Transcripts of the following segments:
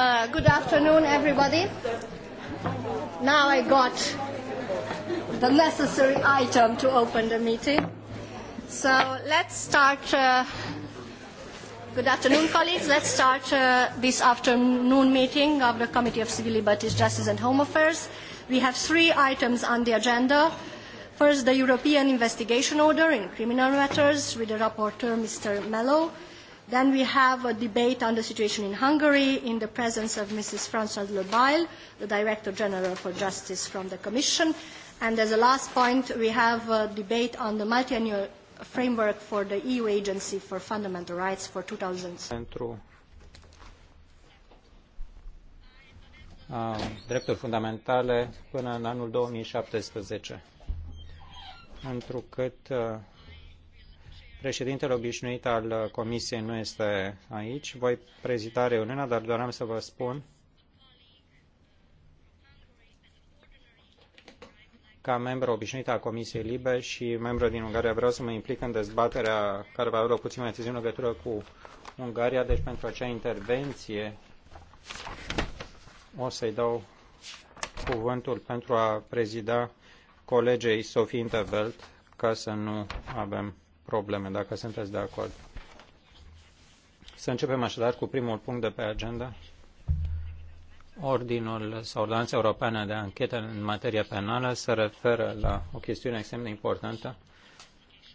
Uh, good afternoon, everybody. Now I got the necessary item to open the meeting. So let's start. Uh, good afternoon, colleagues. Let's start uh, this afternoon meeting of the Committee of Civil Liberties, Justice and Home Affairs. We have three items on the agenda. First, the European Investigation Order in criminal matters with the rapporteur, Mr. Mello Then we have a debate on the situation in Hungary in the presence of Mrs. Françoise Lebail, the Director General for Justice from the Commission. And as a last point, we have a debate on the multi-annual framework for the EU Agency for Fundamental Rights for 2000. Um, drepturi fundamentale până în anul 2017. Întrucât uh, Președintele obișnuit al Comisiei nu este aici. Voi prezida reuniunea, dar doream să vă spun ca membru obișnuit al Comisiei Libe și membru din Ungaria vreau să mă implic în dezbaterea care va avea loc puțin mai târziu în legătură cu Ungaria, deci pentru acea intervenție o să-i dau cuvântul pentru a prezida colegei Sofie Intervelt ca să nu avem probleme, dacă sunteți de acord. Să începem așadar cu primul punct de pe agenda. Ordinul sau Ordonanța Europeană de Anchetă în materie penală se referă la o chestiune extrem de importantă,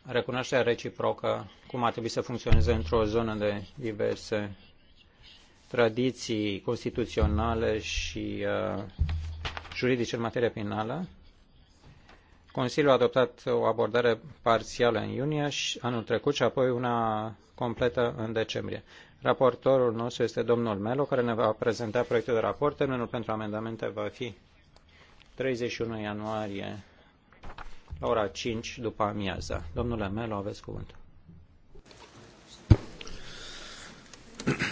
recunoașterea reciprocă, cum ar trebui să funcționeze într-o zonă de diverse tradiții constituționale și uh, juridice în materie penală. Consiliul a adoptat o abordare parțială în iunie și anul trecut și apoi una completă în decembrie. Raportorul nostru este domnul Melo, care ne va prezenta proiectul de raport. Termenul pentru amendamente va fi 31 ianuarie la ora 5 după amiaza. Domnule Melo, aveți cuvântul.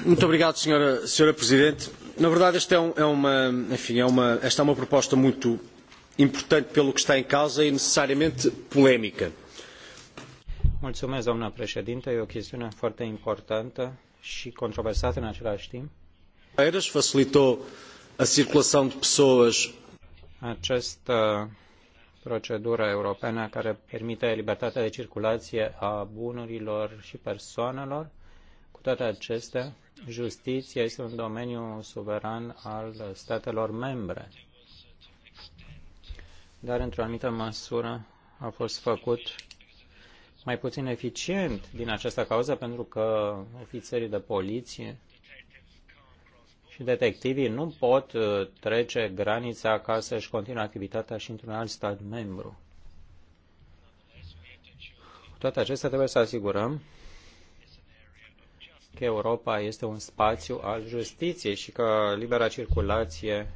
Muito obrigado, senhora, senhora Presidente. Na verdade, esta é, um, é uma, enfim, é uma, esta é uma proposta muito importante pelo que está em causa e necessariamente polémica. Mulțumesc, doamnă președinte. E o chestiune foarte importantă și controversată în același timp. Feiras facilitou a circulação de pessoas. Această procedură europeană care permite libertatea de circulație a bunurilor și persoanelor, cu toate acestea, justiția este un domeniu suveran al statelor membre dar într-o anumită măsură a fost făcut mai puțin eficient din această cauză, pentru că ofițerii de poliție și detectivii nu pot uh, trece granița ca să-și continue activitatea și într-un alt stat membru. Cu toate acestea trebuie să asigurăm că Europa este un spațiu al justiției și că libera circulație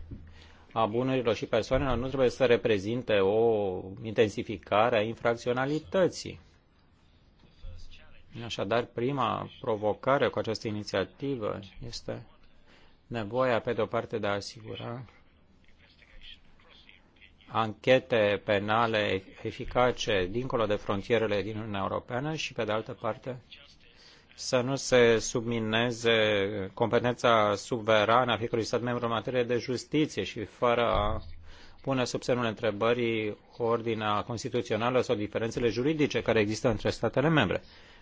a bunurilor și persoanelor nu trebuie să reprezinte o intensificare a infracționalității. Așadar, prima provocare cu această inițiativă este nevoia, pe de o parte, de a asigura anchete penale eficace dincolo de frontierele din Uniunea Europeană și, pe de altă parte, să nu se submineze competența suverană a fiecărui stat membru în materie de justiție și fără a pune sub semnul întrebării ordinea constituțională sau diferențele juridice care există între statele membre.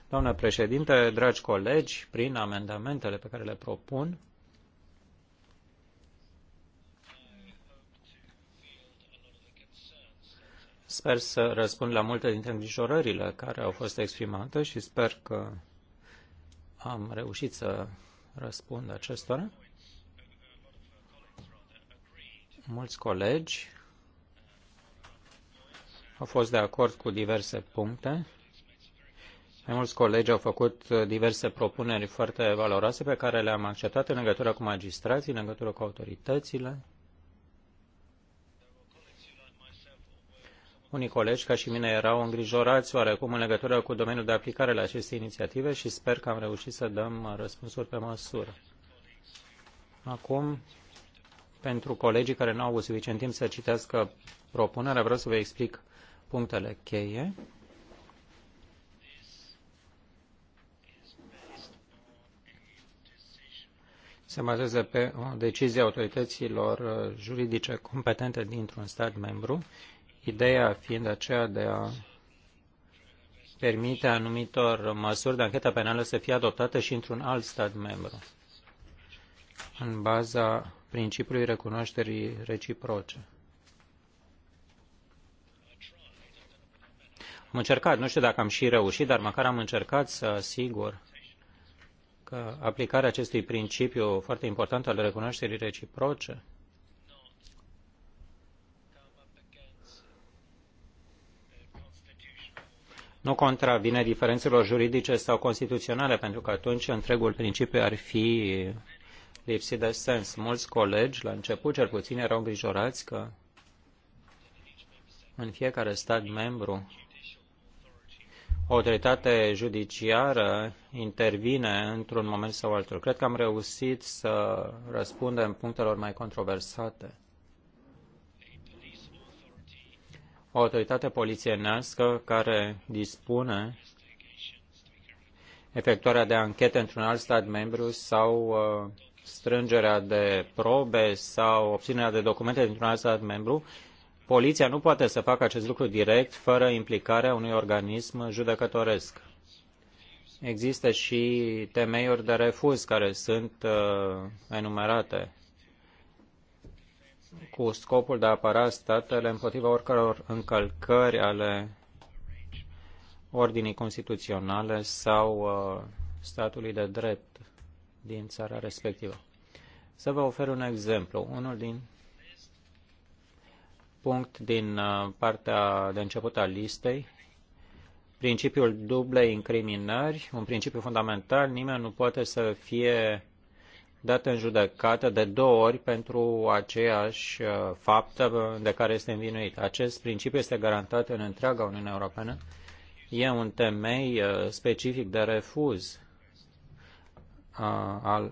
Doamnă președinte, dragi colegi, prin amendamentele pe care le propun, sper să răspund la multe dintre îngrijorările care au fost exprimate și sper că am reușit să răspund acestora. Mulți colegi au fost de acord cu diverse puncte. Mai mulți colegi au făcut diverse propuneri foarte valoroase pe care le-am acceptat în legătură cu magistrații, în legătură cu autoritățile. Unii colegi, ca și mine, erau îngrijorați oarecum în legătură cu domeniul de aplicare la aceste inițiative și sper că am reușit să dăm răspunsuri pe măsură. Acum, pentru colegii care nu au avut suficient timp să citească propunerea, vreau să vă explic punctele cheie. se bazează pe o decizie a autorităților juridice competente dintr-un stat membru ideea fiind aceea de a permite anumitor măsuri de anchetă penală să fie adoptate și într-un alt stat membru, în baza principiului recunoașterii reciproce. Am încercat, nu știu dacă am și reușit, dar măcar am încercat să asigur că aplicarea acestui principiu foarte important al recunoașterii reciproce nu contravine diferențelor juridice sau constituționale, pentru că atunci întregul principiu ar fi lipsit de sens. Mulți colegi, la început cel puțin, erau îngrijorați că în fiecare stat membru o autoritate judiciară intervine într-un moment sau altul. Cred că am reușit să răspundem punctelor mai controversate. o autoritate polițienească care dispune efectuarea de anchete într-un alt stat membru sau uh, strângerea de probe sau obținerea de documente dintr-un alt stat membru, poliția nu poate să facă acest lucru direct fără implicarea unui organism judecătoresc. Există și temeiuri de refuz care sunt uh, enumerate cu scopul de a apăra statele împotriva oricăror încălcări ale ordinii constituționale sau uh, statului de drept din țara respectivă. Să vă ofer un exemplu. Unul din punct din uh, partea de început a listei, principiul dublei incriminări, un principiu fundamental, nimeni nu poate să fie dat în judecată de două ori pentru aceeași uh, faptă uh, de care este învinuit. Acest principiu este garantat în întreaga Uniune Europeană. E un temei uh, specific de refuz al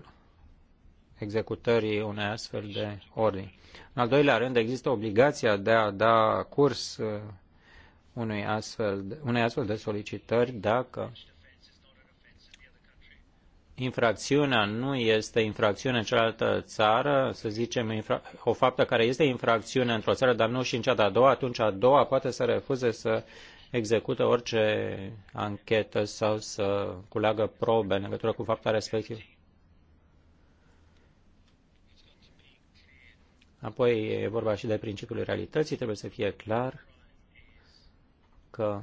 executării unei astfel de ordini. În al doilea rând, există obligația de a da curs astfel, unei astfel de solicitări dacă infracțiunea nu este infracțiune în cealaltă țară, să zicem o faptă care este infracțiune într-o țară, dar nu și în cea de-a doua, atunci a doua poate să refuze să execută orice anchetă sau să culeagă probe în legătură cu fapta respectivă. Apoi e vorba și de principiul realității, trebuie să fie clar că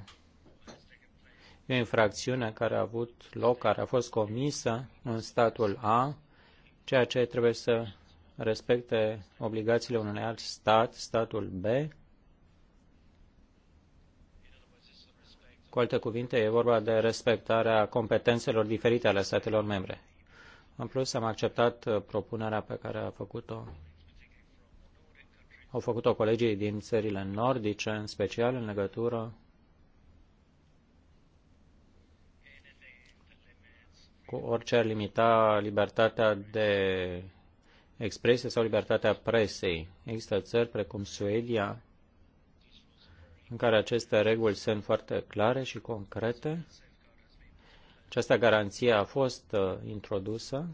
E o infracțiune care a avut loc, care a fost comisă în statul A, ceea ce trebuie să respecte obligațiile unui alt stat, statul B. Cu alte cuvinte, e vorba de respectarea competențelor diferite ale statelor membre. În plus, am acceptat uh, propunerea pe care a făcut-o au făcut-o colegii din țările nordice, în special în legătură cu orice ar limita libertatea de expresie sau libertatea presei. Există țări precum Suedia, în care aceste reguli sunt foarte clare și concrete. Această garanție a fost uh, introdusă.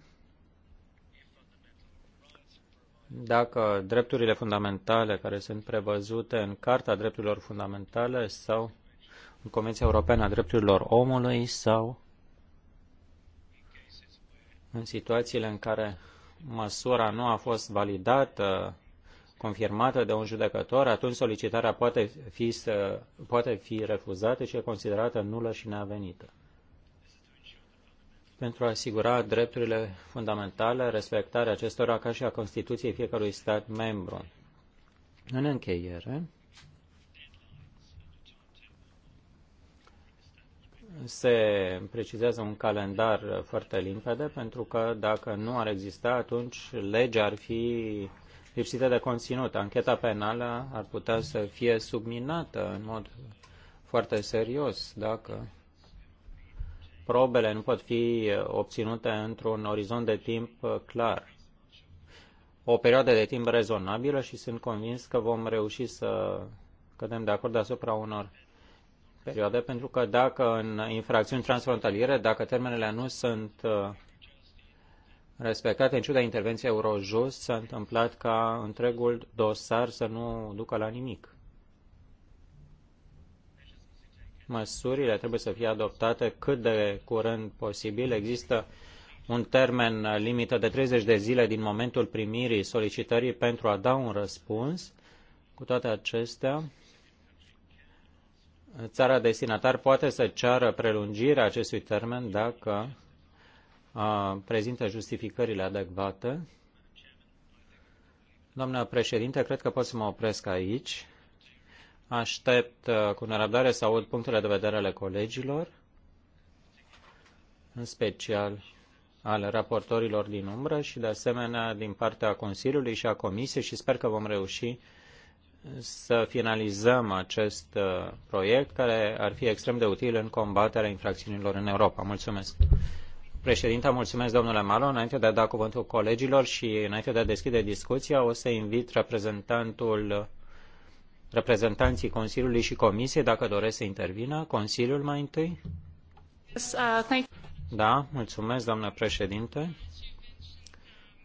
Dacă drepturile fundamentale care sunt prevăzute în Carta Drepturilor Fundamentale sau în Convenția Europeană a Drepturilor Omului sau în situațiile în care măsura nu a fost validată, confirmată de un judecător, atunci solicitarea poate fi, să, poate fi refuzată și e considerată nulă și neavenită. Pentru a asigura drepturile fundamentale, respectarea acestora ca și a Constituției fiecărui stat membru. În încheiere, se precizează un calendar foarte limpede, pentru că dacă nu ar exista, atunci legea ar fi lipsită de conținut. Ancheta penală ar putea să fie subminată în mod foarte serios dacă probele nu pot fi obținute într-un orizont de timp clar. O perioadă de timp rezonabilă și sunt convins că vom reuși să cădem de acord asupra unor perioadă, pentru că dacă în infracțiuni transfrontaliere, dacă termenele nu sunt uh, respectate, în ciuda intervenției Eurojust, s-a întâmplat ca întregul dosar să nu ducă la nimic. Măsurile trebuie să fie adoptate cât de curând posibil. Există un termen limită de 30 de zile din momentul primirii solicitării pentru a da un răspuns. Cu toate acestea, țara destinatar poate să ceară prelungirea acestui termen dacă prezintă justificările adecvate. Doamna președinte, cred că pot să mă opresc aici. Aștept cu nerăbdare să aud punctele de vedere ale colegilor, în special ale raportorilor din umbră și, de asemenea, din partea Consiliului și a Comisiei și sper că vom reuși să finalizăm acest uh, proiect care ar fi extrem de util în combaterea infracțiunilor în Europa. Mulțumesc. Președinte, mulțumesc domnule Malo. Înainte de a da cuvântul colegilor și înainte de a deschide discuția, o să invit reprezentantul reprezentanții Consiliului și Comisiei dacă doresc să intervină. Consiliul mai întâi. Uh, da, mulțumesc, doamnă președinte.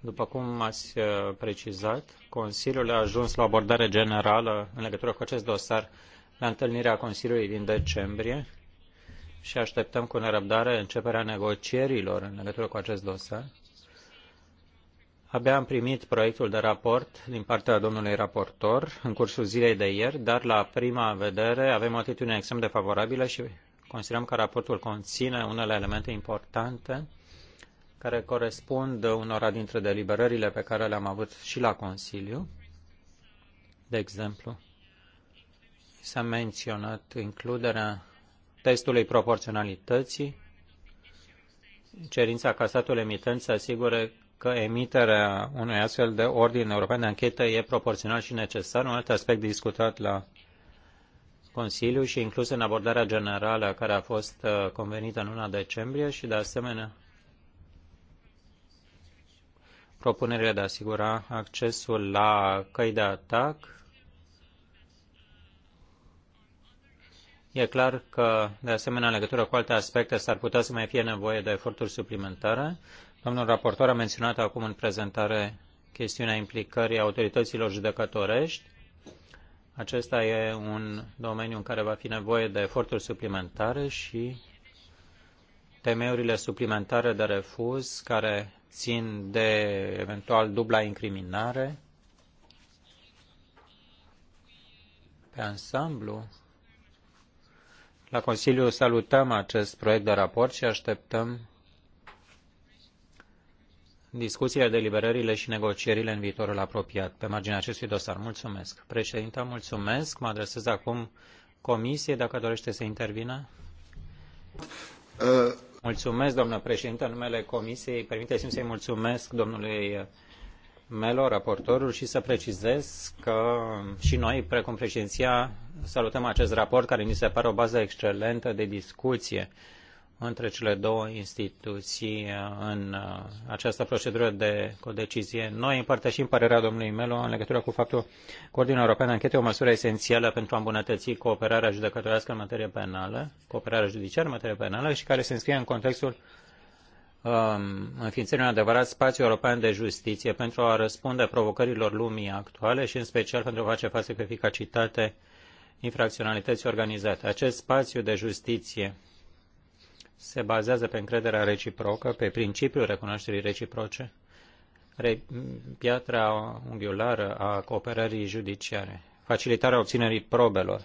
După cum ați uh, precizat, Consiliul a ajuns la o abordare generală în legătură cu acest dosar la întâlnirea Consiliului din decembrie și așteptăm cu nerăbdare începerea negocierilor în legătură cu acest dosar. Abia am primit proiectul de raport din partea domnului raportor în cursul zilei de ieri, dar la prima vedere avem o atitudine extrem de favorabilă și considerăm că raportul conține unele elemente importante care corespund unora dintre deliberările pe care le-am avut și la Consiliu. De exemplu, s-a menționat includerea testului proporționalității, cerința ca statul emitent să asigure că emiterea unui astfel de ordin european de anchetă e proporțional și necesar, un alt aspect discutat la Consiliu și inclus în abordarea generală care a fost uh, convenită în luna decembrie și, de asemenea, propunerea de a asigura accesul la căi de atac. E clar că, de asemenea, în legătură cu alte aspecte, s-ar putea să mai fie nevoie de eforturi suplimentare. Domnul raportor a menționat acum în prezentare chestiunea implicării autorităților judecătorești. Acesta e un domeniu în care va fi nevoie de eforturi suplimentare și temeurile suplimentare de refuz care țin de eventual dubla incriminare. Pe ansamblu, la Consiliu salutăm acest proiect de raport și așteptăm discuțiile, deliberările și negocierile în viitorul apropiat pe marginea acestui dosar. Mulțumesc. Președinte, mulțumesc. Mă adresez acum Comisiei, dacă dorește să intervină. Uh. Mulțumesc, președinte, în numele Comisiei. Permiteți-mi să-i mulțumesc domnului Melo, raportorul, și să precizez că și noi, precum președinția, salutăm acest raport care ni se pare o bază excelentă de discuție. Uh, între cele două instituții în uh, această procedură de codecizie. Noi împărtășim părerea domnului Melo în legătură cu faptul că Ordinea Europeană închete o măsură esențială pentru a îmbunătăți cooperarea judecătorească în materie penală, cooperarea judiciară în materie penală și care se înscrie în contextul um, înființării un adevărat spațiu european de justiție pentru a răspunde provocărilor lumii actuale și în special pentru a face față cu eficacitate infracționalității organizate. Acest spațiu de justiție se bazează pe încrederea reciprocă, pe principiul recunoașterii reciproce, piatra unghiulară a cooperării judiciare, facilitarea obținerii probelor.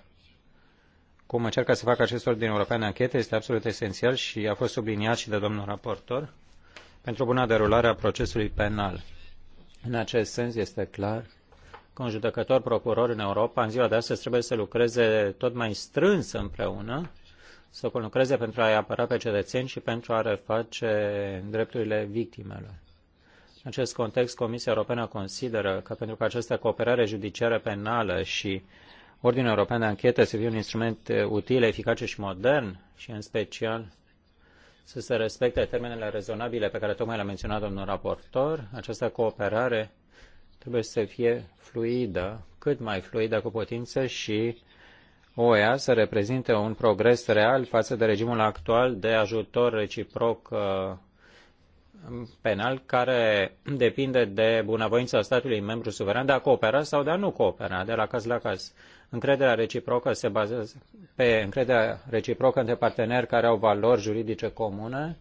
Cum încearcă să facă acestor din Europeană anchete este absolut esențial și a fost subliniat și de domnul raportor pentru buna derulare a procesului penal. În acest sens este clar că un judecător procuror în Europa în ziua de astăzi trebuie să lucreze tot mai strâns împreună să conlucreze pentru a-i apăra pe cetățeni și pentru a reface drepturile victimelor. În acest context, Comisia Europeană consideră că pentru că această cooperare judiciară penală și Ordinul European de Anchetă să fie un instrument eh, util, eficace și modern și, în special, să se respecte termenele rezonabile pe care tocmai le-a menționat domnul raportor, această cooperare trebuie să fie fluidă, cât mai fluidă cu putință și OEA să reprezinte un progres real față de regimul actual de ajutor reciproc uh, penal care depinde de bunăvoința statului membru suveran de a coopera sau de a nu coopera, de la caz la caz. Încrederea reciprocă se bazează pe încrederea reciprocă între parteneri care au valori juridice comune,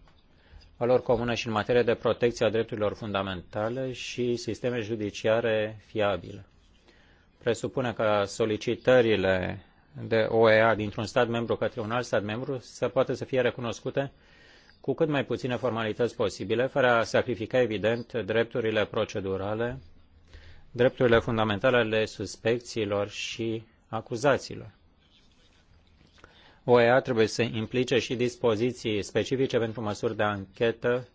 valori comune și în materie de protecție a drepturilor fundamentale și sisteme judiciare fiabile. Presupune că solicitările de OEA dintr-un stat membru către un alt stat membru să poată să fie recunoscute cu cât mai puține formalități posibile, fără a sacrifica, evident, drepturile procedurale, drepturile fundamentale ale suspecțiilor și acuzațiilor. OEA trebuie să implice și dispoziții specifice pentru măsuri de anchetă,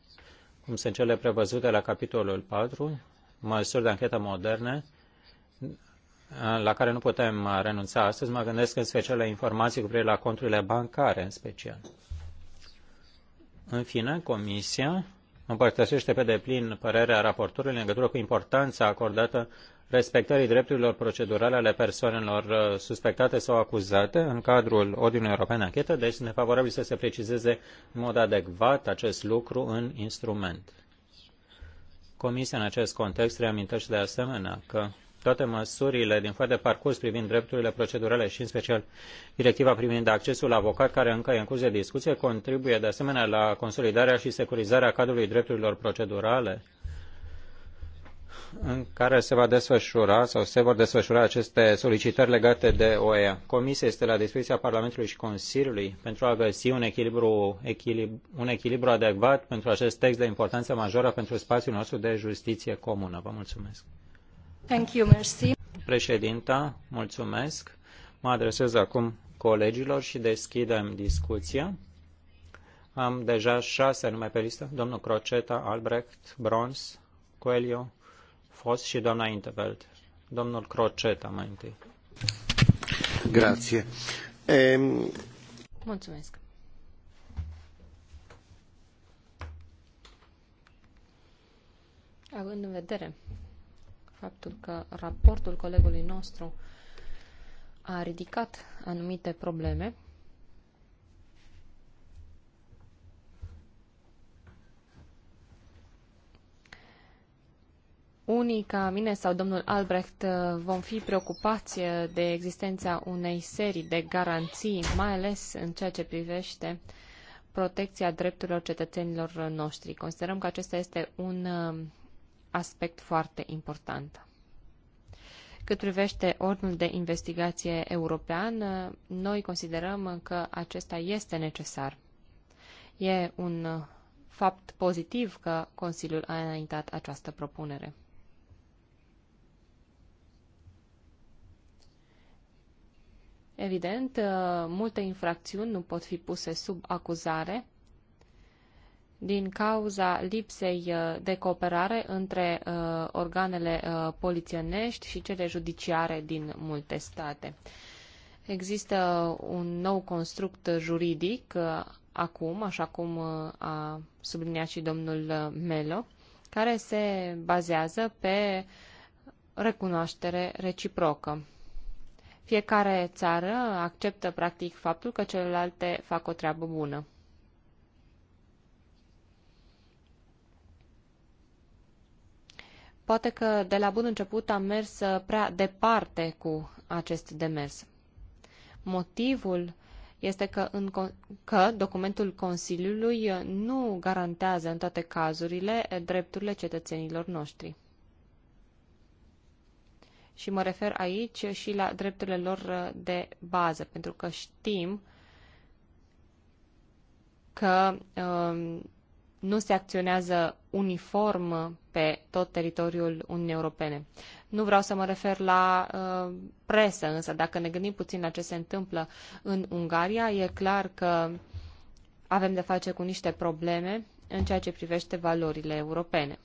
cum sunt cele prevăzute la capitolul 4, măsuri de anchetă moderne, la care nu putem uh, renunța astăzi. Mă gândesc în special la informații cu privire la conturile bancare, în special. În fine, Comisia împărtășește pe deplin părerea raportorului în legătură cu importanța acordată respectării drepturilor procedurale ale persoanelor uh, suspectate sau acuzate în cadrul Ordinului European de Anchetă, deci sunt nefavorabil să se precizeze în mod adecvat acest lucru în instrument. Comisia în acest context reamintește de asemenea că toate măsurile din foarte de parcurs privind drepturile procedurale și în special directiva privind accesul la avocat care încă e în curs de discuție contribuie de asemenea la consolidarea și securizarea cadrului drepturilor procedurale în care se va desfășura sau se vor desfășura aceste solicitări legate de OEA. Comisia este la dispoziția Parlamentului și Consiliului pentru a găsi un echilibru, un echilibru adecvat pentru acest text de importanță majoră pentru spațiul nostru de justiție comună. Vă mulțumesc. Președinta, mulțumesc. Mă adresez acum colegilor și deschidem discuția. Am deja șase nume pe listă. Domnul Croceta, Albrecht, Brons, Coelho, Fos și doamna Interveld. Domnul Croceta mai întâi. Grație. Ehm, mulțumesc. Având în vedere faptul că raportul colegului nostru a ridicat anumite probleme. Unii ca mine sau domnul Albrecht uh, vom fi preocupați uh, de existența unei serii de garanții, mai ales în ceea ce privește protecția drepturilor cetățenilor noștri. Considerăm că acesta este un uh, aspect foarte important. Cât privește ordinul de investigație european, noi considerăm că acesta este necesar. E un fapt pozitiv că Consiliul a înaintat această propunere. Evident, multe infracțiuni nu pot fi puse sub acuzare din cauza lipsei uh, de cooperare între uh, organele uh, polițienești și cele judiciare din multe state. Există un nou construct juridic acum, așa cum a subliniat și domnul Melo, care se bazează pe recunoaștere reciprocă. Fiecare țară acceptă practic faptul că celelalte fac o treabă bună. Poate că de la bun început am mers uh, prea departe cu acest demers. Motivul este că, în, că documentul Consiliului uh, nu garantează în toate cazurile uh, drepturile cetățenilor noștri. Și mă refer aici și la drepturile lor de bază, pentru că știm că um, nu se acționează uniform pe tot teritoriul Uniunii Europene. Nu vreau să mă refer la uh, presă, însă dacă ne gândim puțin la ce se întâmplă în Ungaria, e clar că avem de face cu niște probleme în ceea ce privește valorile europene.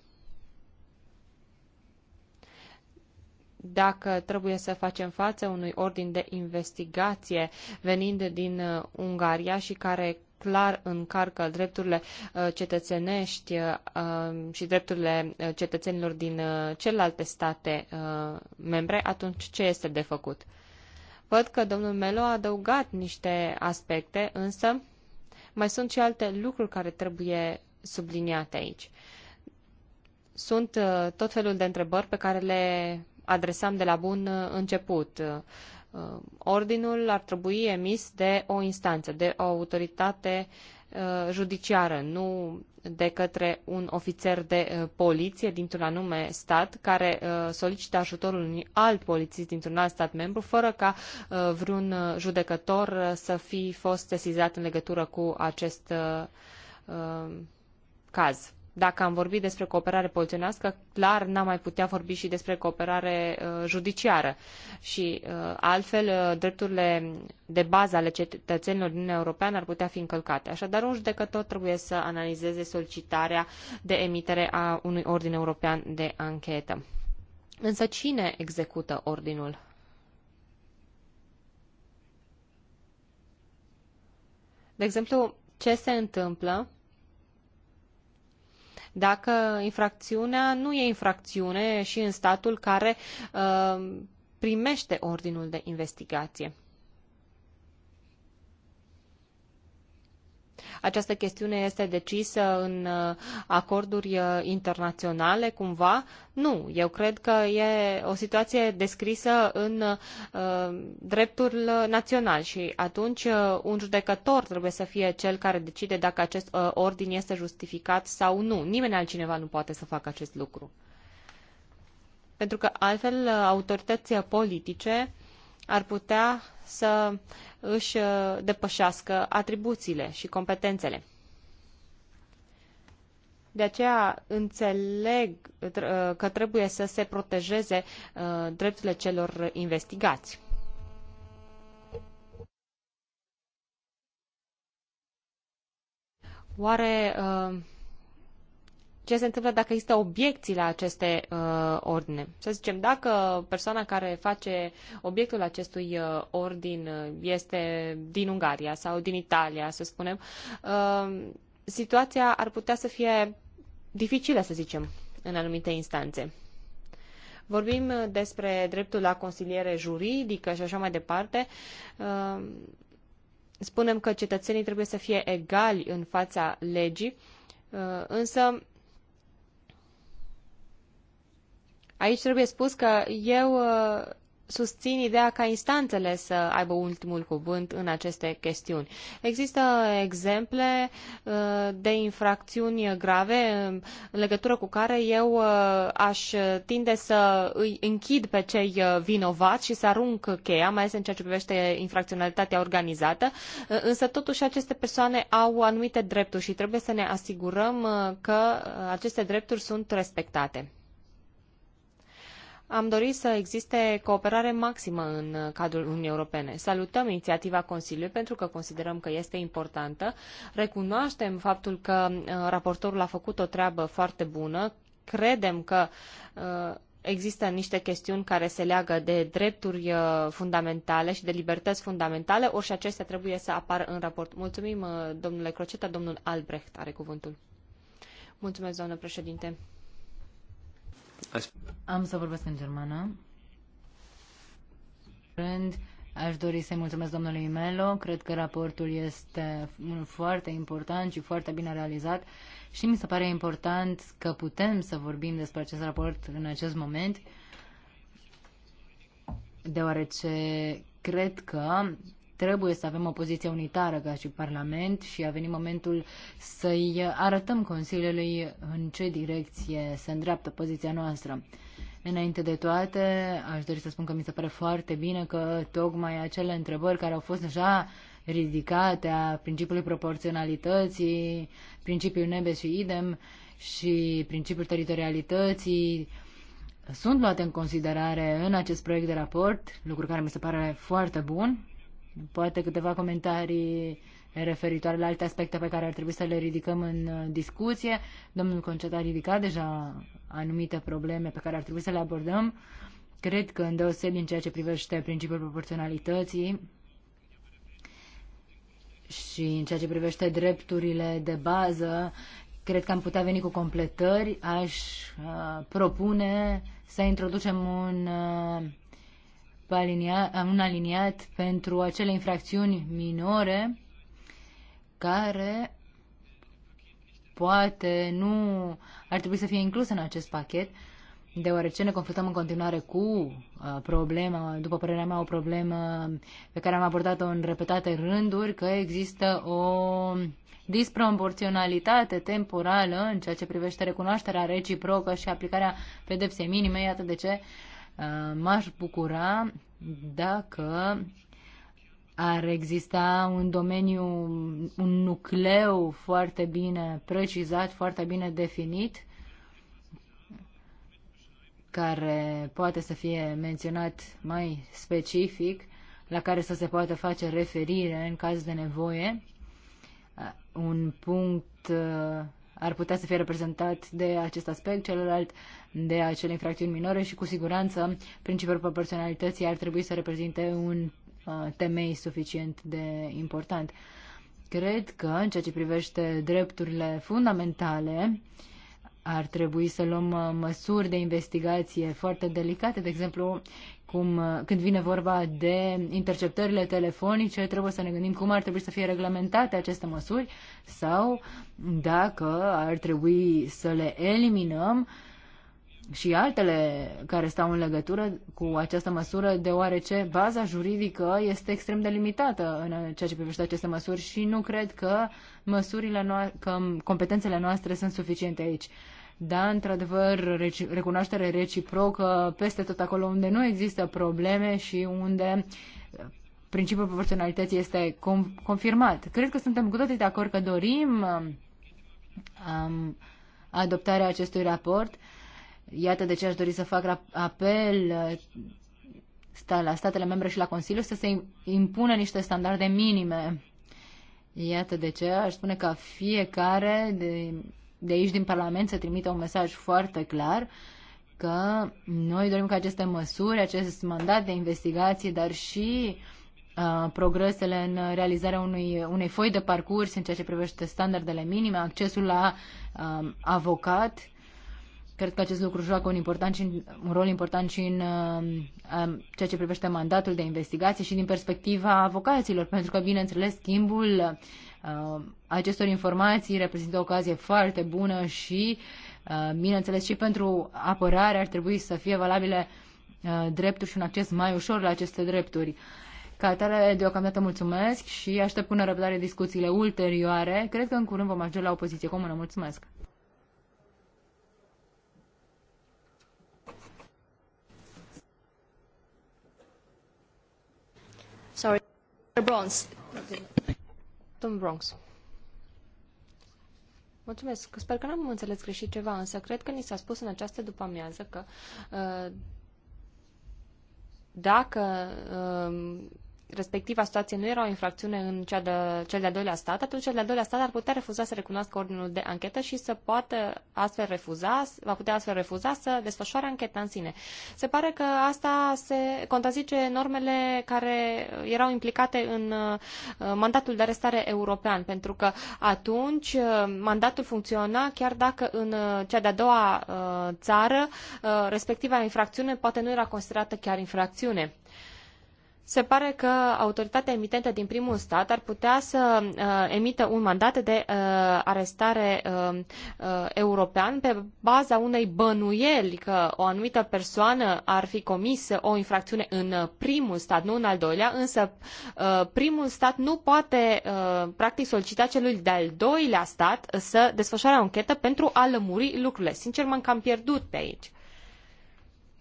Dacă trebuie să facem față unui ordin de investigație venind din uh, Ungaria și care clar încarcă drepturile uh, cetățenești uh, și drepturile uh, cetățenilor din celelalte state membre, atunci ce este de făcut? Văd că domnul Melo a adăugat niște aspecte, însă mai sunt și alte lucruri care trebuie subliniate aici. Sunt tot felul de întrebări pe care le adresam de la bun început. Uh, ordinul ar trebui emis de o instanță, de o autoritate uh, judiciară, nu de către un ofițer de uh, poliție dintr-un anume stat care solicită ajutorul unui alt polițist dintr-un alt stat membru fără ca vreun judecător să fi fost sesizat în legătură cu acest caz. Dacă am vorbit despre cooperare poliționească, clar n-am mai putea vorbi și despre cooperare uh, judiciară. Și uh, altfel, uh, drepturile de bază ale cetățenilor din Europeană ar putea fi încălcate. Așadar, un judecător trebuie să analizeze solicitarea de emitere a unui ordin european de anchetă. Însă cine execută ordinul? De exemplu, ce se întâmplă dacă infracțiunea nu e infracțiune și în statul care uh, primește ordinul de investigație. Această chestiune este decisă în uh, acorduri uh, internaționale, cumva? Nu, eu cred că e o situație descrisă în uh, dreptul național și atunci un judecător trebuie să fie cel care decide dacă acest ordin este justificat sau nu. Nimeni altcineva nu poate să facă acest lucru. Pentru că altfel autoritățile politice uh, ar putea să își uh, depășească atribuțiile și competențele. De aceea înțeleg uh, că trebuie să se protejeze uh, drepturile celor investigați. Oare uh, ce se întâmplă dacă există obiecții la aceste uh, ordine. Să zicem, dacă persoana care face obiectul acestui uh, ordin uh, este din Ungaria sau din Italia, să spunem, uh, situația ar putea să fie dificilă, să zicem, în anumite instanțe. Vorbim uh, despre dreptul la consiliere juridică și așa mai departe. Uh, spunem că cetățenii trebuie să fie egali în fața legii, însă Aici trebuie spus că eu uh, susțin ideea ca instanțele să aibă ultimul cuvânt în aceste chestiuni. Există exemple uh, de infracțiuni grave în legătură cu care eu uh, aș tinde să îi închid pe cei vinovați și să arunc cheia, mai ales în ceea ce privește infracționalitatea organizată, însă totuși aceste persoane au anumite drepturi și trebuie să ne asigurăm că aceste drepturi sunt respectate am dorit să existe cooperare maximă în cadrul Uniunii Europene. Salutăm inițiativa Consiliului pentru că considerăm că este importantă. Recunoaștem faptul că uh, raportorul a făcut o treabă foarte bună. Credem că uh, există niște chestiuni care se leagă de drepturi uh, fundamentale și de libertăți fundamentale, ori și acestea trebuie să apară în raport. Mulțumim, domnule Croceta. Domnul Albrecht are cuvântul. Mulțumesc, doamnă președinte. Am să vorbesc în germană. Rând, aș dori să-i mulțumesc domnului Melo. Cred că raportul este foarte important și foarte bine realizat și mi se pare important că putem să vorbim despre acest raport în acest moment, deoarece cred că Trebuie să avem o poziție unitară ca și Parlament și a venit momentul să-i arătăm Consiliului în ce direcție se îndreaptă poziția noastră. Înainte de toate, aș dori să spun că mi se pare foarte bine că tocmai acele întrebări care au fost deja ridicate a principiului proporționalității, principiul nebe și idem și principiul teritorialității sunt luate în considerare în acest proiect de raport, lucru care mi se pare foarte bun. Poate câteva comentarii referitoare la alte aspecte pe care ar trebui să le ridicăm în uh, discuție. Domnul Concet a ridicat deja anumite probleme pe care ar trebui să le abordăm. Cred că, îndeosebi în ceea ce privește principiul proporționalității și în ceea ce privește drepturile de bază, cred că am putea veni cu completări. Aș uh, propune să introducem un uh, alinia, un aliniat pentru acele infracțiuni minore care poate nu ar trebui să fie inclus în acest pachet, deoarece ne confruntăm în continuare cu uh, problema, după părerea mea, o problemă pe care am abordat-o în repetate rânduri, că există o disproporționalitate temporală în ceea ce privește recunoașterea reciprocă și aplicarea pedepsei minime, iată de ce uh, Uh, m-aș bucura dacă ar exista un domeniu, un nucleu foarte bine precizat, foarte bine definit, care poate să fie menționat mai specific, la care să se poată face referire în caz de nevoie, uh, un punct uh, ar putea să fie reprezentat de acest aspect, celălalt de acele infracțiuni minore și cu siguranță principiul proporționalității ar trebui să reprezinte un uh, temei suficient de important. Cred că în ceea ce privește drepturile fundamentale, uh, ar trebui să luăm uh, măsuri de investigație foarte delicate, de exemplu, cum, uh, când vine vorba de interceptările telefonice, trebuie să ne gândim cum ar trebui să fie reglementate aceste măsuri sau dacă ar trebui să le eliminăm și altele care stau în legătură cu această măsură, deoarece baza juridică este extrem de limitată în ceea ce privește aceste măsuri și nu cred că măsurile noastre, că competențele noastre sunt suficiente aici. Da, într-adevăr, reci- recunoaștere reciprocă peste tot acolo unde nu există probleme și unde uh, principiul proporționalității este com- confirmat. Cred că suntem cu toții de acord că dorim uh, um, adoptarea acestui raport. Iată de ce aș dori să fac apel uh, la statele membre și la Consiliu să se impună niște standarde minime. Iată de ce aș spune că fiecare de, de aici din Parlament să trimită un mesaj foarte clar că noi dorim ca aceste măsuri, acest mandat de investigație, dar și uh, progresele în realizarea unui, unei foi de parcurs în ceea ce privește standardele minime, accesul la uh, avocat. Cred că acest lucru joacă un, important și un rol important și în uh, um, ceea ce privește mandatul de investigație și din perspectiva avocaților, pentru că, bineînțeles, schimbul Uh, acestor informații reprezintă o ocazie foarte bună și, uh, bineînțeles, și pentru apărare ar trebui să fie valabile uh, drepturi și un acces mai ușor la aceste drepturi. Ca atare, deocamdată mulțumesc și aștept până răbdare discuțiile ulterioare. Cred că în curând vom ajunge la o poziție comună. Mulțumesc! Sorry, Bronze. Tom Bronx. Mulțumesc. Sper că n-am înțeles greșit ceva, însă cred că ni s-a spus în această după-amiază că uh, dacă uh, respectiva situație nu era o infracțiune în cea de, cel de-al doilea stat, atunci cel de-al doilea stat ar putea refuza să recunoască ordinul de anchetă și să poată astfel refuza, va putea astfel refuza să desfășoare ancheta în sine. Se pare că asta se contrazice normele care erau implicate în uh, mandatul de arestare european, pentru că atunci uh, mandatul funcționa chiar dacă în uh, cea de-a doua țară respectiva infracțiune poate nu era considerată chiar infracțiune se pare că autoritatea emitentă din primul stat ar putea să uh, emită un mandat de uh, arestare uh, uh, european pe baza unei bănuieli că o anumită persoană ar fi comis o infracțiune în primul stat, nu în al doilea, însă uh, primul stat nu poate uh, practic solicita celui de-al doilea stat să desfășoare o închetă pentru a lămuri lucrurile. Sincer, m-am cam pierdut pe aici.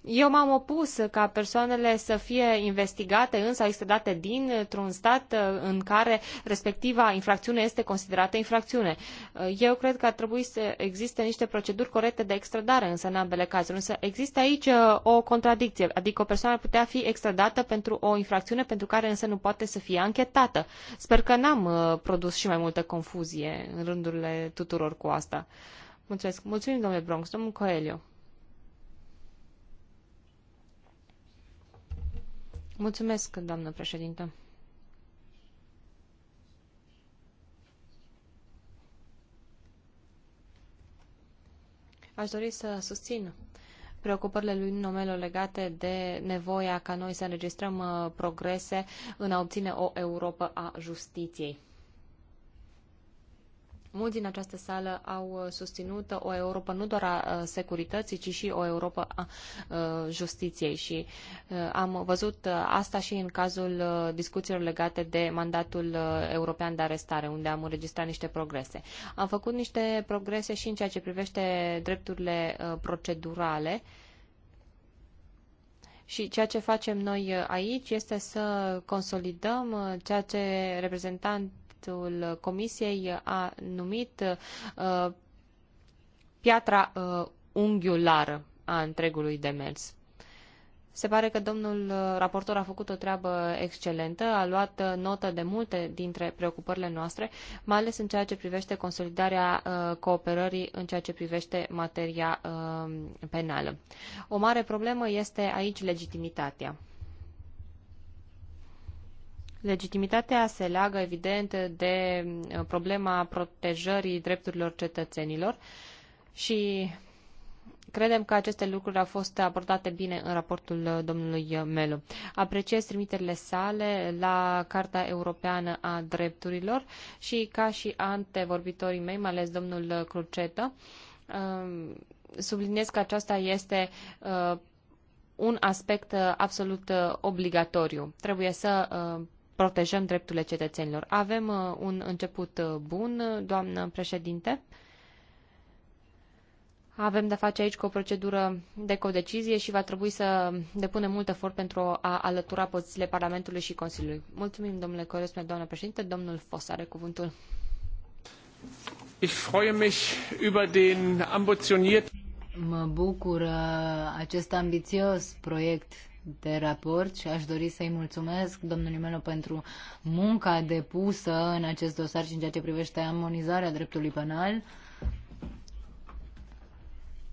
Eu m-am opus ca persoanele să fie investigate, însă există date dintr-un stat uh, în care respectiva infracțiune este considerată infracțiune. Uh, eu cred că ar trebui să existe niște proceduri corecte de extradare, însă în ambele cazuri. Însă există aici uh, o contradicție, adică o persoană ar putea fi extradată pentru o infracțiune pentru care însă nu poate să fie anchetată. Sper că n-am produs și mai multă confuzie în rândurile tuturor cu asta. Mulțumesc. Mulțumim, domnule Bronx. Domnul Coelho. Mulțumesc, doamnă președintă. Aș dori să susțin preocupările lui Nomelo legate de nevoia ca noi să înregistrăm uh, progrese în a obține o Europă a justiției. Mulți din această sală au uh, susținut uh, o Europa nu doar a uh, securității, ci și o Europa a justiției și am văzut asta și în cazul discuțiilor legate de mandatul european de arestare, unde am înregistrat niște progrese. Am făcut niște progrese și în ceea ce privește drepturile procedurale, și ceea ce facem noi aici este să consolidăm ceea ce reprezentant proiectul Comisiei a numit uh, piatra uh, unghiulară a întregului demers. Se pare că domnul uh, raportor a făcut o treabă excelentă, a luat notă de multe dintre preocupările noastre, mai ales în ceea ce privește consolidarea cooperării în ceea ce privește materia penală. O mare problemă este aici legitimitatea. Legitimitatea se leagă, evident, de uh, problema protejării drepturilor cetățenilor și credem că aceste lucruri au fost abordate bine în raportul uh, domnului Melu. Apreciez trimiterile sale la Carta Europeană a Drepturilor și ca și antevorbitorii mei, mai ales domnul Crucetă, um, subliniez că aceasta este uh, un aspect absolut obligatoriu. Trebuie să protejăm drepturile cetățenilor. Avem uh, un început uh, bun, uh, doamnă președinte. Avem de face aici cu o procedură de codecizie și va trebui să depunem mult efort pentru a alătura pozițiile Parlamentului și Consiliului. Mulțumim, domnule Coresme, doamnă președinte. Domnul Fos are cuvântul. Ich freue mich über den ambitioniert... Mă bucură acest ambițios proiect de raport și aș dori să-i mulțumesc domnului Melo pentru munca depusă în acest dosar și în ceea ce privește amonizarea dreptului penal,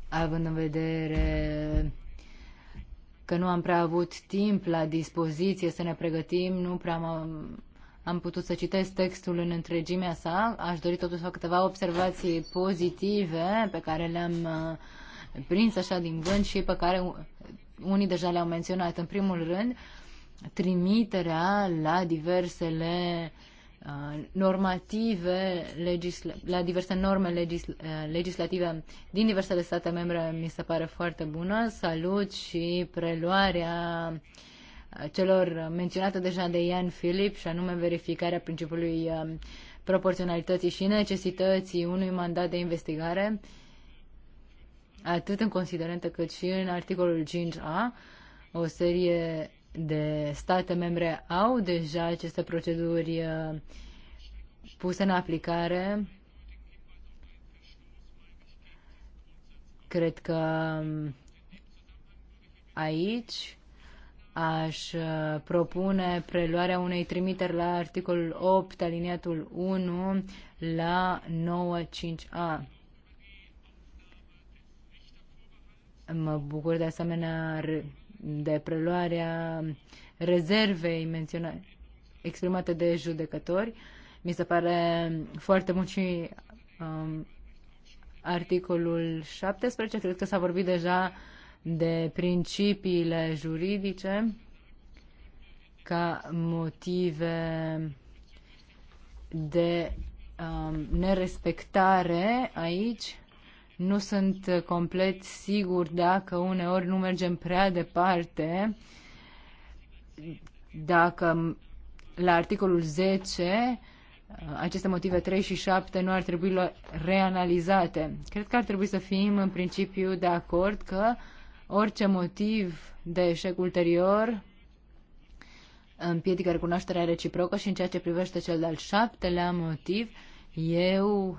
având în vedere că nu am prea avut timp la dispoziție să ne pregătim, nu prea am, am putut să citesc textul în întregimea sa. Aș dori totuși să fac câteva observații pozitive pe care le-am uh, prins așa din vânt și pe care unii deja le-au menționat. În primul rând, trimiterea la diversele uh, normative, legisla- la diverse norme legis- uh, legislative din diversele state membre mi se pare foarte bună. Salut și preluarea celor menționate deja de Ian Philip și anume verificarea principiului uh, proporționalității și necesității unui mandat de investigare uh, atât în considerente cât și în articolul 5a, o serie de state membre au deja aceste proceduri uh, puse în aplicare. Cred că um, aici aș uh, propune preluarea unei trimiteri la articolul 8, aliniatul 1, la 9.5a. Mă bucur de asemenea de preluarea rezervei menționate, exprimate de judecători. Mi se pare foarte mult și um, articolul 17. Cred că s-a vorbit deja de principiile juridice ca motive de um, nerespectare aici nu sunt uh, complet sigur dacă uneori nu mergem prea departe, dacă la articolul 10 uh, aceste motive 3 și 7 nu ar trebui reanalizate. Cred că ar trebui să fim în principiu de acord că orice motiv de eșec ulterior împiedică recunoașterea reciprocă și în ceea ce privește cel de-al șaptelea motiv, eu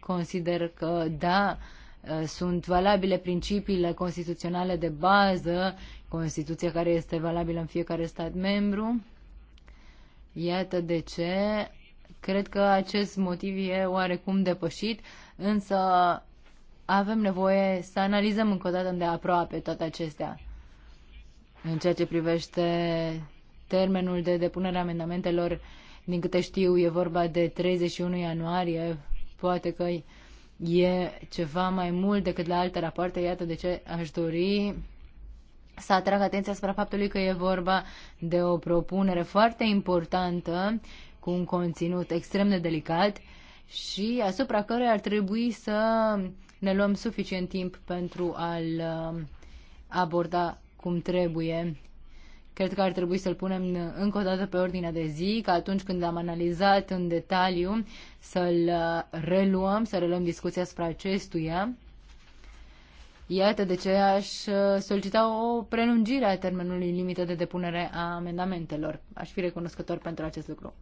consider că da, uh, sunt valabile principiile constituționale de bază, Constituția care este valabilă în fiecare stat membru. Iată de ce cred că acest motiv e oarecum depășit, însă avem nevoie să analizăm încă o dată de aproape toate acestea. În ceea ce privește termenul de depunere a amendamentelor, din câte știu, e vorba de 31 ianuarie Poate că e ceva mai mult decât la alte rapoarte, iată de ce aș dori să atrag atenția asupra faptului că e vorba de o propunere foarte importantă, cu un conținut extrem de delicat și asupra căruia ar trebui să ne luăm suficient timp pentru a-l um, aborda cum trebuie Cred că ar trebui să-l punem încă o dată pe ordinea de zi, că atunci când am analizat în detaliu să-l uh, reluăm, să reluăm discuția asupra acestuia. Iată de ce aș uh, solicita o prelungire a termenului limită de depunere a amendamentelor. Aș fi recunoscător pentru acest lucru.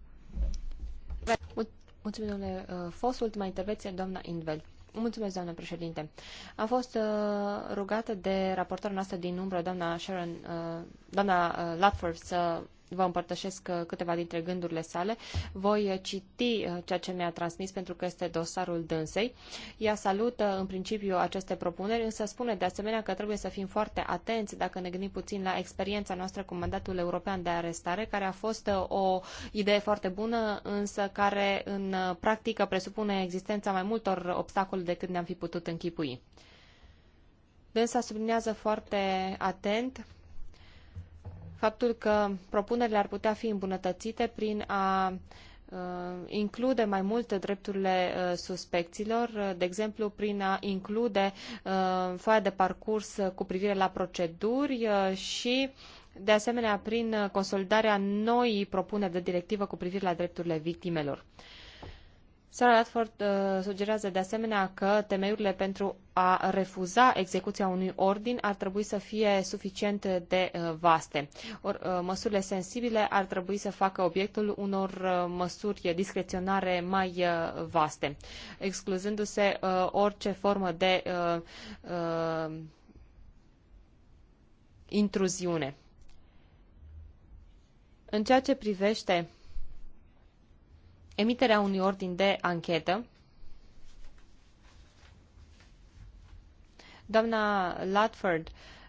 Mulțumim, domnule uh, Fos. Ultima intervenție, doamna Invel. Mulțumesc, doamnă președinte. Am fost uh, rugată de raportorul noastră din umbră, doamna Sharon, uh, doamna uh, Latford, să vă împărtășesc uh, câteva dintre gândurile sale. Voi uh, citi uh, ceea ce mi-a transmis pentru că este dosarul dânsei. Ea salută în principiu aceste propuneri, însă spune de asemenea că trebuie să fim foarte atenți dacă ne gândim puțin la experiența noastră cu mandatul european de arestare, care a fost o idee foarte bună, însă care în practică presupune existența mai multor obstacole decât ne-am fi putut închipui. Dânsa subliniază foarte atent faptul că propunerile ar putea fi îmbunătățite prin a uh, include mai mult drepturile uh, suspecților, uh, de exemplu prin a include foaia de parcurs cu privire la proceduri și de asemenea prin consolidarea noii propuneri de directivă cu privire la drepturile victimelor. Sarah Radford uh, sugerează de asemenea că temeiurile pentru a refuza execuția unui ordin ar trebui să fie suficient de uh, vaste. Or, uh, măsurile sensibile ar trebui să facă obiectul unor uh, măsuri discreționare mai uh, vaste, excluzându-se uh, orice formă de uh, uh, intruziune. În ceea ce privește emiterea unui ordin de anchetă. Doamna Latford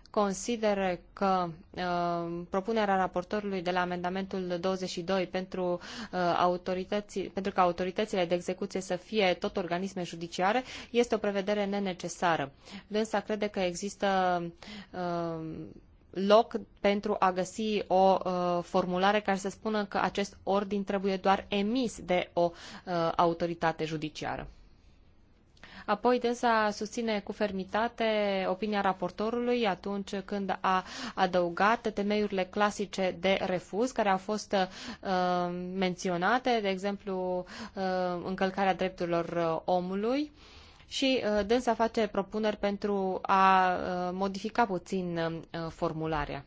consideră că uh, propunerea raportorului de la amendamentul 22 pentru, uh, autorități, pentru ca autoritățile de execuție să fie tot organisme judiciare este o prevedere nenecesară. Dânsa crede că există uh, loc pentru a găsi o uh, formulare care să spună că acest ordin trebuie doar emis de o uh, autoritate judiciară. Apoi, dânsa susține cu fermitate opinia raportorului atunci când a adăugat temeiurile clasice de refuz care au fost uh, menționate, de exemplu, uh, încălcarea drepturilor uh, omului, uh, și uh, dânsa face propuneri pentru a uh, modifica puțin uh, formularea.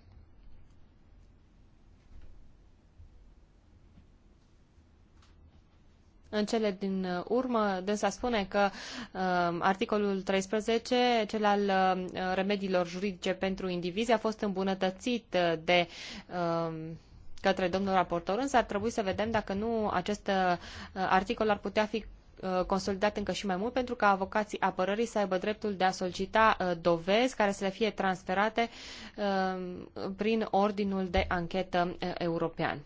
În cele din urmă, dânsa spune că uh, articolul 13, cel al uh, remediilor juridice pentru indivizi, a fost îmbunătățit de uh, către domnul raportor, însă ar trebui să vedem dacă nu acest articol ar putea fi Uh, consolidat încă și mai mult pentru ca avocații apărării să aibă dreptul de a solicita uh, dovezi care să le fie transferate uh, prin ordinul de anchetă european.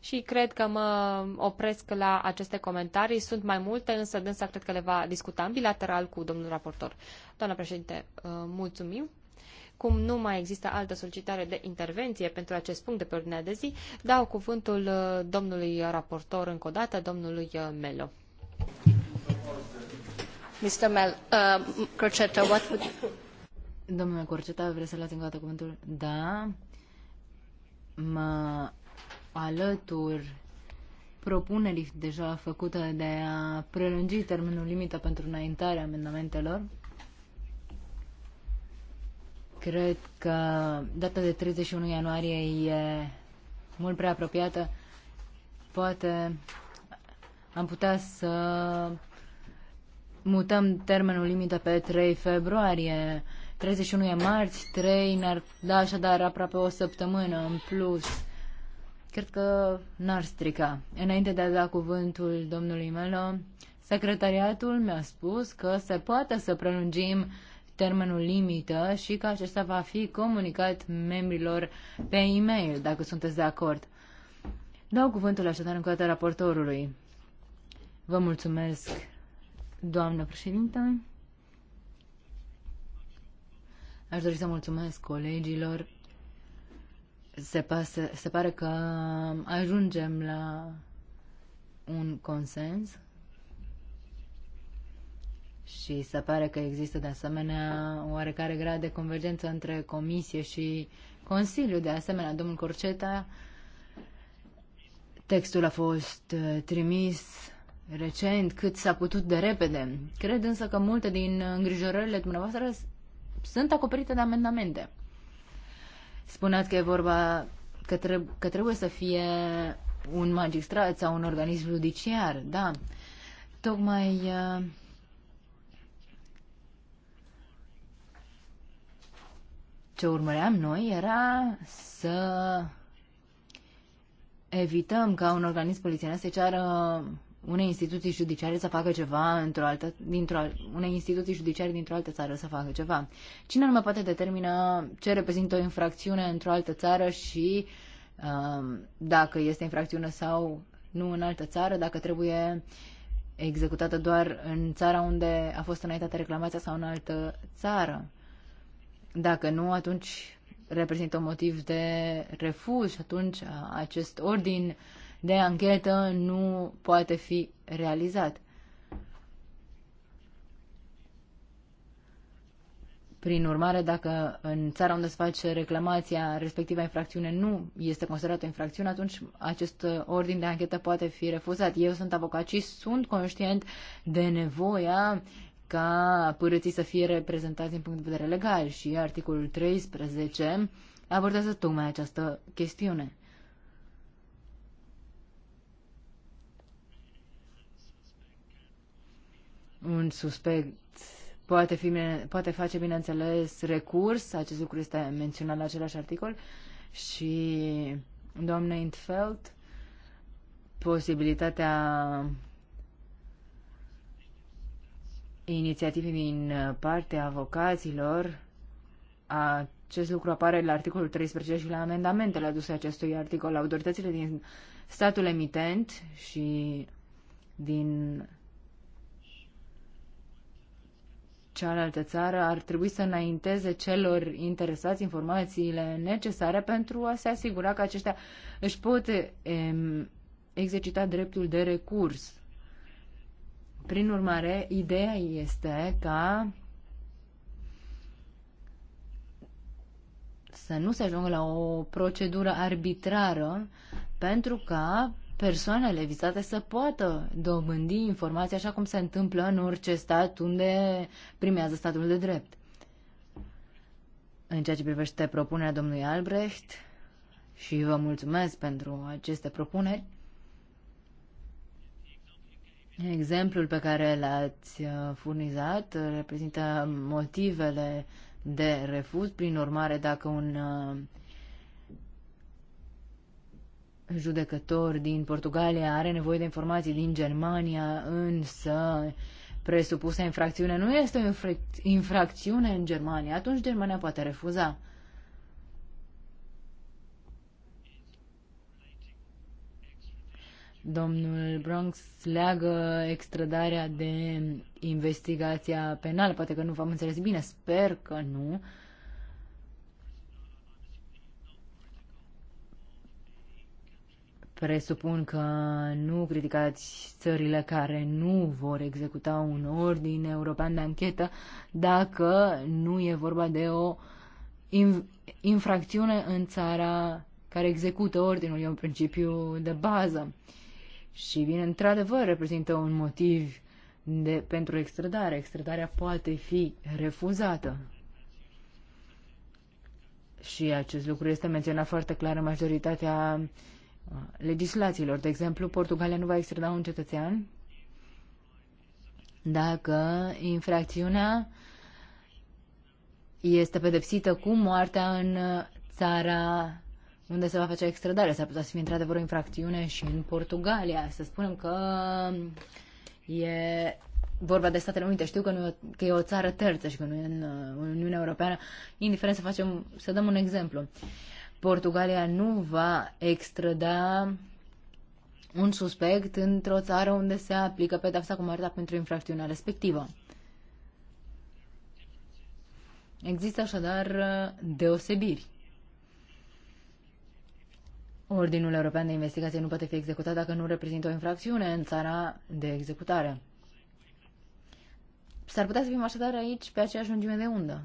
și cred că mă opresc la aceste comentarii. Sunt mai multe, însă dânsa cred că le va discuta în bilateral cu domnul raportor. Doamna președinte, mulțumim. Cum nu mai există altă solicitare de intervenție pentru acest punct de pe ordinea de zi, dau cuvântul uh, domnului raportor încă o dată, domnului uh, Melo. Mr. Mel, uh, Crocetta, what would you... Domnule Corceta, vreți să luați încă o dată cuvântul? Da. Mă alătur propunerii deja făcută de a prelungi termenul limită pentru înaintarea amendamentelor. Cred că data de 31 ianuarie e mult prea apropiată. Poate am putea să mutăm termenul limită pe 3 februarie. 31 e marți, 3 ne-ar da așadar aproape o săptămână în plus. Cred că n-ar strica. Înainte de a da cuvântul domnului Melo, secretariatul mi-a spus că se poate să prelungim termenul limită și că acesta va fi comunicat membrilor pe e-mail, dacă sunteți de acord. Dau cuvântul așadar încă o dată raportorului. Vă mulțumesc, doamnă președintă. Aș dori să mulțumesc colegilor. Se, pasă, se pare că ajungem la un consens și se pare că există de asemenea oarecare grad de convergență între Comisie și Consiliu. De asemenea, domnul Corceta, textul a fost uh, trimis recent cât s-a putut de repede. Cred însă că multe din îngrijorările dumneavoastră sunt acoperite de amendamente. Spuneați că e vorba că, treb- că trebuie să fie un magistrat sau un organism judiciar, da. Tocmai uh, ce urmăream noi era să evităm ca un organism polițienesc să ceară unei instituții judiciare să facă ceva într-o altă, dintr-o, unei instituții judiciare dintr-o altă țară să facă ceva. Cine nu mai poate determina ce reprezintă o infracțiune într-o altă țară și um, dacă este infracțiune sau nu în altă țară, dacă trebuie executată doar în țara unde a fost înaintată reclamația sau în altă țară. Dacă nu, atunci reprezintă un motiv de refuz și atunci acest ordin de anchetă nu poate fi realizat. Prin urmare, dacă în țara unde se face reclamația, respectiva infracțiune nu este considerată o infracțiune, atunci acest ordin de anchetă poate fi refuzat. Eu sunt avocat și sunt conștient de nevoia ca părății să fie reprezentați din punct de vedere legal și articolul 13 abordează tocmai această chestiune. Un suspect poate, fi, poate face, bineînțeles, recurs, acest lucru este menționat la același articol, și doamna Intfeld, posibilitatea inițiative din partea avocaților, acest lucru apare la articolul 13 și la amendamentele aduse acestui articol. Autoritățile din statul emitent și din cealaltă țară ar trebui să înainteze celor interesați informațiile necesare pentru a se asigura că aceștia își pot em, exercita dreptul de recurs prin urmare, ideea este ca să nu se ajungă la o procedură arbitrară pentru ca persoanele vizate să poată dobândi informații așa cum se întâmplă în orice stat unde primează statul de drept. În ceea ce privește propunerea domnului Albrecht, și vă mulțumesc pentru aceste propuneri, Exemplul pe care l-ați uh, furnizat uh, reprezintă motivele de refuz. Prin urmare, dacă un uh, judecător din Portugalia are nevoie de informații din Germania, însă presupusa infracțiune nu este o infracțiune în Germania, atunci Germania poate refuza. Domnul Bronx leagă extradarea de investigația penală. Poate că nu v-am înțeles bine, sper că nu. Presupun că nu criticați țările care nu vor executa un ordin european de anchetă dacă nu e vorba de o infracțiune în țara care execută ordinul. E un principiu de bază. Uh, și, bine, într-adevăr, reprezintă un motiv de, pentru extradare. Extradarea poate fi refuzată. Și acest lucru este menționat foarte clar în majoritatea uh, legislațiilor. De exemplu, Portugalia nu va extrada un cetățean dacă infracțiunea este pedepsită cu moartea în uh, țara unde se va face extradare. S-ar putea să fie într-adevăr o infracțiune și în Portugalia. Să spunem că e vorba de Statele Unite. Știu că, nu e, o, că e o țară terță și că nu e în uh, Uniunea Europeană. Indiferent să facem, să dăm un exemplu. Portugalia nu va extrada un suspect într-o țară unde se aplică pedapsa cu moartea pentru infracțiunea respectivă. Există așadar uh, deosebiri. Ordinul European de Investigație nu poate fi executat dacă nu reprezintă o infracțiune în țara de executare. S-ar putea să fim așadar aici pe aceeași lungime de undă.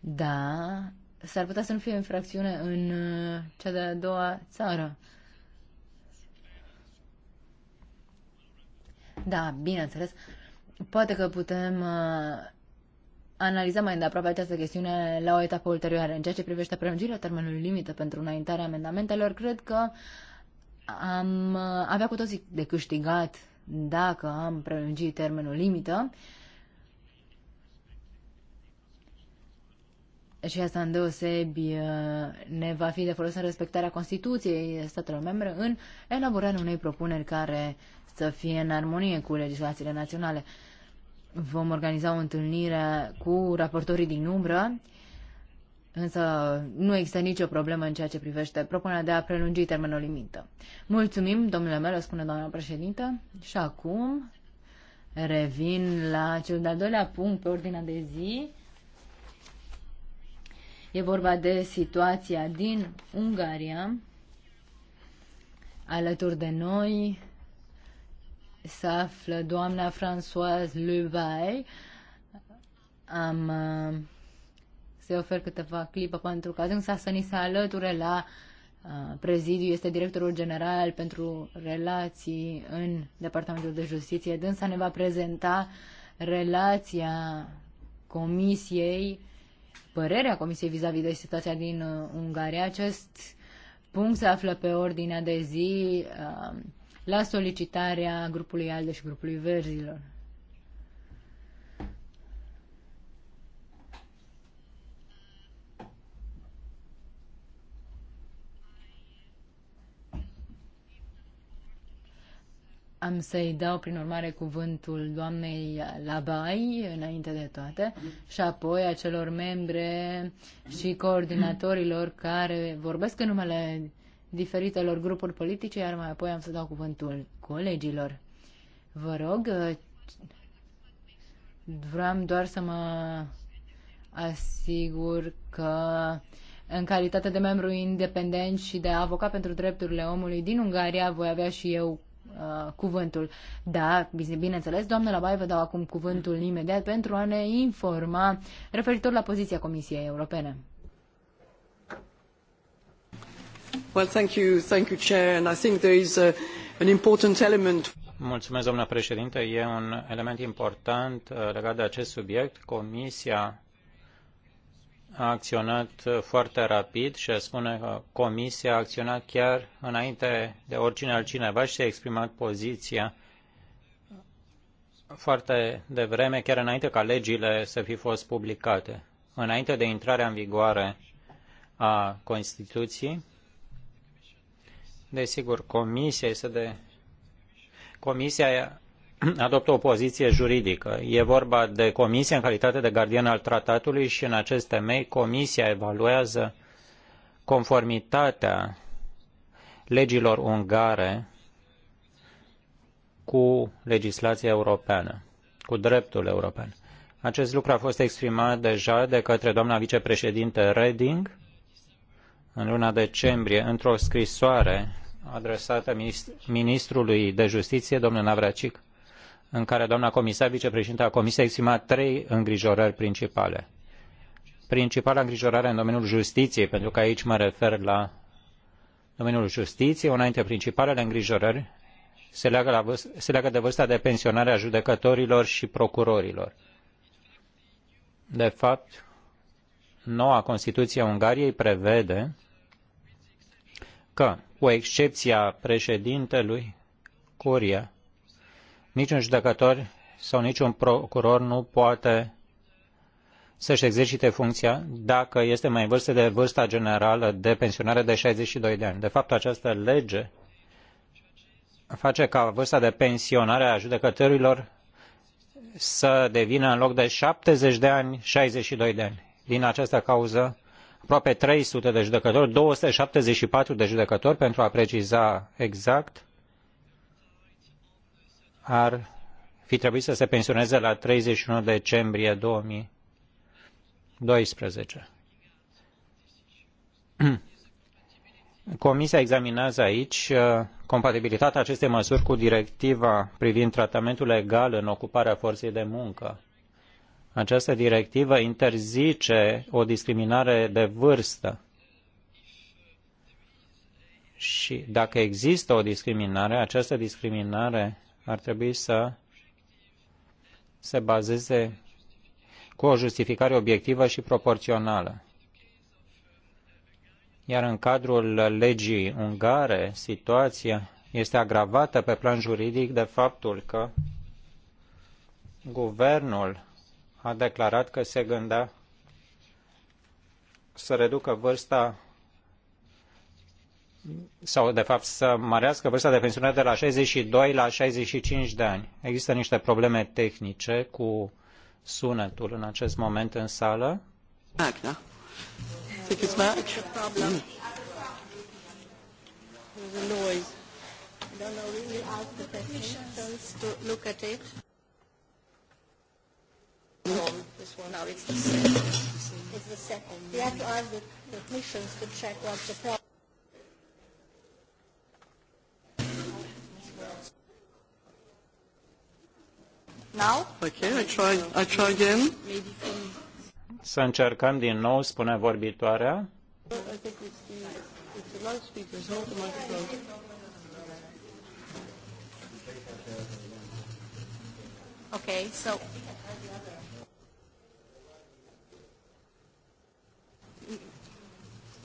Da, s-ar putea să nu fie infracțiune în uh, cea de-a doua țară. Da, bineînțeles. Poate că putem uh, analizăm mai îndeaproape această chestiune la o etapă ulterioară. În ceea ce privește prelungirea termenului limită pentru înaintarea amendamentelor, cred că am avea cu toții de câștigat dacă am prelungit termenul limită. Și asta în deosebi uh, ne va fi de folos în respectarea Constituției statelor membre în elaborarea unei propuneri care să fie în armonie cu legislațiile naționale. Vom organiza o întâlnire cu raportorii din umbră, însă nu există nicio problemă în ceea ce privește propunerea de a prelungi termenul limită. Mulțumim, domnule Melo, spune doamna președintă. Și acum revin la cel de-al doilea punct pe ordinea de zi. E vorba de situația din Ungaria. Alături de noi se află doamna Françoise Lubay. Am uh, se ofer câteva clipă pentru că adânsa să ni se alăture la uh, prezidiu, este directorul general pentru relații în Departamentul de Justiție. Dânsa ne va prezenta relația comisiei, părerea comisiei vis-a-vis -vis de situația din uh, Ungaria. Acest punct se află pe ordinea de zi uh, la solicitarea grupului ALDE și grupului Verzilor. Am să-i dau prin urmare cuvântul doamnei Labai înainte de toate și apoi acelor membre și coordinatorilor care vorbesc în numele diferitelor grupuri politice, iar mai apoi am să dau cuvântul colegilor. Vă rog, vreau doar să mă asigur că în calitate de membru independent și de avocat pentru drepturile omului din Ungaria voi avea și eu uh, cuvântul. Da, bineînțeles, doamnă Labai, vă dau acum cuvântul imediat pentru a ne informa referitor la poziția Comisiei Europene domnule Mulțumesc, președinte. E un element important uh, legat de acest subiect. Comisia a acționat uh, foarte rapid și a spune că Comisia a acționat chiar înainte de oricine altcineva și a exprimat poziția foarte devreme, chiar înainte ca legile să fi fost publicate. Înainte de intrarea în vigoare a Constituției, Desigur, comisia este de... Comisia adoptă o poziție juridică. E vorba de comisie în calitate de gardian al tratatului și în acest temei comisia evaluează conformitatea legilor ungare cu legislația europeană, cu dreptul european. Acest lucru a fost exprimat deja de către doamna vicepreședinte Reding în luna decembrie într-o scrisoare adresată ministrului de justiție, domnul Navracic, în care doamna comisar, vicepreședinta a comisiei, a exprimat trei îngrijorări principale. Principala îngrijorare în domeniul justiției, pentru că aici mă refer la domeniul justiției, una dintre principalele îngrijorări se leagă, la, se leagă de vârsta de pensionare a judecătorilor și procurorilor. De fapt, noua Constituție a Ungariei prevede că, cu excepția președintelui Curia, niciun judecător sau niciun procuror nu poate să-și exercite funcția dacă este mai în vârstă de vârsta generală de pensionare de 62 de ani. De fapt, această lege face ca vârsta de pensionare a judecătorilor să devină în loc de 70 de ani, 62 de ani. Din această cauză, aproape 300 de judecători, 274 de judecători, pentru a preciza exact, ar fi trebuit să se pensioneze la 31 decembrie 2012. Comisia examinează aici uh, compatibilitatea acestei măsuri cu directiva privind tratamentul legal în ocuparea forței de muncă această directivă interzice o discriminare de vârstă. Și dacă există o discriminare, această discriminare ar trebui să se bazeze cu o justificare obiectivă și proporțională. Iar în cadrul legii ungare, situația este agravată pe plan juridic de faptul că guvernul a declarat că se gândea să reducă vârsta sau de fapt să mărească vârsta de pensionare de la 62 la 65 de ani. Există niște probleme tehnice cu sunetul în acest moment în sală. da? Think it's back? Hmm. There's a noise. I don't know, we will ask the technicians to look at it this one. No, it's the second. It's the second. have to ask the technicians to check the problem. Now? Okay, I try, I try again. Să încercăm din nou, spune vorbitoarea. Okay, so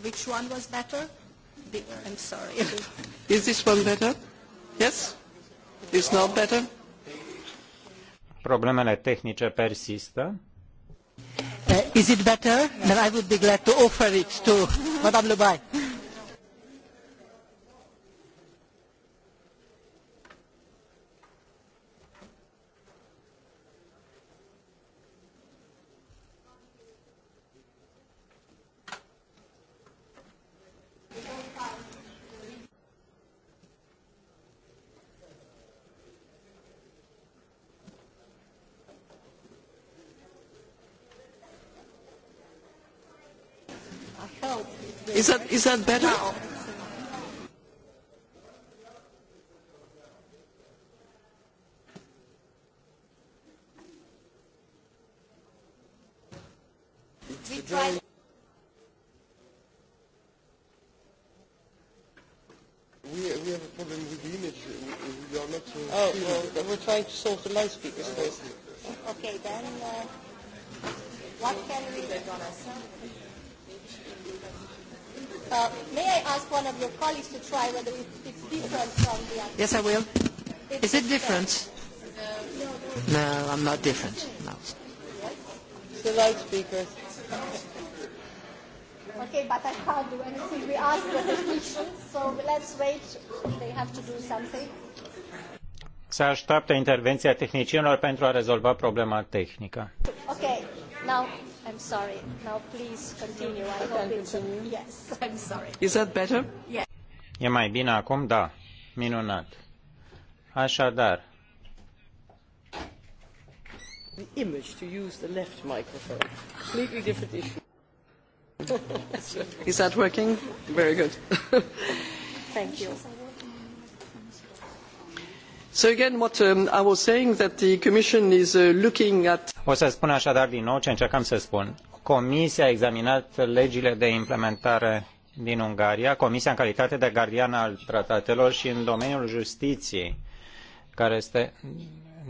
Which one was better? The, I'm sorry. Is this one better? Yes? Is not better? Problemele tehnice persistă. Uh, is it better? Then I would be glad to offer it to Madame Lebaille. Is that better? We tried. We, we have a problem with the image. We are not. Uh, oh, well, we're trying to solve the loudspeakers first. Okay, then uh, what can we do, Uh, may I ask one of your colleagues to try whether it's different from the other? Yes, I will. It's Is it different? different? No, I'm not different. No. It's the loudspeaker. Okay, but I can't do anything. We asked for the questions, so let's wait. They have to do something. Se așteaptă intervenția tehnicienilor pentru a rezolva problema tehnică. Okay, now I'm sorry. Now please continue. I hope it's continue. yes. I'm sorry. Is that better? Yes. E mai bine acum? Da. Minunat. Așadar, the image to use the left microphone. Completely different issue. Is that working? Very good. Thank you. O să spun așadar din nou ce încercam să spun. Comisia a examinat legile de implementare din Ungaria, Comisia în calitate de gardian al tratatelor și în domeniul justiției, care este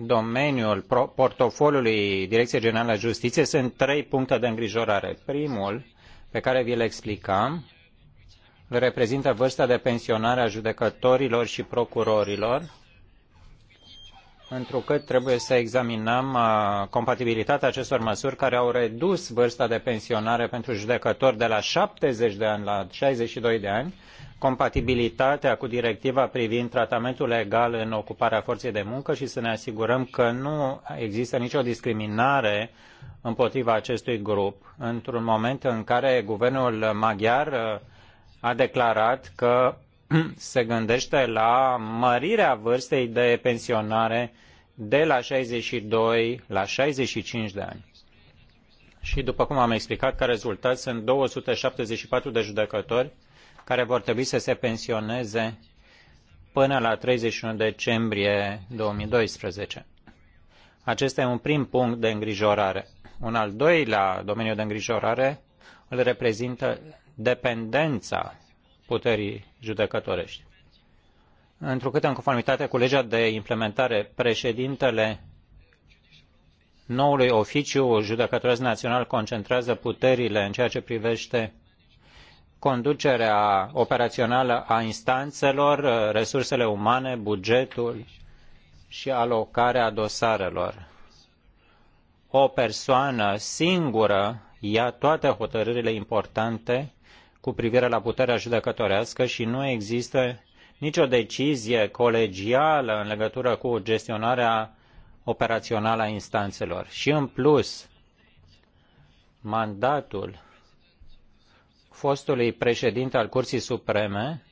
domeniul portofoliului Direcției Generale a Justiției, sunt trei puncte de îngrijorare. Primul, pe care vi-l explicam, îl reprezintă vârsta de pensionare a judecătorilor și procurorilor, întrucât trebuie să examinăm uh, compatibilitatea acestor măsuri care au redus vârsta de pensionare pentru judecători de la 70 de ani la 62 de ani, compatibilitatea cu directiva privind tratamentul legal în ocuparea forței de muncă și să ne asigurăm că nu există nicio discriminare împotriva acestui grup, într-un moment în care guvernul maghiar uh, a declarat că se gândește la mărirea vârstei de pensionare de la 62 la 65 de ani. Și după cum am explicat, ca rezultat sunt 274 de judecători care vor trebui să se pensioneze până la 31 decembrie 2012. Acesta e un prim punct de îngrijorare. Un al doilea domeniu de îngrijorare îl reprezintă dependența puterii judecătorești. Întrucât în conformitate cu legea de implementare, președintele noului oficiu judecătoresc național concentrează puterile în ceea ce privește conducerea operațională a instanțelor, resursele umane, bugetul și alocarea dosarelor. O persoană singură ia toate hotărârile importante cu privire la puterea judecătorească și nu există nicio decizie colegială în legătură cu gestionarea operațională a instanțelor. Și în plus, mandatul fostului președinte al Curții Supreme,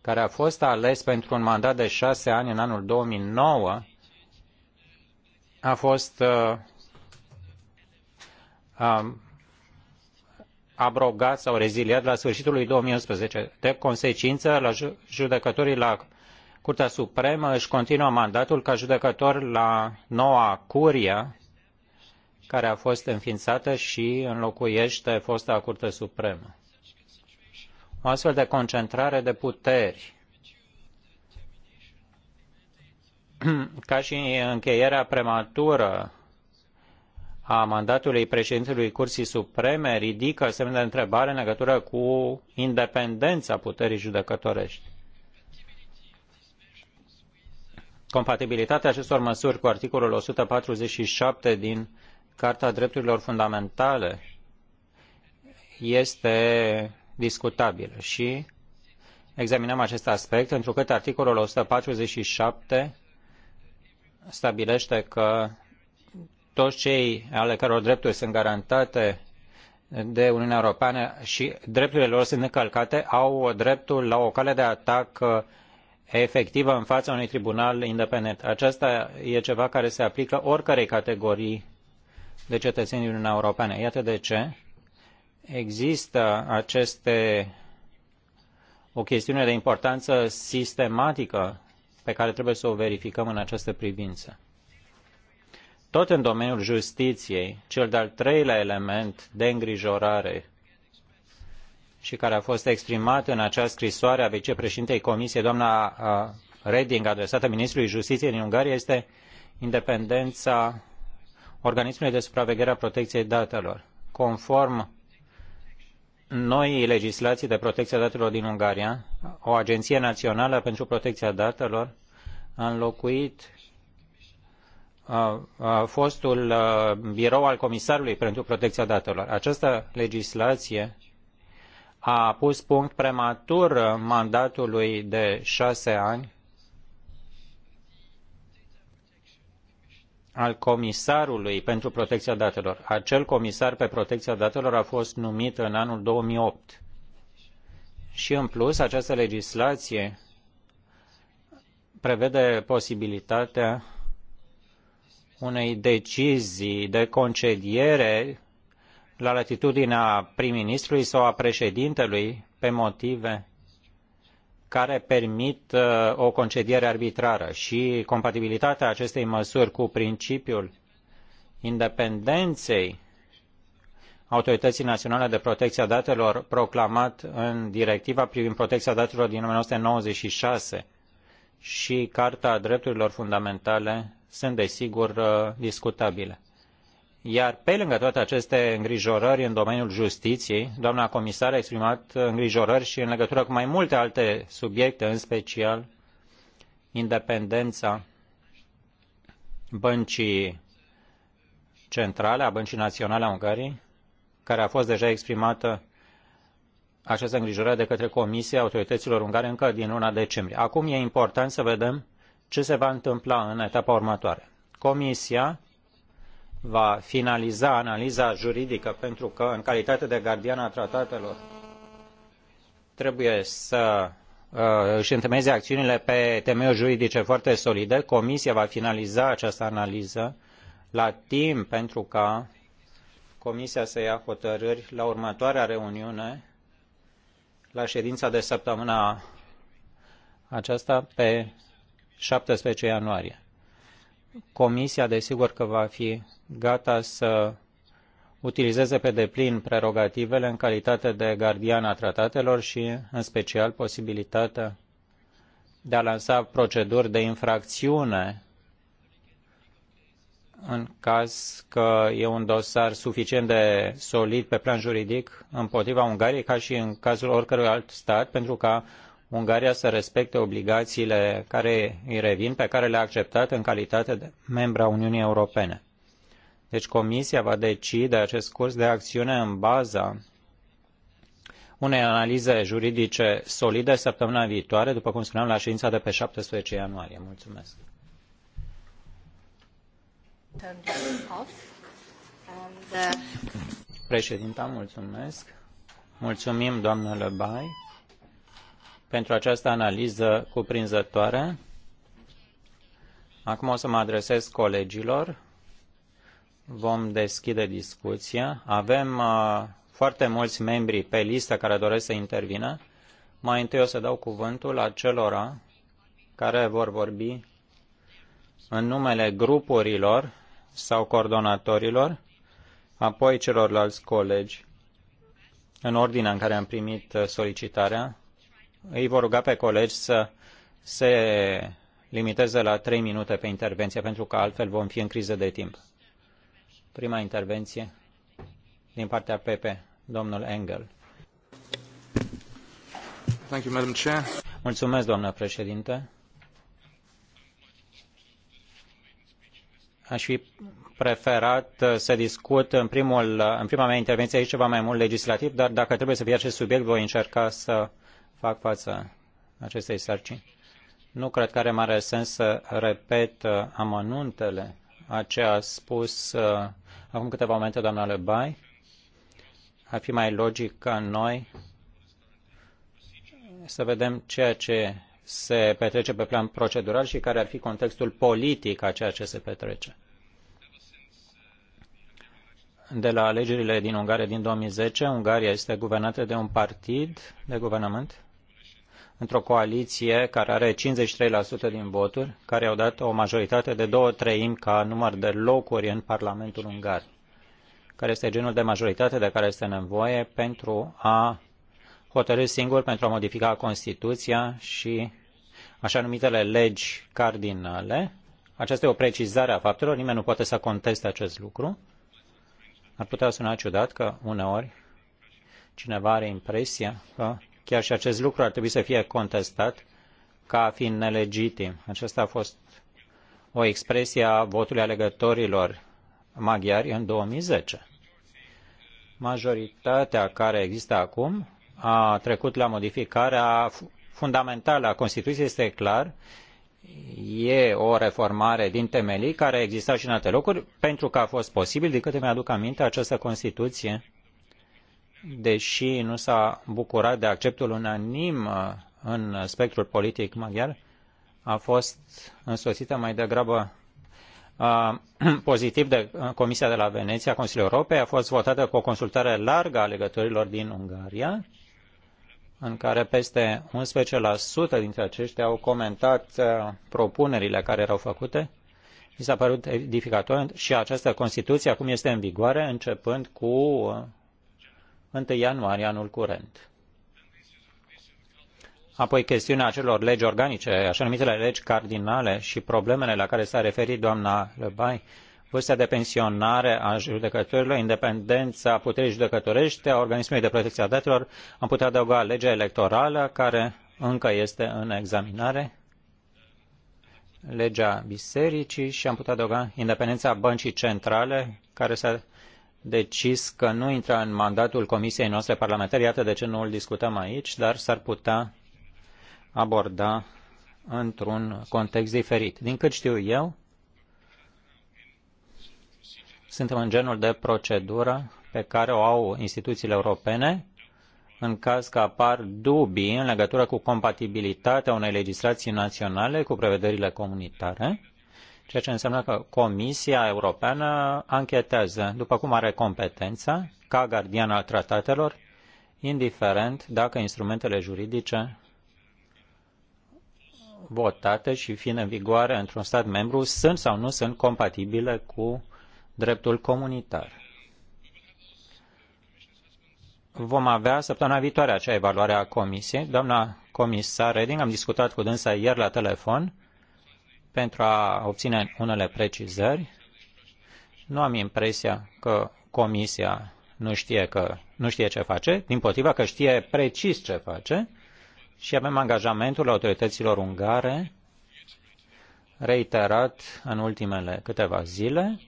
care a fost ales pentru un mandat de șase ani în anul 2009, a fost uh, abrogat sau reziliat la sfârșitul lui 2011. De consecință, la judecătorii la Curtea Supremă își continuă mandatul ca judecător la noua curie care a fost înființată și înlocuiește fosta Curte Supremă. O astfel de concentrare de puteri ca și încheierea prematură a mandatului președintelui Curții Supreme ridică semne de întrebare în legătură cu independența puterii judecătorești. Compatibilitatea acestor măsuri cu articolul 147 din Carta Drepturilor Fundamentale este discutabilă și examinăm acest aspect, întrucât articolul 147 stabilește că toți cei ale căror drepturi sunt garantate de Uniunea Europeană și drepturile lor sunt încălcate, au dreptul la o cale de atac uh, efectivă în fața unui tribunal independent. Aceasta e ceva care se aplică oricărei categorii de cetățeni din Uniunea Europeană. Iată de ce există aceste o chestiune de importanță sistematică pe care trebuie să o verificăm în această privință. Tot în domeniul justiției, cel de-al treilea element de îngrijorare și care a fost exprimat în acea scrisoare a vicepreședintei Comisiei, doamna Reding, adresată ministrului Justiției din Ungaria, este independența organismului de supraveghere a protecției datelor. Conform noii legislații de protecție a datelor din Ungaria, o agenție națională pentru protecția datelor a înlocuit fostul birou al comisarului pentru protecția datelor. Această legislație a pus punct prematur mandatului de șase ani al comisarului pentru protecția datelor. Acel comisar pe protecția datelor a fost numit în anul 2008. Și în plus, această legislație prevede posibilitatea unei decizii de concediere la latitudinea prim-ministrului sau a președintelui pe motive care permit uh, o concediere arbitrară și compatibilitatea acestei măsuri cu principiul independenței Autorității Naționale de Protecție a Datelor proclamat în directiva privind protecția datelor din 1996 și Carta Drepturilor Fundamentale sunt, desigur, uh, discutabile. Iar pe lângă toate aceste îngrijorări în domeniul justiției, doamna comisar a exprimat îngrijorări și în legătură cu mai multe alte subiecte, în special independența băncii centrale, a băncii naționale a Ungariei, care a fost deja exprimată această îngrijorare de către Comisia Autorităților Ungare încă din luna decembrie. Acum e important să vedem ce se va întâmpla în etapa următoare? Comisia va finaliza analiza juridică pentru că, în calitate de gardian a tratatelor, trebuie să uh, își întemeieze acțiunile pe temeiuri juridice foarte solide. Comisia va finaliza această analiză la timp pentru ca Comisia să ia hotărâri la următoarea reuniune, la ședința de săptămâna aceasta, pe 17 ianuarie. Comisia, desigur că va fi gata să utilizeze pe deplin prerogativele în calitate de gardian a tratatelor și, în special, posibilitatea de a lansa proceduri de infracțiune în caz că e un dosar suficient de solid pe plan juridic împotriva Ungariei, ca și în cazul oricărui alt stat, pentru ca Ungaria să respecte obligațiile care îi revin, pe care le-a acceptat în calitate de membra Uniunii Europene. Deci Comisia va decide acest curs de acțiune în baza unei analize juridice solide săptămâna viitoare, după cum spuneam la ședința de pe 17 ianuarie. Mulțumesc. Uh, Președinta, mulțumesc. Mulțumim, doamnă Lebai pentru această analiză cuprinzătoare. Acum o să mă adresez colegilor. Vom deschide discuția. Avem uh, foarte mulți membri pe listă care doresc să intervină. Mai întâi o să dau cuvântul acelora care vor vorbi în numele grupurilor sau coordonatorilor, apoi celorlalți colegi, în ordinea în care am primit uh, solicitarea, îi vor ruga pe colegi să se limiteze la trei minute pe intervenție, pentru că altfel vom fi în criză de timp. Prima intervenție din partea pepe, domnul Engel. Thank you, Madam Chair. Mulțumesc, doamnă președinte. Aș fi preferat să discut în, primul, în prima mea intervenție aici ceva mai mult legislativ, dar dacă trebuie să fie acest subiect, voi încerca să fac față acestei sarcini. Nu cred că are mare sens să repet uh, amănuntele a ce a spus uh, acum câteva momente doamna Lebai. Ar fi mai logic ca noi să vedem ceea ce se petrece pe plan procedural și care ar fi contextul politic a ceea ce se petrece. De la alegerile din Ungaria din 2010, Ungaria este guvernată de un partid de guvernământ într-o coaliție care are 53% din voturi, care au dat o majoritate de două treimi ca număr de locuri în Parlamentul Ungar, care este genul de majoritate de care este nevoie pentru a hotărâ singur pentru a modifica Constituția și așa numitele legi cardinale. Aceasta e o precizare a faptelor, nimeni nu poate să conteste acest lucru. Ar putea suna ciudat că uneori cineva are impresia că Chiar și acest lucru ar trebui să fie contestat ca fiind nelegitim. Aceasta a fost o expresie a votului alegătorilor maghiari în 2010. Majoritatea care există acum a trecut la modificarea fundamentală a Constituției, este clar, e o reformare din temelii care a existat și în alte locuri, pentru că a fost posibil, de câte mi-aduc aminte, această Constituție deși nu s-a bucurat de acceptul unanim uh, în spectrul politic maghiar, a fost însoțită mai degrabă uh, a, pozitiv de uh, Comisia de la Veneția, Consiliul Europei, a fost votată cu o consultare largă a legătorilor din Ungaria, în care peste 11% dintre aceștia au comentat propunerile care erau făcute. Mi s-a părut edificator și această Constituție acum este în vigoare, începând cu 1 ianuarie anul curent. Apoi chestiunea acelor legi organice, așa numitele legi cardinale și problemele la care s-a referit doamna Lebai, vârsta de pensionare a judecătorilor, independența puterii judecătorești, a organismului de protecție a datelor, am putea adăuga legea electorală, care încă este în examinare, legea bisericii și am putea adăuga independența băncii centrale, care s-a decis că nu intră în mandatul Comisiei noastre parlamentare, iată de ce nu îl discutăm aici, dar s-ar putea aborda într-un context diferit. Din cât știu eu, suntem în genul de procedură pe care o au instituțiile europene în caz că apar dubii în legătură cu compatibilitatea unei legislații naționale cu prevederile comunitare ceea ce înseamnă că Comisia Europeană anchetează, după cum are competența, ca gardian al tratatelor, indiferent dacă instrumentele juridice votate și fiind în vigoare într-un stat membru sunt sau nu sunt compatibile cu dreptul comunitar. Vom avea săptămâna viitoare acea evaluare a Comisiei. Doamna comisar Reding, am discutat cu dânsa ieri la telefon pentru a obține unele precizări. Nu am impresia că Comisia nu știe, că, nu știe ce face, din potriva că știe precis ce face și avem angajamentul autorităților ungare reiterat în ultimele câteva zile,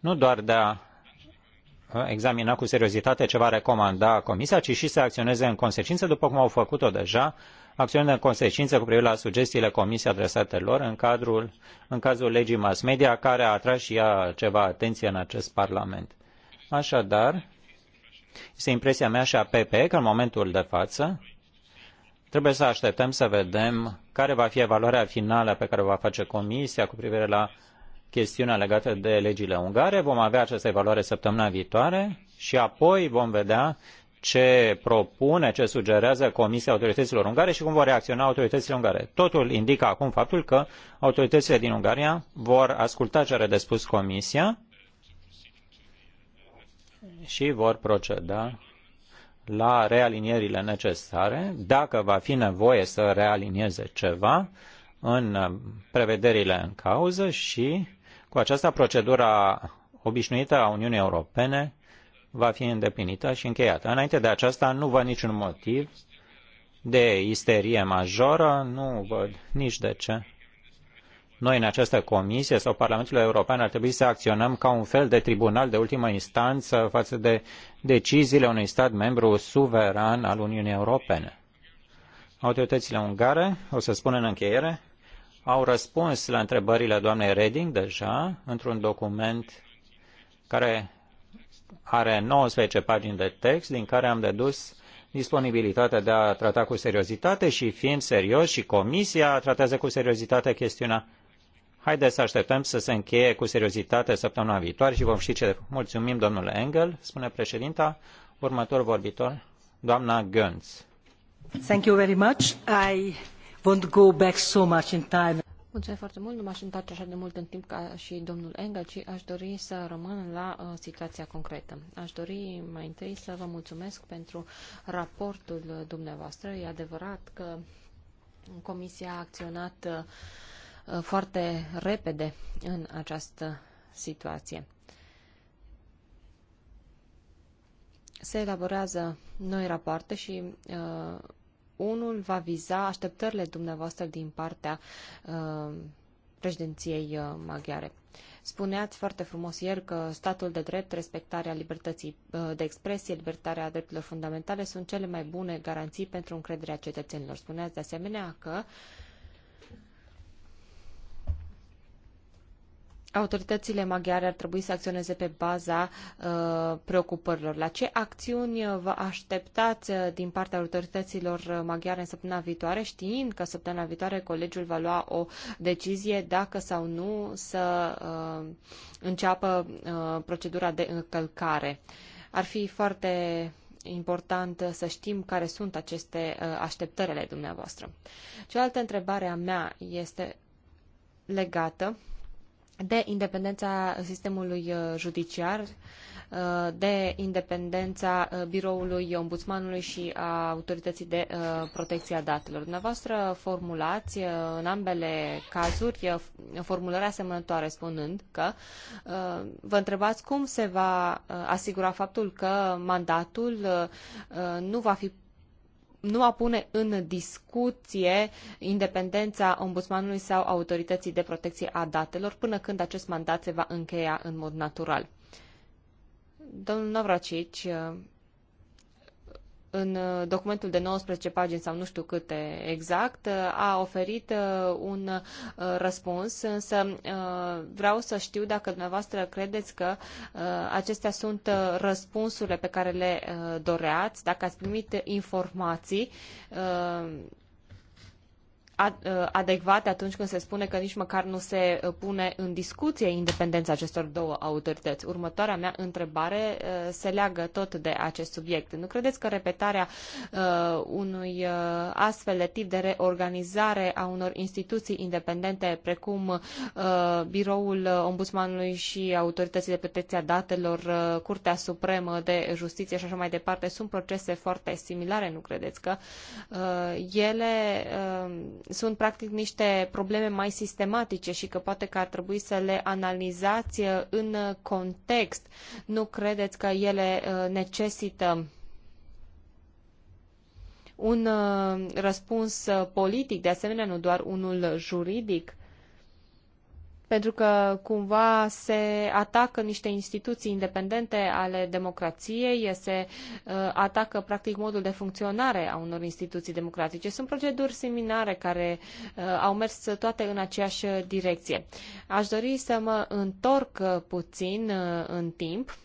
nu doar de a examina cu seriozitate ce va recomanda Comisia, ci și să acționeze în consecință, după cum au făcut-o deja acțiuni în consecință cu privire la sugestiile comisiei adresate lor în, cadrul, în cazul legii mass media, care a atras și ea ceva atenție în acest Parlament. Așadar, este impresia mea și a PPE că în momentul de față trebuie să așteptăm să vedem care va fi evaluarea finală pe care o va face Comisia cu privire la chestiunea legată de legile ungare. Vom avea această evaluare săptămâna viitoare și apoi vom vedea ce propune, ce sugerează Comisia autorităților ungare și cum vor reacționa autoritățile ungare. Totul indică acum faptul că autoritățile din Ungaria vor asculta ce are de spus Comisia și vor proceda la realinierile necesare, dacă va fi nevoie să realinieze ceva în prevederile în cauză și cu această procedură obișnuită a Uniunii Europene va fi îndeplinită și încheiată. Înainte de aceasta, nu văd niciun motiv de isterie majoră, nu văd nici de ce. Noi, în această comisie sau Parlamentul European, ar trebui să acționăm ca un fel de tribunal de ultimă instanță față de deciziile unui stat membru suveran al Uniunii Europene. Autoritățile ungare, o să spun în încheiere, au răspuns la întrebările doamnei Reding deja într-un document care are 19 pagini de text din care am dedus disponibilitatea de a trata cu seriozitate și fiind serios și comisia tratează cu seriozitate chestiunea. Haideți să așteptăm să se încheie cu seriozitate săptămâna viitoare și vom ști ce. Mulțumim, domnule Engel, spune președinta. Următor vorbitor, doamna Gönz. Thank you very much. I won't go back so much in time. Mulțumesc foarte mult, nu m-aș întoarce așa de mult în timp ca și domnul Engel, ci aș dori să rămân la uh, situația concretă. Aș dori mai întâi să vă mulțumesc pentru raportul dumneavoastră. E adevărat că Comisia a acționat uh, uh foarte repede în această situație. Se elaborează noi rapoarte și uh, unul va viza așteptările dumneavoastră din partea uh, președinției uh, maghiare. Spuneați foarte frumos ieri că statul de drept, respectarea libertății uh, de expresie, libertarea drepturilor fundamentale sunt cele mai bune garanții pentru încrederea cetățenilor. Spuneați de asemenea că uh, autoritățile maghiare ar trebui să acționeze pe baza uh, preocupărilor. La ce acțiuni uh, vă așteptați uh, din partea autorităților uh, maghiare în săptămâna viitoare, știind că săptămâna viitoare colegiul va lua o decizie dacă sau nu să uh, înceapă uh, procedura de încălcare? Ar fi foarte important să știm care sunt aceste așteptările dumneavoastră. Cealaltă întrebare a mea este legată de independența sistemului uh, judiciar, uh, de independența uh, biroului ombudsmanului și a autorității de protecție a datelor. Dumneavoastră formulați în ambele cazuri formulări asemănătoare, spunând că vă întrebați cum se va asigura faptul că mandatul nu va fi nu a pune în discuție independența ombudsmanului sau autorității de protecție a datelor până când acest mandat se va încheia în mod natural. Domnul Navracici în uh, documentul de 19 pagini sau nu știu câte exact, uh, a oferit uh, un răspuns, însă vreau să știu dacă dumneavoastră credeți că acestea sunt răspunsurile pe care le doreați, dacă ați primit informații Uh, adecvate atunci când se spune că nici măcar nu se uh, pune în discuție independența acestor două autorități. Următoarea mea întrebare uh, se leagă tot de acest subiect. Nu credeți că repetarea unui astfel de tip de reorganizare a unor instituții independente precum biroul ombudsmanului și autorității de protecție a datelor, Curtea Supremă de Justiție și așa mai departe, sunt procese foarte similare, nu credeți că ele sunt practic niște probleme mai sistematice și că poate că ar trebui să le analizați uh, în context. Nu credeți că ele uh, necesită un uh, răspuns politic, de asemenea nu doar unul juridic? pentru că cumva se atacă niște instituții independente ale democrației, se uh, atacă practic modul de funcționare a unor instituții democratice. Sunt proceduri similare care uh, au mers toate în aceeași direcție. Aș dori să mă întorc uh, puțin uh, în timp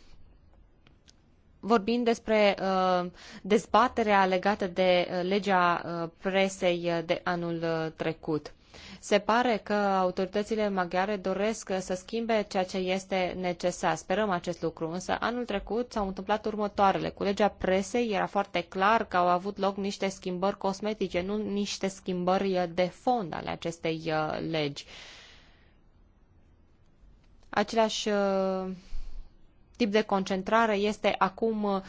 vorbind despre uh, dezbaterea legată de uh, legea uh, presei uh, de anul uh, trecut. Se pare că autoritățile maghiare doresc să schimbe ceea ce este necesar. Sperăm acest lucru, însă anul trecut s-au întâmplat următoarele. Cu legea presei era foarte clar că au avut loc niște schimbări cosmetice, nu niște schimbări de fond ale acestei uh, legi. Același uh, tip de concentrare este acum uh,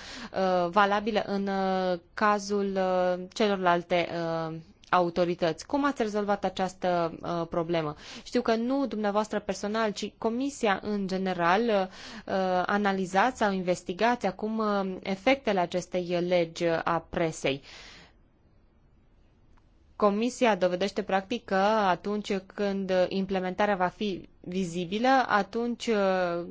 valabilă în uh, cazul uh, celorlalte uh, autorități. Cum ați rezolvat această uh, problemă? Știu că nu dumneavoastră personal, ci comisia în general uh, analizați sau investigați acum uh, efectele acestei legi uh, a presei. Comisia dovedește practic că atunci când implementarea va fi vizibilă, atunci uh,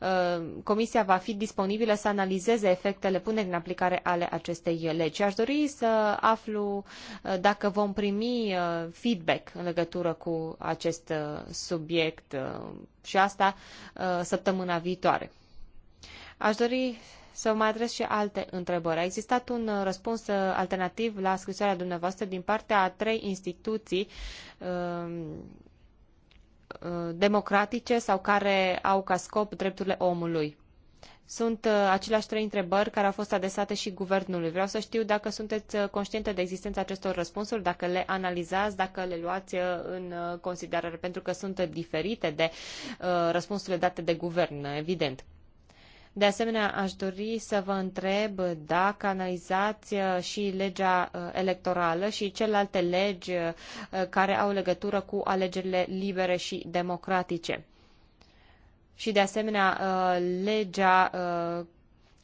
uh, Comisia va fi disponibilă să analizeze efectele punerii în aplicare ale acestei legi. Aș dori să aflu uh, dacă vom primi feedback în legătură cu acest subiect și asta săptămâna viitoare. Aș dori să vă mai adres și alte întrebări. A existat un răspuns alternativ la scrisoarea dumneavoastră din partea a trei instituții Uh, democratice sau care au ca scop drepturile omului. Sunt uh, aceleași trei întrebări care au fost adresate și guvernului. Vreau să știu dacă sunteți uh, conștiente de existența acestor răspunsuri, dacă le analizați, dacă le luați în considerare, pentru că sunt diferite de răspunsurile date de guvern, evident. De asemenea, aș dori să vă întreb dacă analizați uh, și legea uh, electorală și celelalte legi uh, care au legătură cu alegerile libere și democratice. Și, de asemenea, legea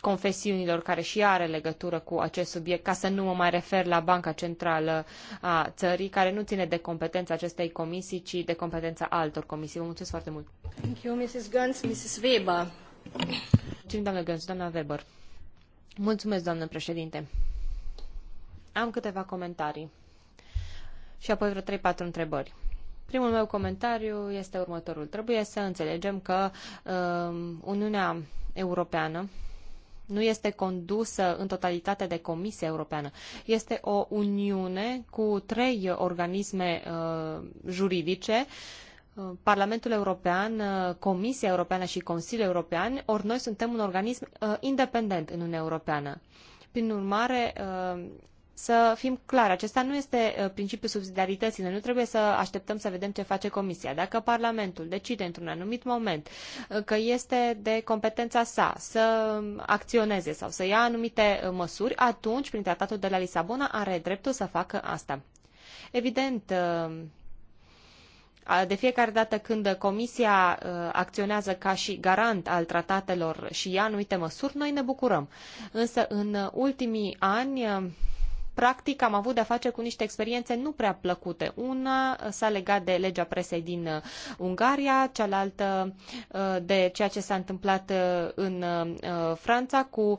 confesiunilor, care și are legătură cu acest subiect, ca să nu mă mai refer la Banca Centrală a țării, care nu ține de competența acestei comisii, ci de competența altor comisii. Vă mulțumesc foarte mult. Thank you, Mrs. Guns, Mrs. Weber. Mulțumim, Gânz, doamna Weber. Mulțumesc, doamnă președinte. Am câteva comentarii și apoi vreo 3-4 întrebări. Primul meu comentariu este următorul. Trebuie să înțelegem că uh, Uniunea Europeană nu este condusă în totalitate de Comisia Europeană. Este o uniune cu trei organisme uh, juridice uh, Parlamentul European, uh, Comisia Europeană și Consiliul European, ori noi suntem un organism uh, independent în Uniunea Europeană. Prin urmare, uh, să fim clari, acesta nu este principiul subsidiarității. Noi nu trebuie să așteptăm să vedem ce face Comisia. Dacă Parlamentul decide într-un anumit moment că este de competența sa să acționeze sau să ia anumite măsuri, atunci, prin tratatul de la Lisabona, are dreptul să facă asta. Evident, de fiecare dată când Comisia uh, acționează ca și garant al tratatelor și ia anumite măsuri, noi ne bucurăm. Însă în ultimii ani uh, practic am avut de-a face cu niște experiențe nu prea plăcute. Una s-a legat de legea presei din uh, Ungaria, cealaltă de ceea ce s-a întâmplat în Franța cu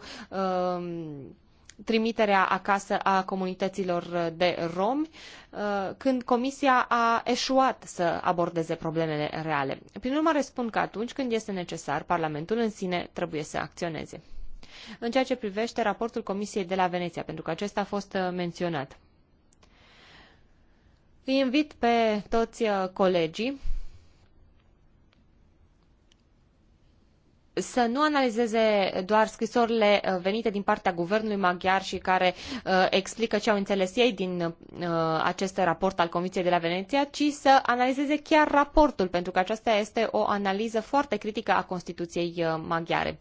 trimiterea acasă a comunităților de romi, uh, când Comisia a eșuat să abordeze problemele reale. Prin urmare, spun că atunci când este necesar, Parlamentul în sine trebuie să acționeze. În ceea ce privește raportul Comisiei de la Veneția, pentru că acesta a fost uh, menționat. Îi invit pe toți uh, colegii să nu analizeze doar scrisorile uh, venite din partea guvernului maghiar și care uh, explică ce au înțeles ei din uh, acest raport al Comisiei de la Veneția, ci să analizeze chiar raportul, pentru că aceasta este o analiză foarte critică a Constituției uh, maghiare.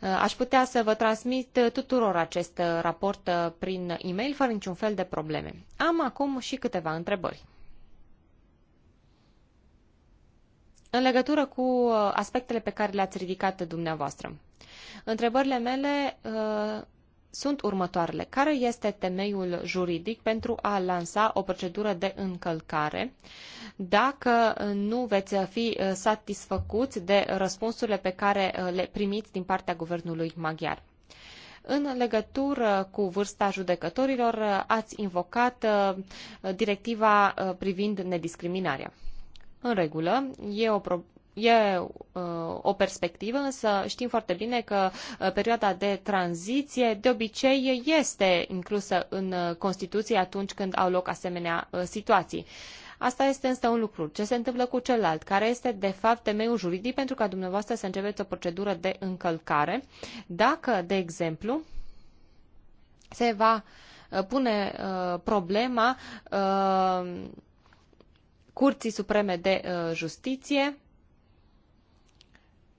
Uh, aș putea să vă transmit tuturor acest raport prin e-mail fără niciun fel de probleme. Am acum și câteva întrebări. în legătură cu uh, aspectele pe care le-ați ridicat dumneavoastră. Întrebările mele uh, sunt următoarele. Care este temeiul juridic pentru a lansa o procedură de încălcare dacă uh, nu veți fi uh, satisfăcuți de răspunsurile pe care le primiți din partea guvernului maghiar? În legătură cu vârsta judecătorilor, ați invocat directiva privind nediscriminarea. În regulă, e o problemă e uh, o perspectivă, însă știm foarte bine că uh, perioada de tranziție de obicei este inclusă în uh, Constituție atunci când au loc asemenea situații. Asta este însă un lucru. Ce se întâmplă cu celălalt? Care este, de fapt, temeiul juridic pentru ca dumneavoastră să începeți o procedură de încălcare? Dacă, de exemplu, se va pune uh, problema uh, Curții Supreme de uh, Justiție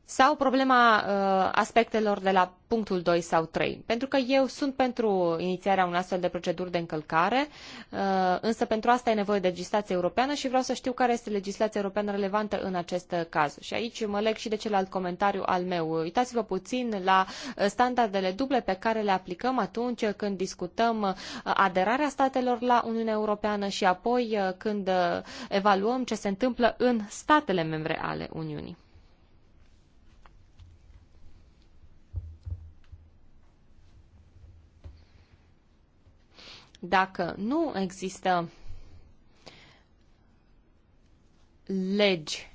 sau problema uh, aspectelor de la punctul 2 sau 3. Pentru că eu sunt pentru inițierea unui astfel de proceduri de încălcare, uh, însă pentru asta e nevoie de legislație europeană și vreau să știu care este legislația europeană relevantă în acest uh, caz. Și aici mă leg și de celălalt comentariu al meu. Uitați-vă puțin la uh, standardele duble pe care le aplicăm atunci când discutăm uh, aderarea statelor la Uniunea Europeană și apoi când evaluăm ce se întâmplă în statele membre ale Uniunii. Dacă nu există legi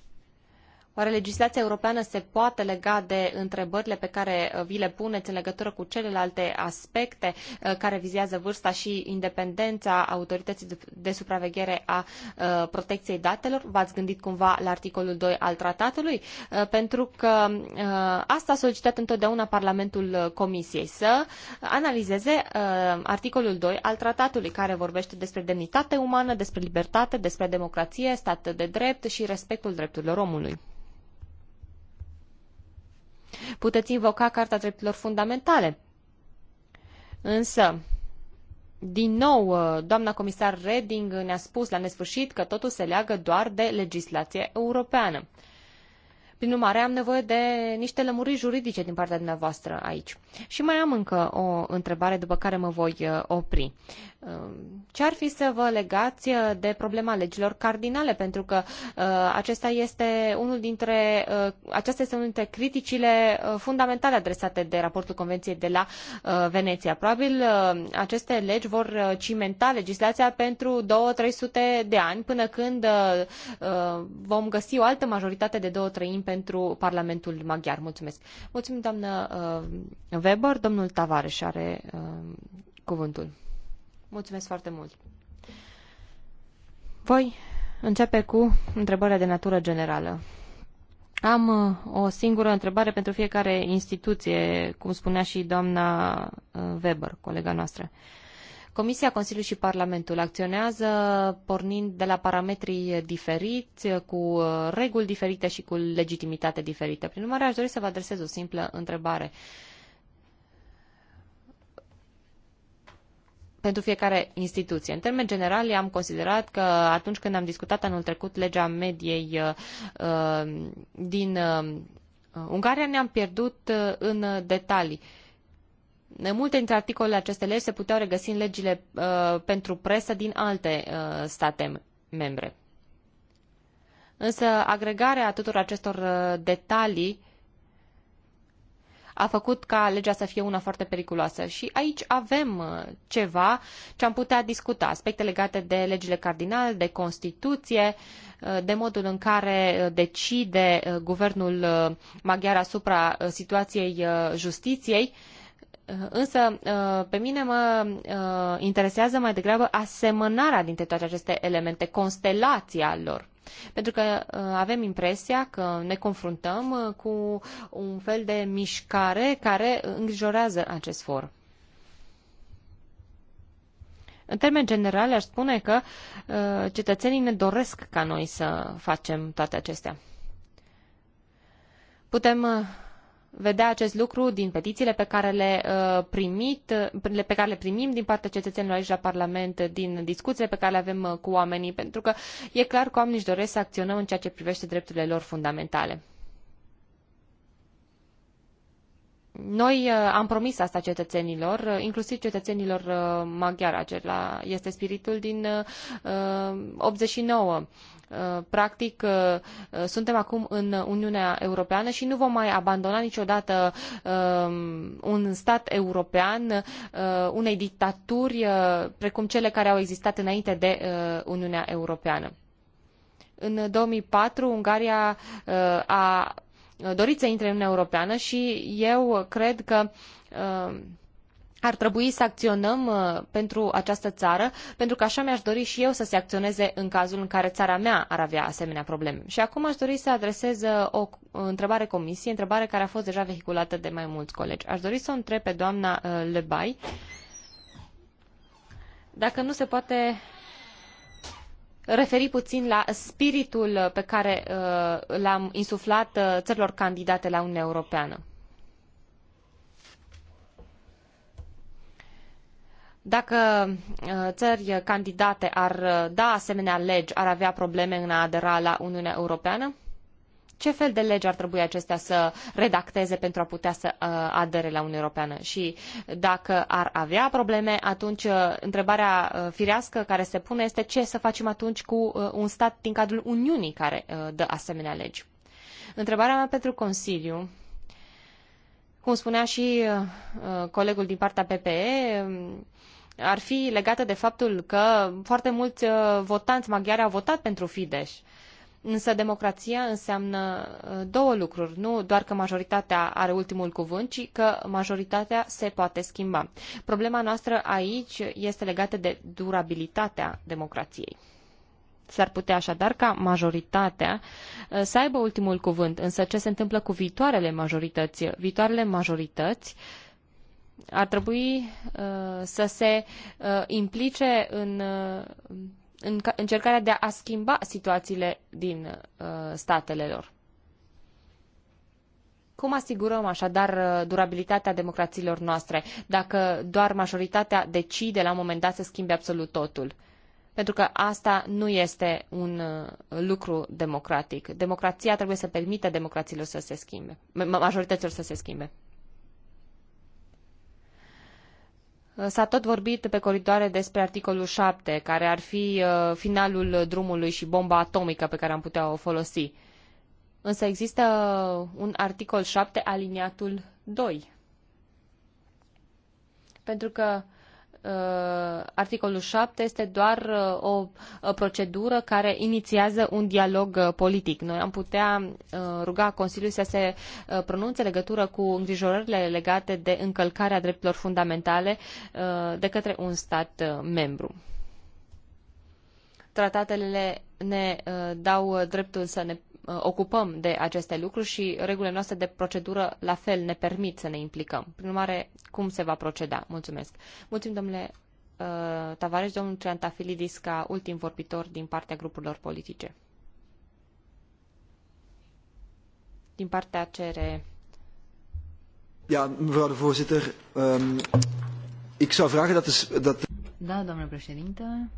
Oare legislația europeană se poate lega de întrebările pe care uh, vi le puneți în legătură cu celelalte aspecte uh, care vizează vârsta și independența autorității de supraveghere a uh, protecției datelor? V-ați gândit cumva la articolul 2 al tratatului? Pentru că asta a solicitat întotdeauna Parlamentul Comisiei să analizeze articolul 2 al tratatului care vorbește despre demnitate umană, despre libertate, despre democrație, stat de drept și respectul drepturilor omului. Puteți invoca Carta Drepturilor Fundamentale. Însă, din nou, uh, doamna comisar Reding ne-a spus la nesfârșit că totul se leagă doar de legislație europeană. Prin urmare, am nevoie de niște lămuriri juridice din partea dumneavoastră aici. Și mai am încă o întrebare după care mă voi uh, opri. Um, Ce ar fi să vă legați uh, de problema legilor cardinale? Pentru că uh, acesta este unul dintre, aceasta este unul dintre criticile fundamentale adresate de raportul Convenției de la Veneția. Probabil aceste legi vor cimenta legislația pentru 2-300 de ani, până când vom găsi o altă majoritate de două treimi pentru Parlamentul Maghiar. Mulțumesc. Mulțumim, doamnă uh, Weber. Domnul Tavares are uh, cuvântul. Mulțumesc foarte mult. Voi începe cu întrebarea de natură generală. Am uh, o singură întrebare pentru fiecare instituție, cum spunea și doamna Weber, colega noastră. Uh, Comisia, Consiliul și Parlamentul acționează pornind de la parametrii diferiți, cu uh, reguli diferite și cu legitimitate diferită. Prin urmare, aș dori să vă adresez o simplă întrebare. pentru fiecare instituție. În termen general, am considerat că atunci când am discutat anul trecut legea mediei uh, uh, din Ungaria, ne-am pierdut în detalii. Multe dintre articolele acestei legi se puteau regăsi în legile uh, pentru presă din alte uh, state membre. Însă agregarea tuturor acestor uh, detalii a făcut ca legea să fie una foarte periculoasă. Și aici avem uh, ceva ce am putea discuta. Aspecte legate de legile cardinale, de Constituție, uh, de modul în care uh, decide guvernul maghiar asupra situației justiției Eh, însă eh, pe mine mă eh, interesează mai degrabă asemănarea dintre toate aceste elemente, constelația lor. Pentru că avem impresia că ne confruntăm cu un fel de mișcare care îngrijorează acest for. În termeni generale, aș spune că cetățenii ne doresc ca noi să facem toate acestea. Putem vedea acest lucru din petițiile pe care le, uh, primit, uh, pe care le primim din partea cetățenilor aici la Parlament, uh, din discuțiile pe care le avem cu oamenii, pentru că e clar că oamenii își doresc să acționăm în ceea ce privește drepturile lor fundamentale. Noi am promis asta cetățenilor, inclusiv cetățenilor maghiari, acela este spiritul din 89 Uh, practic, uh, uh, suntem acum în Uniunea Europeană și nu vom mai abandona niciodată um, un stat european unei dictaturi precum cele care au existat înainte de Uniunea Europeană. În 2004, Ungaria a dorit să intre în Uniunea Europeană și eu cred că ar trebui să acționăm uh, pentru această țară, pentru că așa mi-aș dori și eu să se acționeze în cazul în care țara mea ar avea asemenea probleme. Și acum aș dori să adresez uh, o întrebare comisiei, întrebare care a fost deja vehiculată de mai mulți colegi. Aș dori să o întreb pe doamna uh, Lebai dacă nu se poate referi puțin la spiritul pe care l-am insuflat țărilor candidate la Uniunea Europeană. Dacă uh, țări candidate ar uh, da asemenea legi, ar avea probleme în a adera la Uniunea Europeană? Ce fel de legi ar trebui acestea să redacteze pentru a putea să uh, adere la Uniunea Europeană? Și dacă ar avea probleme, atunci întrebarea firească care se pune este ce să facem atunci cu un stat din cadrul Uniunii care dă asemenea legi? Întrebarea mea pentru Consiliu cum spunea și uh, colegul din partea PPE, um, ar fi legată de faptul că foarte mulți uh, votanți maghiari au votat pentru Fidesz. Însă democrația înseamnă uh, două lucruri, nu doar că majoritatea are ultimul cuvânt, ci că majoritatea se poate schimba. Problema noastră aici este legată de durabilitatea democrației. S-ar putea așadar ca majoritatea uh, să aibă ultimul cuvânt, însă ce se întâmplă cu viitoarele majorități? Viitoarele majorități uh, ar trebui uh, să se uh, implice în uh, în încercarea de a schimba situațiile din statele lor. Cum asigurăm așadar durabilitatea democrațiilor noastre dacă doar majoritatea decide la un moment dat să schimbe absolut totul? Pentru că asta nu este un lucru democratic. Democrația trebuie să permită democrațiilor să se schimbe, majorităților să se schimbe. S-a tot vorbit pe coridoare despre articolul 7, care ar fi uh, finalul drumului și bomba atomică pe care am putea o folosi. Însă există un articol 7, aliniatul 2. Pentru că uh, Uh, articolul 7 este doar uh, o uh, procedură care inițiază un dialog politic. Noi am putea ruga Consiliul să se pronunțe legătură cu îngrijorările legate de încălcarea drepturilor fundamentale de către un stat membru. Tratatele ne dau dreptul să ne Uh, ocupăm de aceste lucruri și regulile noastre de procedură la fel ne permit să ne implicăm. Prin urmare, cum se va proceda? Mulțumesc. Mulțumim, domnule uh, Tavares, domnul Triantafilidis, ca ultim vorbitor din partea grupurilor politice. Din partea cere. Ja, mevrouw de voorzitter, um, ik zou vragen dat Is, dat... Da, domnule președinte,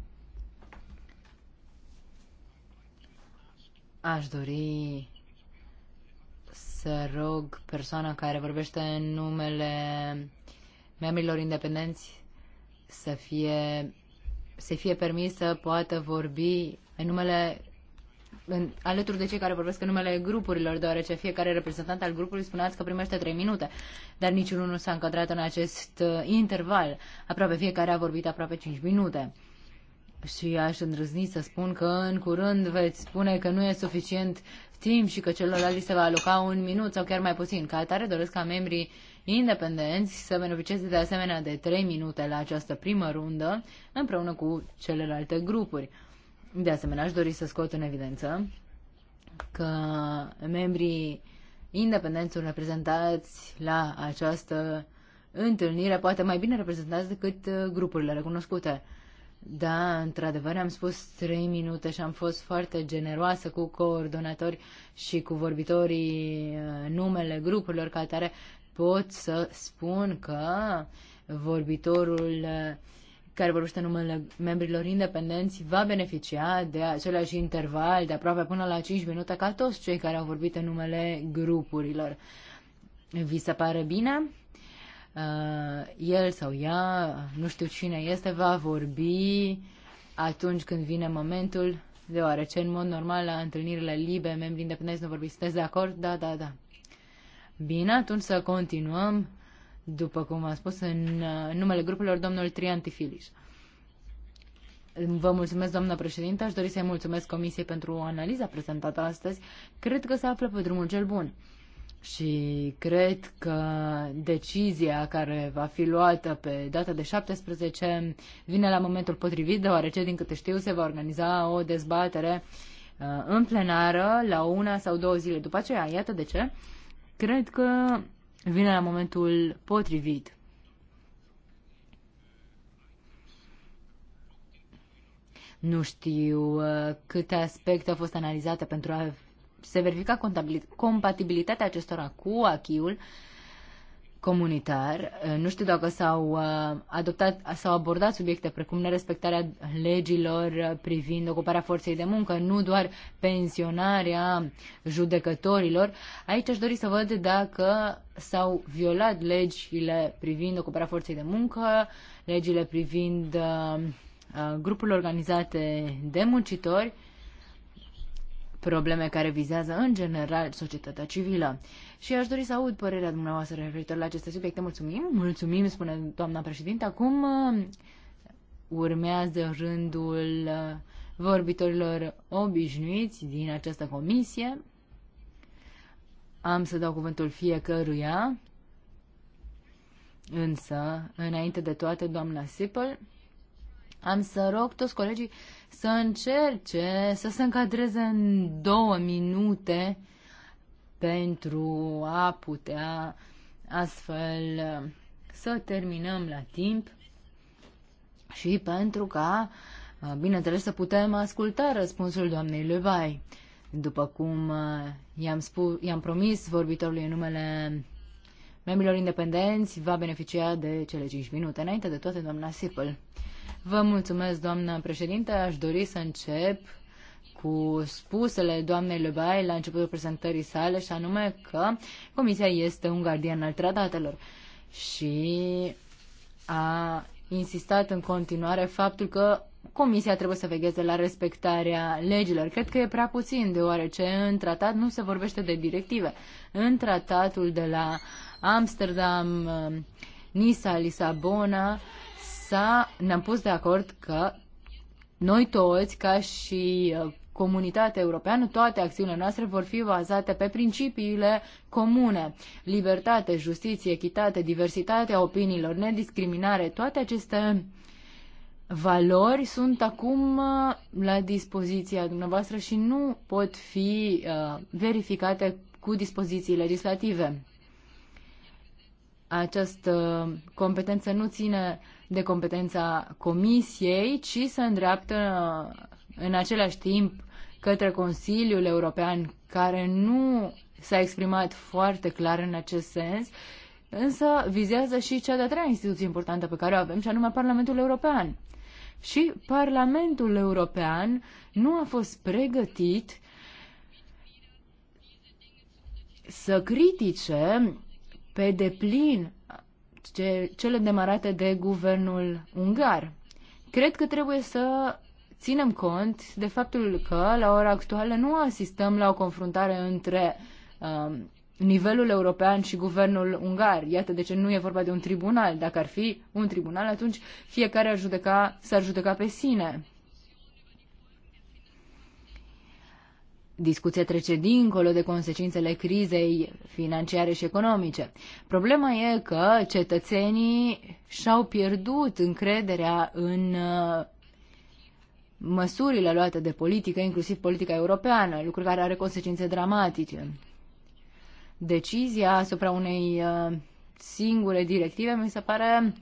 Aș dori să rog persoana care vorbește în numele membrilor independenți să fie, să fie permis să poată vorbi în numele în, alături de cei care vorbesc în numele grupurilor, deoarece fiecare reprezentant al grupului spuneați că primește 3 minute, dar niciunul nu s-a încadrat în acest uh, interval. Aproape fiecare a vorbit aproape 5 minute și aș îndrăzni să spun că în curând veți spune că nu e suficient timp și că celorlalți se va aloca un minut sau chiar mai puțin. Ca atare doresc ca membrii independenți să beneficieze de asemenea de 3 minute la această primă rundă împreună cu celelalte grupuri. De asemenea, aș dori să scot în evidență că membrii independenți sunt reprezentați la această întâlnire poate mai bine reprezentați decât uh, grupurile recunoscute. Da, într-adevăr am spus trei minute și am fost foarte generoasă cu coordonatori și cu vorbitorii uh, numele grupurilor ca atare. pot să spun că vorbitorul uh, care vorbește numele membrilor independenți va beneficia de același interval de aproape până la 5 minute ca toți cei care au vorbit în numele grupurilor. Vi se pare bine? Uh, el sau ea, nu știu cine este, va vorbi atunci când vine momentul, deoarece în mod normal la întâlnirile libe, membrii independenți nu vorbiți. Sunteți de acord? Da, da, da. Bine, atunci să continuăm, după cum am spus, în uh, numele grupurilor domnul Triantifilis. Vă mulțumesc, doamna președinte. Aș dori să-i mulțumesc Comisiei pentru analiza prezentată astăzi. Cred că se află pe drumul cel bun și cred că decizia care va fi luată pe data de 17 vine la momentul potrivit, deoarece, din câte știu, se va organiza o dezbatere uh, în plenară la una sau două zile după aceea. Iată de ce. Cred că vine la momentul potrivit. Nu știu uh, câte aspecte au fost analizate pentru a se verifica compatibilitatea acestora cu achiul comunitar. Uh, nu știu dacă s-au uh, adoptat, s-au abordat subiecte precum nerespectarea legilor uh, privind ocuparea forței de muncă, nu doar pensionarea judecătorilor. Aici aș dori să văd dacă s-au violat legile privind ocuparea forței de muncă, legile privind grupurile organizate de muncitori probleme care vizează în general societatea civilă. Și aș dori să aud părerea dumneavoastră referitor la aceste subiecte. Mulțumim, mulțumim, spune doamna președinte. Acum uh, urmează rândul uh, vorbitorilor obișnuiți din această comisie. Am să dau cuvântul fiecăruia, însă, înainte de toate, doamna Sipel, am să rog toți colegii să încerce să se încadreze în două minute pentru a putea astfel uh, să terminăm la timp și pentru ca, uh, bineînțeles, să putem asculta răspunsul doamnei Levai. După cum uh, i-am, spus, i-am promis vorbitorului în numele membrilor independenți, va beneficia de cele 5 minute. Înainte de toate, doamna Sipel. Vă mulțumesc, doamna președinte. Aș dori să încep cu spusele doamnei Lebai la începutul prezentării sale, și anume că Comisia este un gardian al tratatelor și a insistat în continuare faptul că Comisia trebuie să vegheze la respectarea legilor. Cred că e prea puțin, deoarece în tratat nu se vorbește de directive. În tratatul de la Amsterdam, Nisa, Lisabona, asta ne-am pus de acord că noi toți, ca și uh, comunitatea europeană, toate acțiunile noastre vor fi bazate pe principiile comune. Libertate, justiție, echitate, diversitatea opiniilor, nediscriminare, toate aceste valori sunt acum uh, la dispoziția dumneavoastră și nu pot fi uh, verificate cu dispoziții legislative această competență nu ține de competența comisiei, ci se îndreaptă în același timp către Consiliul European, care nu s-a exprimat foarte clar în acest sens, însă vizează și cea de-a treia instituție importantă pe care o avem, și anume Parlamentul European. Și Parlamentul European nu a fost pregătit să critique pe deplin ce, cele demarate de guvernul ungar. Cred că trebuie să ținem cont de faptul că la ora actuală nu asistăm la o confruntare între um, nivelul european și guvernul ungar. Iată de ce nu e vorba de un tribunal. Dacă ar fi un tribunal, atunci fiecare ar judeca, s-ar judeca pe sine. discuția trece dincolo de consecințele crizei financiare și economice. Problema e că cetățenii și-au pierdut încrederea în uh, măsurile luate de politică, inclusiv politica europeană, lucru care are consecințe dramatice. Decizia asupra unei uh, singure directive mi se pare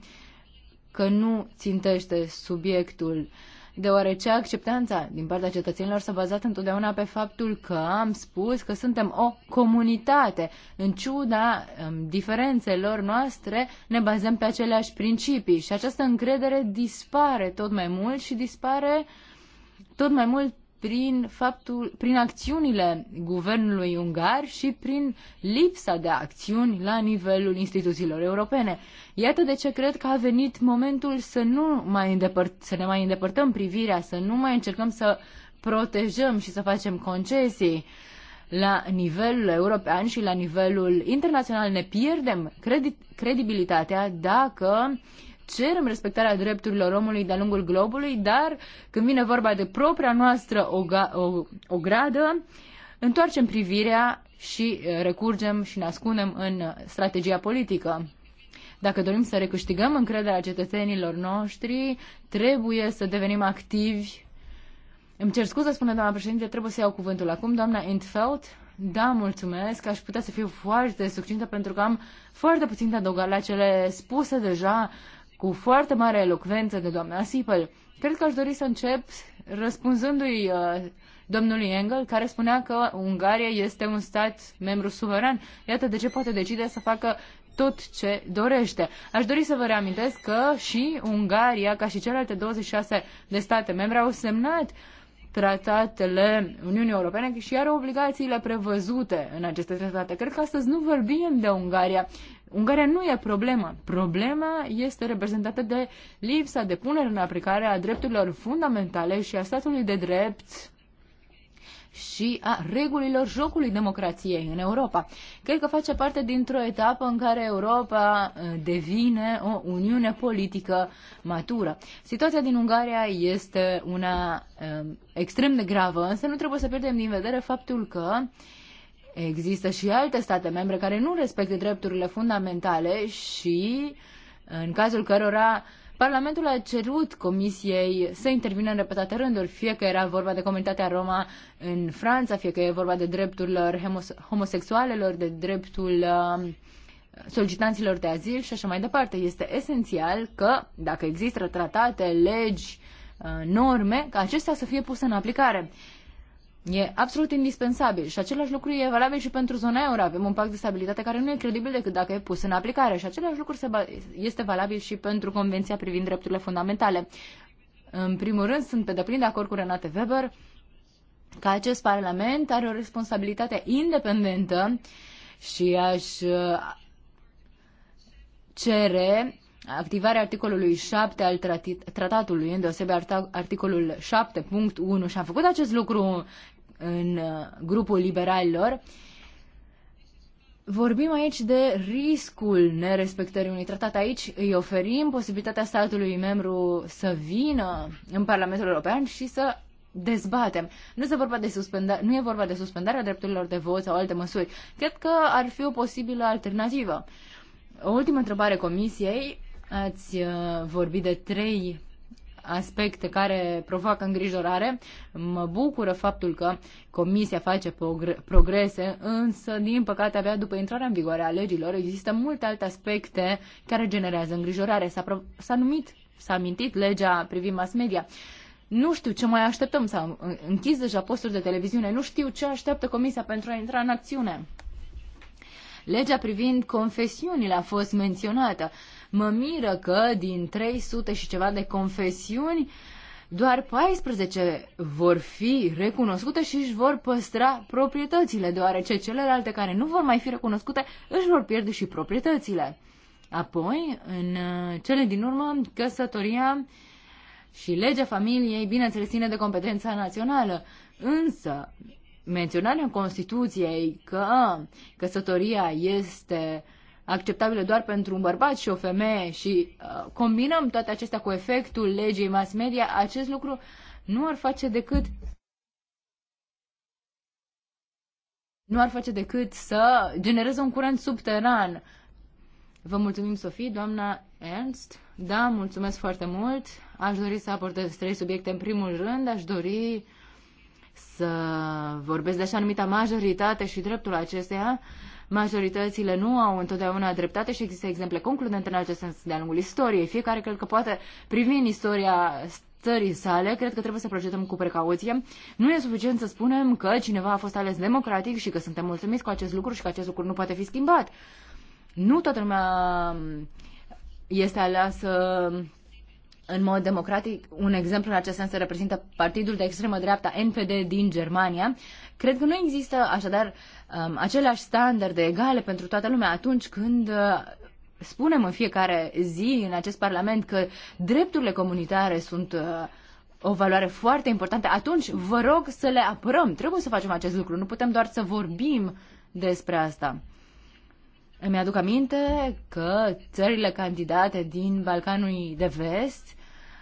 că nu țintește subiectul uh, deoarece acceptanța din partea cetățenilor s-a bazat întotdeauna pe faptul că am spus că suntem o comunitate. În ciuda um, diferențelor noastre, ne bazăm pe aceleași principii și această încredere dispare tot mai mult și dispare tot mai mult prin, faptul, prin acțiunile guvernului ungar și prin lipsa de acțiuni la nivelul instituțiilor europene. Iată de ce cred că a venit momentul să nu mai îndepărt, să ne mai îndepărtăm privirea, să nu mai încercăm să protejăm și să facem concesii la nivelul european și la nivelul internațional ne pierdem credibilitatea dacă uh, cerem respectarea drepturilor omului de-a lungul globului, dar când vine vorba de propria noastră ogradă, întoarcem privirea și uh, recurgem și ne ascunem în strategia politică. Dacă dorim să recâștigăm încrederea cetățenilor noștri, trebuie să devenim activi. Îmi cer scuze, spune doamna președinte, trebuie să iau cuvântul acum. Doamna Intfeld, da, mulțumesc. Aș putea să fiu foarte succintă pentru că am foarte puțin de adăugat la cele spuse deja cu foarte mare elocvență de doamna Sipel. Cred că aș dori să încep răspunzându-i uh, domnului Engel, care spunea că Ungaria este un stat membru suveran. Iată de ce poate decide să facă tot ce dorește. Aș dori să vă reamintesc că și Ungaria, ca și celelalte 26 de state membre, au semnat tratatele Uniunii Europene și are obligațiile prevăzute în aceste tratate. Cred că astăzi nu vorbim de Ungaria, Ungaria nu e problema. Problema este reprezentată de lipsa de punere în aplicare a drepturilor fundamentale și a statului de drept și a regulilor jocului democrației în Europa. Cred că face parte dintr-o etapă în care Europa uh, devine o uniune politică matură. Situația din Ungaria este una uh, extrem de gravă, însă nu trebuie să pierdem din vedere faptul că uh, Există și alte state membre care nu respectă drepturile fundamentale și în cazul cărora Parlamentul a cerut Comisiei să intervină în repetate rânduri, fie că era vorba de comunitatea Roma în Franța, fie că e vorba de drepturile homosexualelor, de dreptul um, solicitanților de azil și așa mai departe. Este esențial că, dacă există tratate, legi, uh, norme, ca acestea să fie puse în aplicare. E absolut indispensabil și același lucru e valabil și pentru zona euro. Avem un pact de stabilitate care nu e credibil decât dacă e pus în aplicare și același lucru se este valabil și pentru Convenția privind drepturile fundamentale. În primul rând, sunt pe deplin de acord cu Renate Weber că acest Parlament are o responsabilitate independentă și aș uh, cere activarea articolului 7 al tratatului, îndeosebe articolul 7.1 și am făcut acest lucru în uh, grupul liberalilor. Vorbim aici de riscul nerespectării unui tratat. Aici îi oferim posibilitatea statului membru să vină în Parlamentul European și să dezbatem. Nu, se vorba de suspenda- nu e vorba de suspendarea drepturilor de vot sau alte măsuri. Cred că ar fi o posibilă alternativă. O ultimă întrebare comisiei. Ați uh, vorbit de trei aspecte care provoacă îngrijorare. Mă bucură faptul că Comisia face progrese, însă, din păcate, abia după intrarea în vigoare a legilor, există multe alte aspecte care generează îngrijorare. S-a, s-a numit, s-a amintit legea privind mass media. Nu știu ce mai așteptăm, s-au închis deja posturi de televiziune, nu știu ce așteaptă Comisia pentru a intra în acțiune. Legea privind confesiunile a fost menționată. Uh, Mă miră că din 300 și ceva de confesiuni, doar 14 vor fi recunoscute și își vor păstra proprietățile, deoarece celelalte care nu vor mai fi recunoscute își vor pierde și proprietățile. Apoi, în uh, cele din urmă, căsătoria și legea familiei, bineînțeles, ține de competența națională. Însă, menționarea Constituției că căsătoria este acceptabile doar pentru un bărbat și o femeie și uh, combinăm toate acestea cu efectul legii mass media, acest lucru nu ar face decât nu ar face decât să genereze un curent subteran. Vă mulțumim, Sofie, doamna Ernst. Da, mulțumesc foarte mult. Aș dori să aportez trei subiecte. În primul rând, aș dori să vorbesc de așa numita majoritate și dreptul acesteia. Uh, majoritățile nu au întotdeauna dreptate și există exemple concludente în acest sens de-a lungul istoriei. Fiecare cred că poate privi în istoria țării sale, cred că trebuie să procedăm cu precauție. Nu e suficient să spunem că cineva a fost ales democratic și că suntem mulțumiți cu acest lucru și că acest lucru nu poate fi schimbat. Nu toată lumea este aleasă în mod democratic. Un exemplu în acest sens se reprezintă partidul de extremă dreapta NPD din Germania. Cred că nu există așadar um, aceleași standarde egale pentru toată lumea atunci când uh, spunem în fiecare zi în acest Parlament că drepturile comunitare sunt uh, o valoare foarte importantă, atunci vă rog să le apărăm. Trebuie să facem acest lucru. Nu putem doar să vorbim despre asta. Îmi aduc aminte că țările candidate din Balcanul de Vest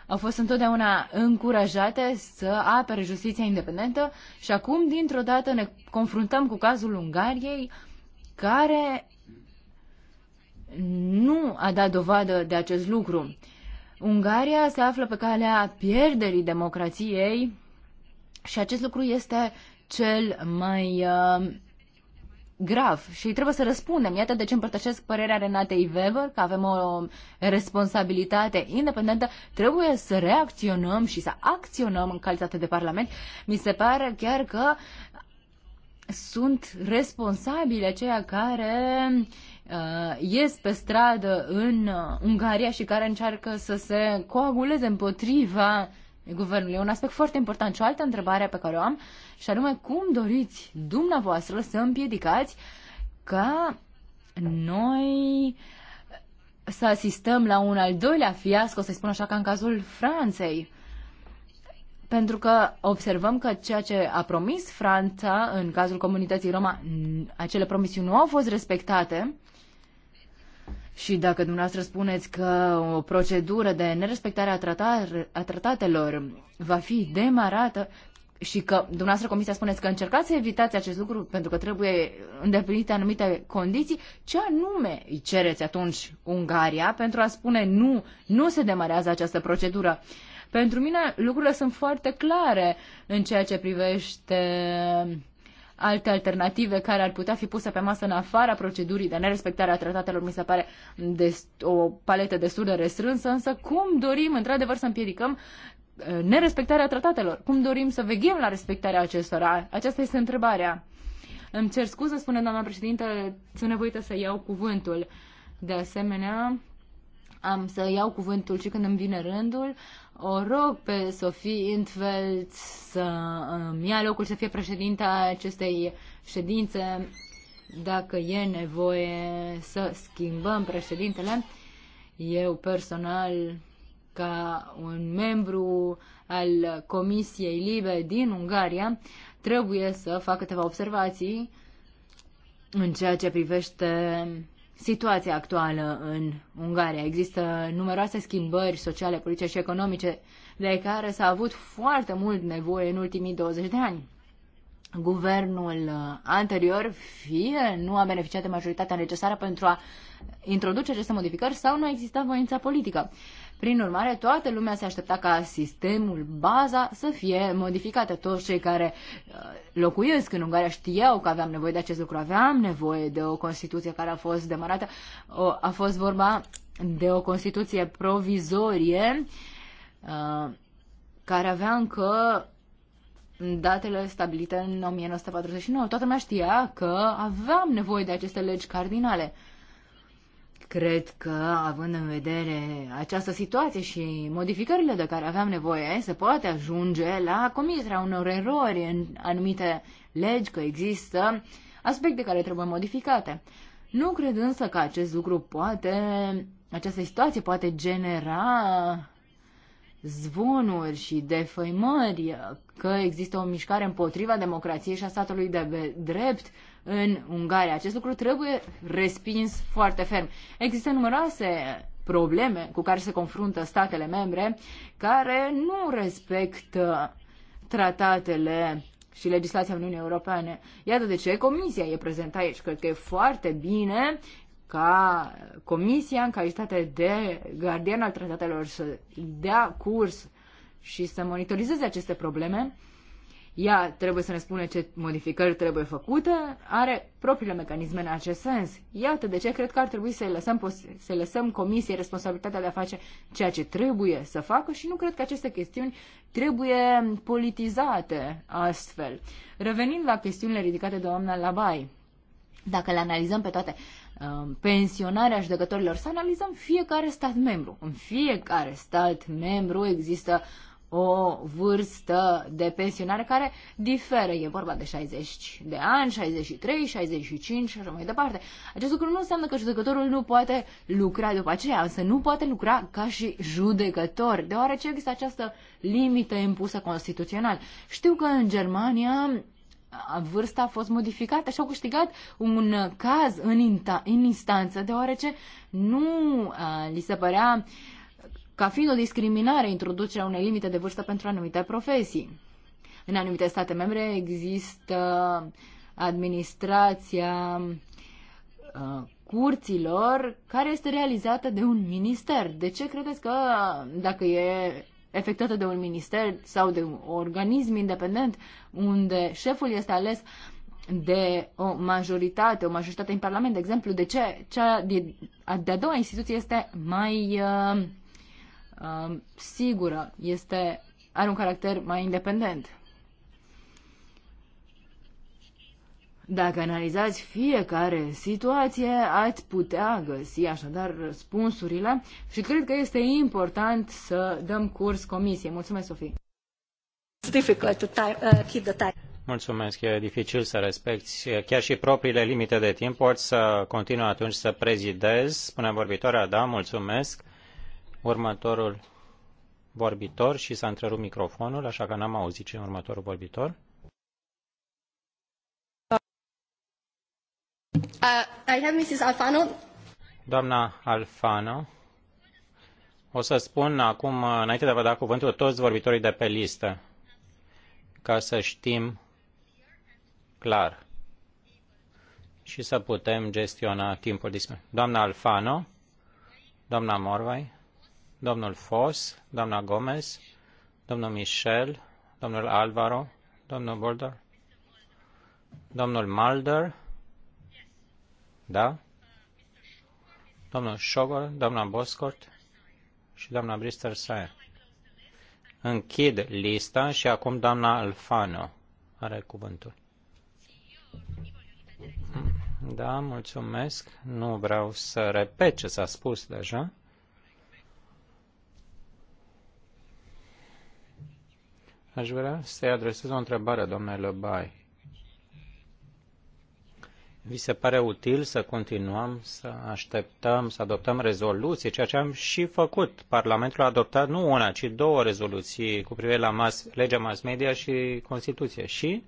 au fost întotdeauna încurajate să apere justiția independentă și acum, dintr-o dată, ne confruntăm cu cazul Ungariei, care nu a dat dovadă de acest lucru. Ungaria se află pe calea pierderii democrației și acest lucru este cel mai uh, grav și trebuie să răspundem. Iată de ce împărtășesc părerea Renatei Weber, că avem o responsabilitate independentă. Trebuie să reacționăm și să acționăm în calitate de Parlament. Mi se pare chiar că sunt responsabile aceia care uh, ies pe stradă în uh, Ungaria și care încearcă să se coaguleze împotriva guvernului. E un aspect foarte important. Și o altă întrebare pe care o am uh, și anume cum doriți dumneavoastră să împiedicați ca noi să asistăm la un al doilea fiasco, să-i spun așa, ca în cazul Franței. Pentru că observăm că ceea ce a promis Franța în cazul comunității Roma, acele promisiuni nu au fost respectate. Și dacă dumneavoastră spuneți că o procedură de nerespectare a, tratar, a tratatelor va fi demarată, și că dumneavoastră comisia spuneți că încercați să evitați acest lucru pentru că trebuie îndeplinite anumite condiții, ce anume îi cereți atunci Ungaria pentru a spune nu, nu se demarează această procedură? Pentru mine lucrurile sunt foarte clare în ceea ce privește alte alternative care ar putea fi puse pe masă în afara procedurii de nerespectare a tratatelor, mi se pare o paletă destul de restrânsă, însă cum dorim într-adevăr să împiedicăm nerespectarea tratatelor. Cum dorim să veghem la respectarea acestora? Aceasta este întrebarea. Îmi cer scuze, spune doamna președinte, sunt nevoită să iau cuvântul. De asemenea, am să iau cuvântul și când îmi vine rândul. O rog pe Sofie Intveld să îmi um, ia locul să fie președinta acestei ședințe dacă e nevoie să schimbăm președintele. Eu personal ca un membru al Comisiei Libe din Ungaria, trebuie să fac câteva observații în ceea ce privește situația actuală în Ungaria. Există numeroase schimbări sociale, politice și economice de care s-a avut foarte mult nevoie în ultimii 20 de ani. Guvernul anterior fie nu a beneficiat de majoritatea necesară pentru a introduce aceste modificări sau nu a existat voința politică. Prin urmare, toată lumea se aștepta ca sistemul, baza, să fie modificată. Toți cei care uh, locuiesc în Ungaria știau că aveam nevoie de acest lucru, aveam nevoie de o Constituție care a fost demarată. A fost vorba de o Constituție provizorie uh, care avea încă datele stabilite în 1949. Toată lumea știa că aveam nevoie de aceste legi cardinale. Cred că, având în vedere această situație și modificările de care aveam nevoie, se poate ajunge la comiterea unor erori în anumite legi, că există aspecte care trebuie modificate. Nu cred însă că acest lucru poate, această situație poate genera zvonuri și defăimări că există o mișcare împotriva democrației și a statului de drept, în Ungaria. Acest lucru trebuie respins foarte ferm. Există numeroase probleme cu care se confruntă statele membre care nu respectă tratatele și legislația Uniunii Europene. Iată de ce Comisia e prezentă aici. Cred că e foarte bine ca Comisia, în calitate de gardian al tratatelor, să dea curs și să monitorizeze aceste probleme ea trebuie să ne spune ce modificări trebuie făcute, are propriile mecanisme în acest sens. Iată de ce cred că ar trebui să-i lăsăm, să lăsăm comisiei responsabilitatea de a face ceea ce trebuie să facă și nu cred că aceste chestiuni trebuie politizate astfel. Revenind la chestiunile ridicate de doamna Labai, dacă le analizăm pe toate, um, pensionarea judecătorilor, să analizăm fiecare stat membru. În fiecare stat membru există o vârstă de pensionare care diferă. E vorba de 60 de ani, 63, 65 și așa mai departe. Acest lucru nu înseamnă că judecătorul nu poate lucra după aceea, însă nu poate lucra ca și judecător, deoarece există această limită impusă constituțional. Știu că în Germania vârsta a fost modificată și au câștigat un caz în, instanță, deoarece nu a, li se părea uh, ca fiind o discriminare introducerea unei limite de vârstă pentru anumite profesii. În anumite state membre există administrația uh, curților care este realizată de un minister. De ce credeți că dacă e efectuată de un minister sau de un organism independent unde șeful este ales de o majoritate, o majoritate în Parlament, de exemplu, de ce cea de-a doua instituție este mai uh, Um, sigură, este, are un caracter mai independent. Dacă analizați fiecare situație, ați putea găsi așadar răspunsurile și cred că este important să dăm curs comisiei. Mulțumesc, Sofie! Uh, mulțumesc, e dificil să respecti chiar și propriile limite de timp. Poți să continui atunci să prezidezi, spune vorbitoarea, da, mulțumesc următorul vorbitor și s-a întrerupt microfonul, așa că n-am auzit ce următorul vorbitor. Uh, I have Mrs. Alfano. Doamna Alfano, o să spun acum, înainte de a vă da cuvântul, toți vorbitorii de pe listă, ca să știm clar și să putem gestiona timpul disponibil. Doamna Alfano, doamna Morvai, domnul Foss, doamna Gomez, domnul Michel, domnul Alvaro, domnul Boulder, domnul Mulder, da, domnul Shogor, doamna Boscort și doamna Brister Sayer. Închid lista și acum doamna Alfano are cuvântul. Da, mulțumesc. Nu vreau să repet ce s-a spus deja. Aș vrea să-i adresez o întrebare, domnule Lăbai. Vi se pare util să continuăm să așteptăm, să adoptăm rezoluții, ceea ce am și făcut. Parlamentul a adoptat nu una, ci două rezoluții cu privire la mas, legea mass media și Constituție. Și,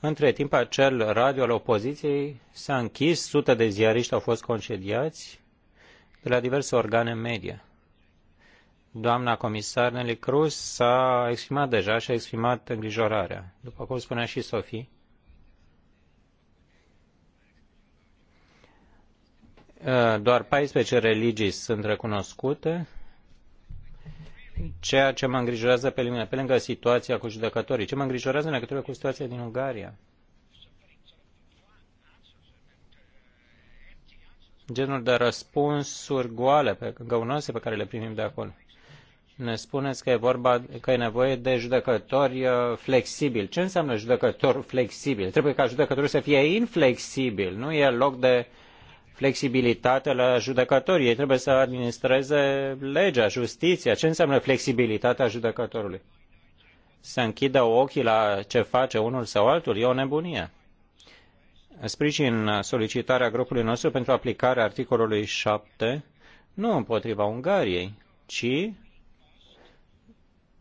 între timp, acel radio al opoziției s-a închis, sute de ziariști au fost concediați de la diverse organe media doamna comisar Nelly Cruz s-a exprimat deja și a exprimat îngrijorarea. După cum spunea și Sofie, uh, doar 14 religii sunt recunoscute, ceea ce mă îngrijorează pe mine, pe lângă situația cu judecătorii, ce mă îngrijorează în legătură cu situația din Ungaria. Genul de răspunsuri goale, pe, găunoase pe care le primim de acolo ne spuneți că e, vorba, că e nevoie de judecători uh, flexibili. Ce înseamnă judecător flexibil? Trebuie ca judecătorul să fie inflexibil, nu e loc de flexibilitate la judecători. Ei trebuie să administreze legea, justiția. Ce înseamnă flexibilitatea judecătorului? Să închidă ochii la ce face unul sau altul? E o nebunie. Sprijin solicitarea grupului nostru pentru aplicarea articolului 7, nu împotriva Ungariei, ci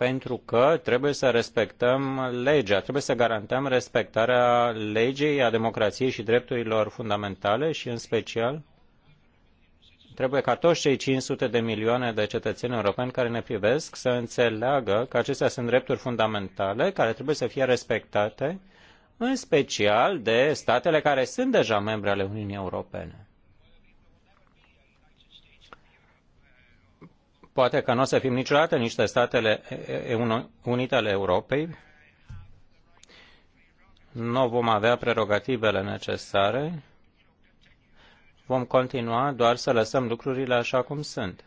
pentru că trebuie să respectăm legea, trebuie să garantăm respectarea legii, a democrației și drepturilor fundamentale și, în special, trebuie ca toți cei 500 de milioane de cetățeni europeni care ne privesc să înțeleagă că acestea sunt drepturi fundamentale care trebuie să fie respectate, în special de statele care sunt deja membre ale Uniunii Europene. Poate că nu o să fim niciodată niște statele unite ale Europei. Nu vom avea prerogativele necesare. Vom continua doar să lăsăm lucrurile așa cum sunt.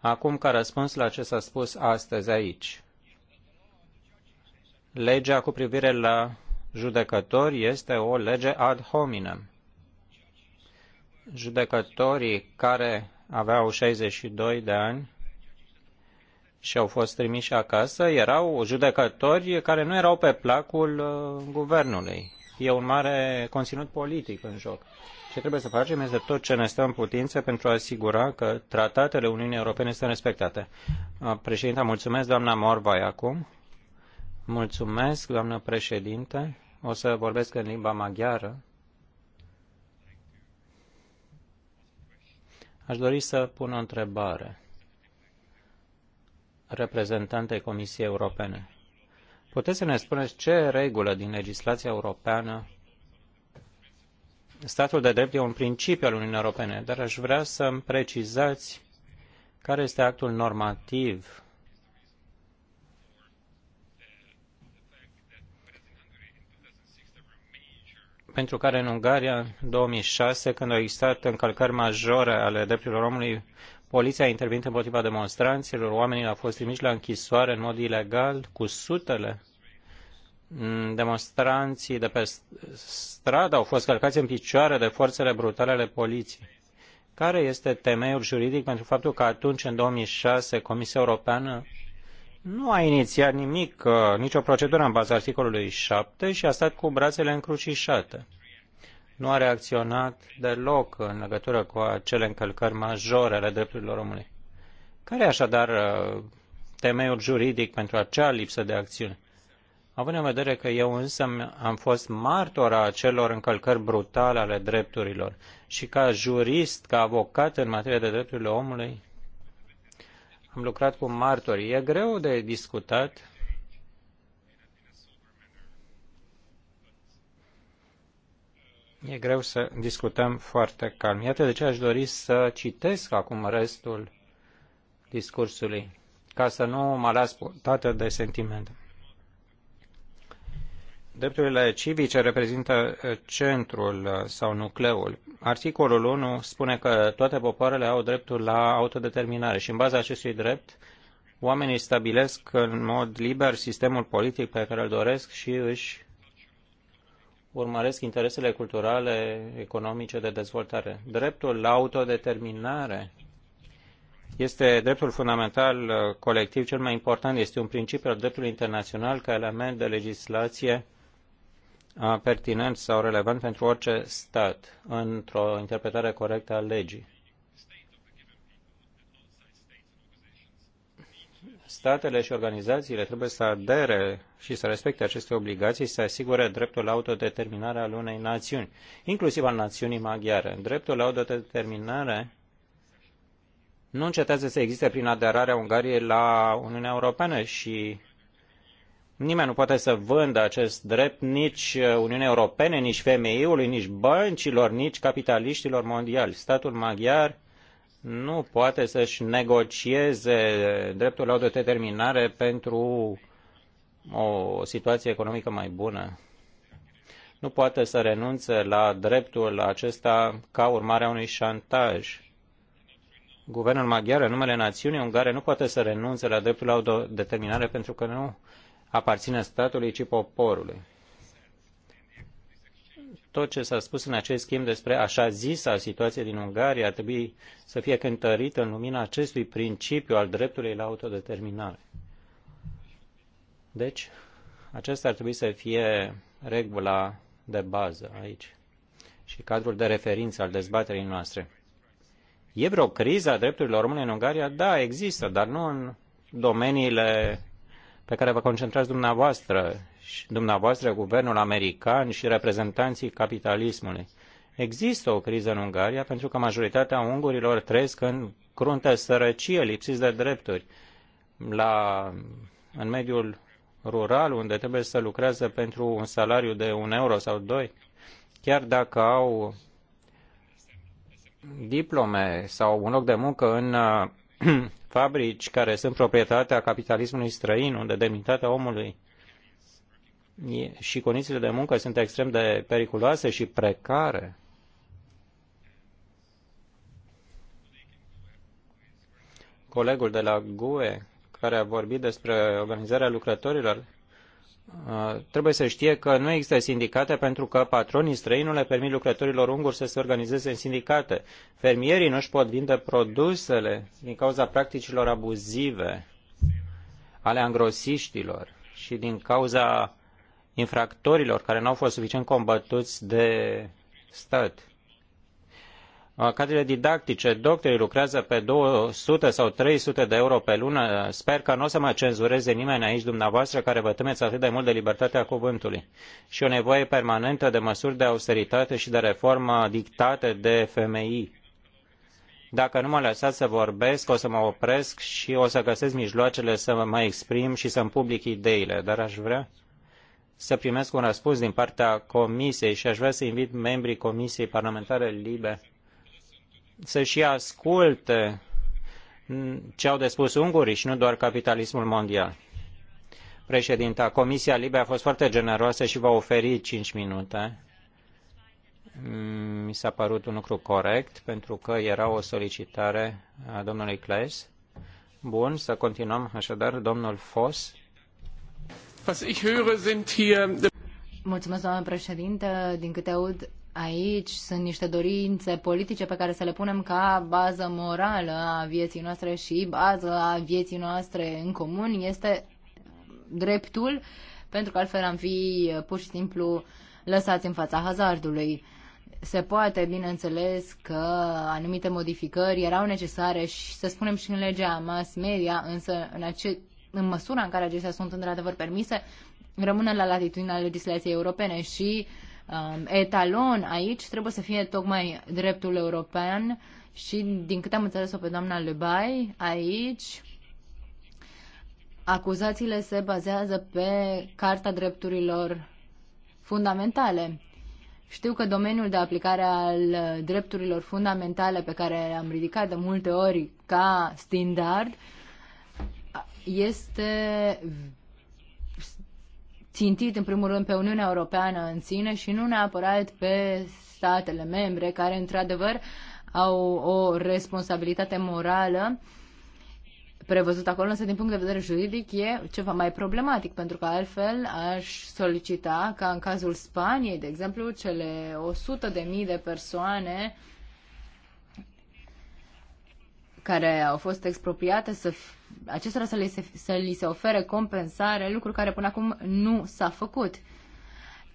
Acum, ca răspuns la ce s-a spus astăzi aici, legea cu privire la judecători este o lege ad hominem. Judecătorii care aveau 62 de ani și au fost trimiși acasă erau judecători care nu erau pe placul uh, guvernului. E un mare conținut politic în joc. Ce trebuie să facem este tot ce ne stă în putință pentru a asigura că tratatele Uniunii Europene sunt respectate. Uh, președinta, mulțumesc, doamna Morvai, acum. Mulțumesc, doamnă președinte. O să vorbesc în limba maghiară. Aș dori să pun o întrebare reprezentantei Comisiei Europene. Puteți să ne spuneți ce regulă din legislația europeană statul de drept e un principiu al Uniunii Europene, dar aș vrea să-mi precizați care este actul normativ pentru care în Ungaria, în 2006, când au existat încălcări majore ale drepturilor omului, Poliția a intervenit împotriva demonstranților, oamenii au fost trimiși la închisoare în mod ilegal, cu sutele. Mm, demonstranții de pe stradă au fost călcați în picioare de forțele brutale ale poliției. Care este temeiul juridic pentru faptul că atunci, în 2006, Comisia Europeană nu a inițiat nimic, uh, nicio procedură în baza articolului 7 și a stat cu brațele încrucișate? nu a reacționat deloc în legătură cu acele încălcări majore ale drepturilor omului. Care e așadar uh, temeiul juridic pentru acea lipsă de acțiune? Având în vedere că eu însă am fost martor a acelor încălcări brutale ale drepturilor și ca jurist, ca avocat în materie de drepturile omului, am lucrat cu martori. E greu de discutat E greu să discutăm foarte calm. Iată de ce aș dori să citesc acum restul discursului, ca să nu mă las purtată de sentimente. Drepturile civice reprezintă uh, centrul uh, sau nucleul. Articolul 1 spune că toate popoarele au dreptul la autodeterminare și în baza acestui drept oamenii stabilesc în mod liber sistemul politic pe care îl doresc și își urmăresc interesele culturale, economice de dezvoltare. Dreptul la autodeterminare este dreptul fundamental uh, colectiv cel mai important. Este un principiu al dreptului internațional ca element de legislație uh, pertinent sau relevant pentru orice stat într-o interpretare corectă a legii. statele și organizațiile trebuie să adere și să respecte aceste obligații, să asigure dreptul la autodeterminare al unei națiuni, inclusiv al națiunii maghiare. Dreptul la autodeterminare nu încetează să existe prin aderarea Ungariei la Uniunea Europeană și nimeni nu poate să vândă acest drept nici Uniunii Europene, nici FMI-ului, nici băncilor, nici capitaliștilor mondiali. Statul maghiar nu poate să-și negocieze dreptul la autodeterminare pentru o situație economică mai bună. Nu poate să renunțe la dreptul acesta ca urmare a unui șantaj. Guvernul maghiar, în numele națiunii ungare, nu poate să renunțe la dreptul la autodeterminare pentru că nu aparține statului, ci poporului tot ce s-a spus în acest schimb despre așa zisa situație din Ungaria ar trebui să fie cântărită în lumina acestui principiu al dreptului la autodeterminare. Deci, acesta ar trebui să fie regula de bază aici și cadrul de referință al dezbaterii noastre. E vreo criză a drepturilor române în Ungaria? Da, există, dar nu în domeniile pe care vă concentrați dumneavoastră și dumneavoastră, guvernul american și reprezentanții capitalismului. Există o criză în Ungaria pentru că majoritatea ungurilor trăiesc în cruntă sărăcie, lipsiți de drepturi. La, în mediul rural, unde trebuie să lucrează pentru un salariu de un euro sau doi, chiar dacă au diplome sau un loc de muncă în uh, fabrici care sunt proprietatea capitalismului străin, unde demnitatea omului și condițiile de muncă sunt extrem de periculoase și precare. Colegul de la GUE, care a vorbit despre organizarea lucrătorilor, trebuie să știe că nu există sindicate pentru că patronii străini nu le permit lucrătorilor unguri să se organizeze în sindicate. Fermierii nu își pot vinde produsele din cauza practicilor abuzive ale angrosiștilor și din cauza infractorilor care nu au fost suficient combătuți de stat. Uh, cadrele didactice, doctorii lucrează pe 200 sau 300 de euro pe lună. Sper că nu o să mă cenzureze nimeni aici dumneavoastră care vă temeți atât de mult de libertatea cuvântului. Și o nevoie permanentă de măsuri de austeritate și de reformă dictate de FMI. Dacă nu mă lăsați să vorbesc, o să mă opresc și o să găsesc mijloacele să mă exprim și să-mi public ideile, dar aș vrea să primesc un răspuns din partea Comisiei și aș vrea să invit membrii Comisiei Parlamentare Libe să și asculte ce au de spus ungurii și nu doar capitalismul mondial. Președinta, Comisia Libe a fost foarte generoasă și va oferi 5 minute. Mm, mi s-a părut un lucru corect pentru că era o solicitare a domnului Claes. Bun, să continuăm așadar. Domnul Foss Was ich höre, sind hier... Mulțumesc, doamnă Din câte aud aici, sunt niște dorințe politice pe care să le punem ca bază morală a vieții noastre și bază a vieții noastre în comun este dreptul, pentru că altfel am fi pur și simplu lăsați în fața hazardului. Se poate, bineînțeles, că anumite modificări erau necesare și, să spunem, și în legea mass media, însă în acest în măsura în care acestea sunt într-adevăr permise, rămână la latitudinea legislației europene și um, etalon aici trebuie să fie tocmai dreptul european și din câte am înțeles-o pe doamna Lebai, aici acuzațiile se bazează pe Carta Drepturilor Fundamentale. Știu că domeniul de aplicare al drepturilor fundamentale pe care am ridicat de multe ori ca standard este țintit în primul rând pe Uniunea Europeană în sine și nu neapărat pe statele membre care într-adevăr au o responsabilitate morală prevăzut acolo, însă din punct de vedere juridic e ceva mai problematic, pentru că altfel aș solicita ca în cazul Spaniei, de exemplu, cele 100.000 de, mii de persoane care au fost expropriate să acestora să li, se, să li se ofere compensare, lucru care până acum nu s-a făcut.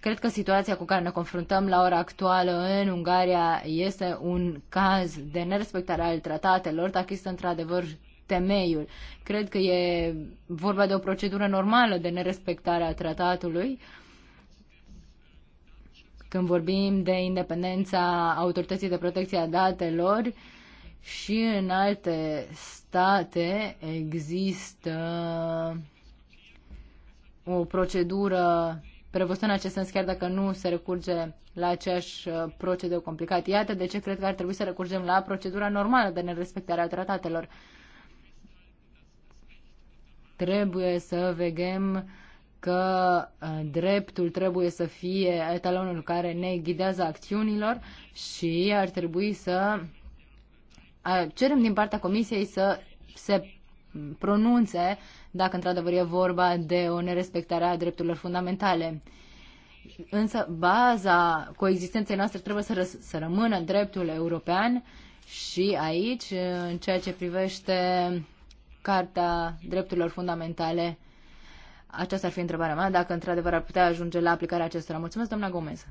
Cred că situația cu care ne confruntăm la ora actuală în Ungaria este un caz de nerespectare al tratatelor, dacă este într-adevăr temeiul. Cred că e vorba de o procedură normală de nerespectare a tratatului. Când vorbim de independența autorității de protecție a datelor, uh, și în alte state există o procedură prevăzută în acest sens, chiar dacă nu se recurge la aceeași uh, procedeu complicat. Iată de ce cred că ar trebui să recurgem la procedura normală de nerespectare a tratatelor. Trebuie să vegem că uh, dreptul trebuie să fie etalonul care ne ghidează acțiunilor și ar trebui să cerem din partea Comisiei să se pronunțe dacă într-adevăr e vorba de o nerespectare a drepturilor fundamentale. Însă baza coexistenței noastre trebuie să, ră- să rămână dreptul european și aici, în ceea ce privește Carta Drepturilor Fundamentale, aceasta ar fi întrebarea mea, dacă într-adevăr ar putea ajunge la aplicarea acestora. Mulțumesc, doamna Gomez.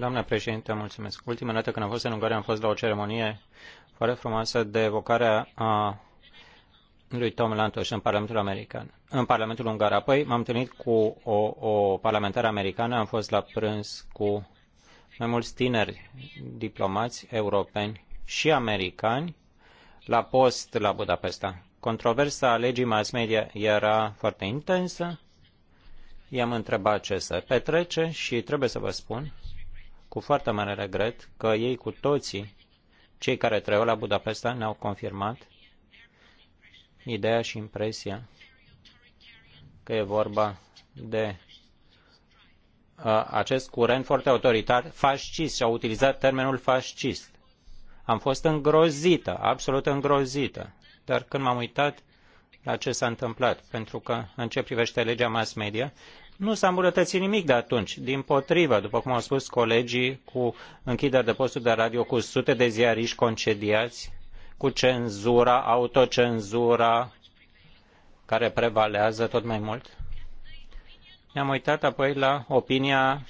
Doamna președinte, mulțumesc. Ultima dată când am fost în Ungaria am fost la o ceremonie foarte frumoasă de evocare a lui Tom Lantos în Parlamentul American, în Parlamentul Ungar. Apoi m-am întâlnit cu o, o parlamentară americană, am fost la prânz cu mai mulți tineri diplomați europeni și americani la post la Budapesta. Controversa legii mass media era foarte intensă. I-am întrebat ce se petrece și trebuie să vă spun cu foarte mare regret că ei cu toții, cei care trăiau la Budapesta, ne-au confirmat ideea și impresia că e vorba de acest curent foarte autoritar fascist și au utilizat termenul fascist. Am fost îngrozită, absolut îngrozită, dar când m-am uitat la ce s-a întâmplat, pentru că în ce privește legea mass media, nu s-a îmbunătățit nimic de atunci. Din potrivă, după cum au spus colegii, cu închideri de posturi de radio, cu sute de ziariști concediați, cu cenzura, autocenzura, care prevalează tot mai mult. Ne-am uitat apoi la opinia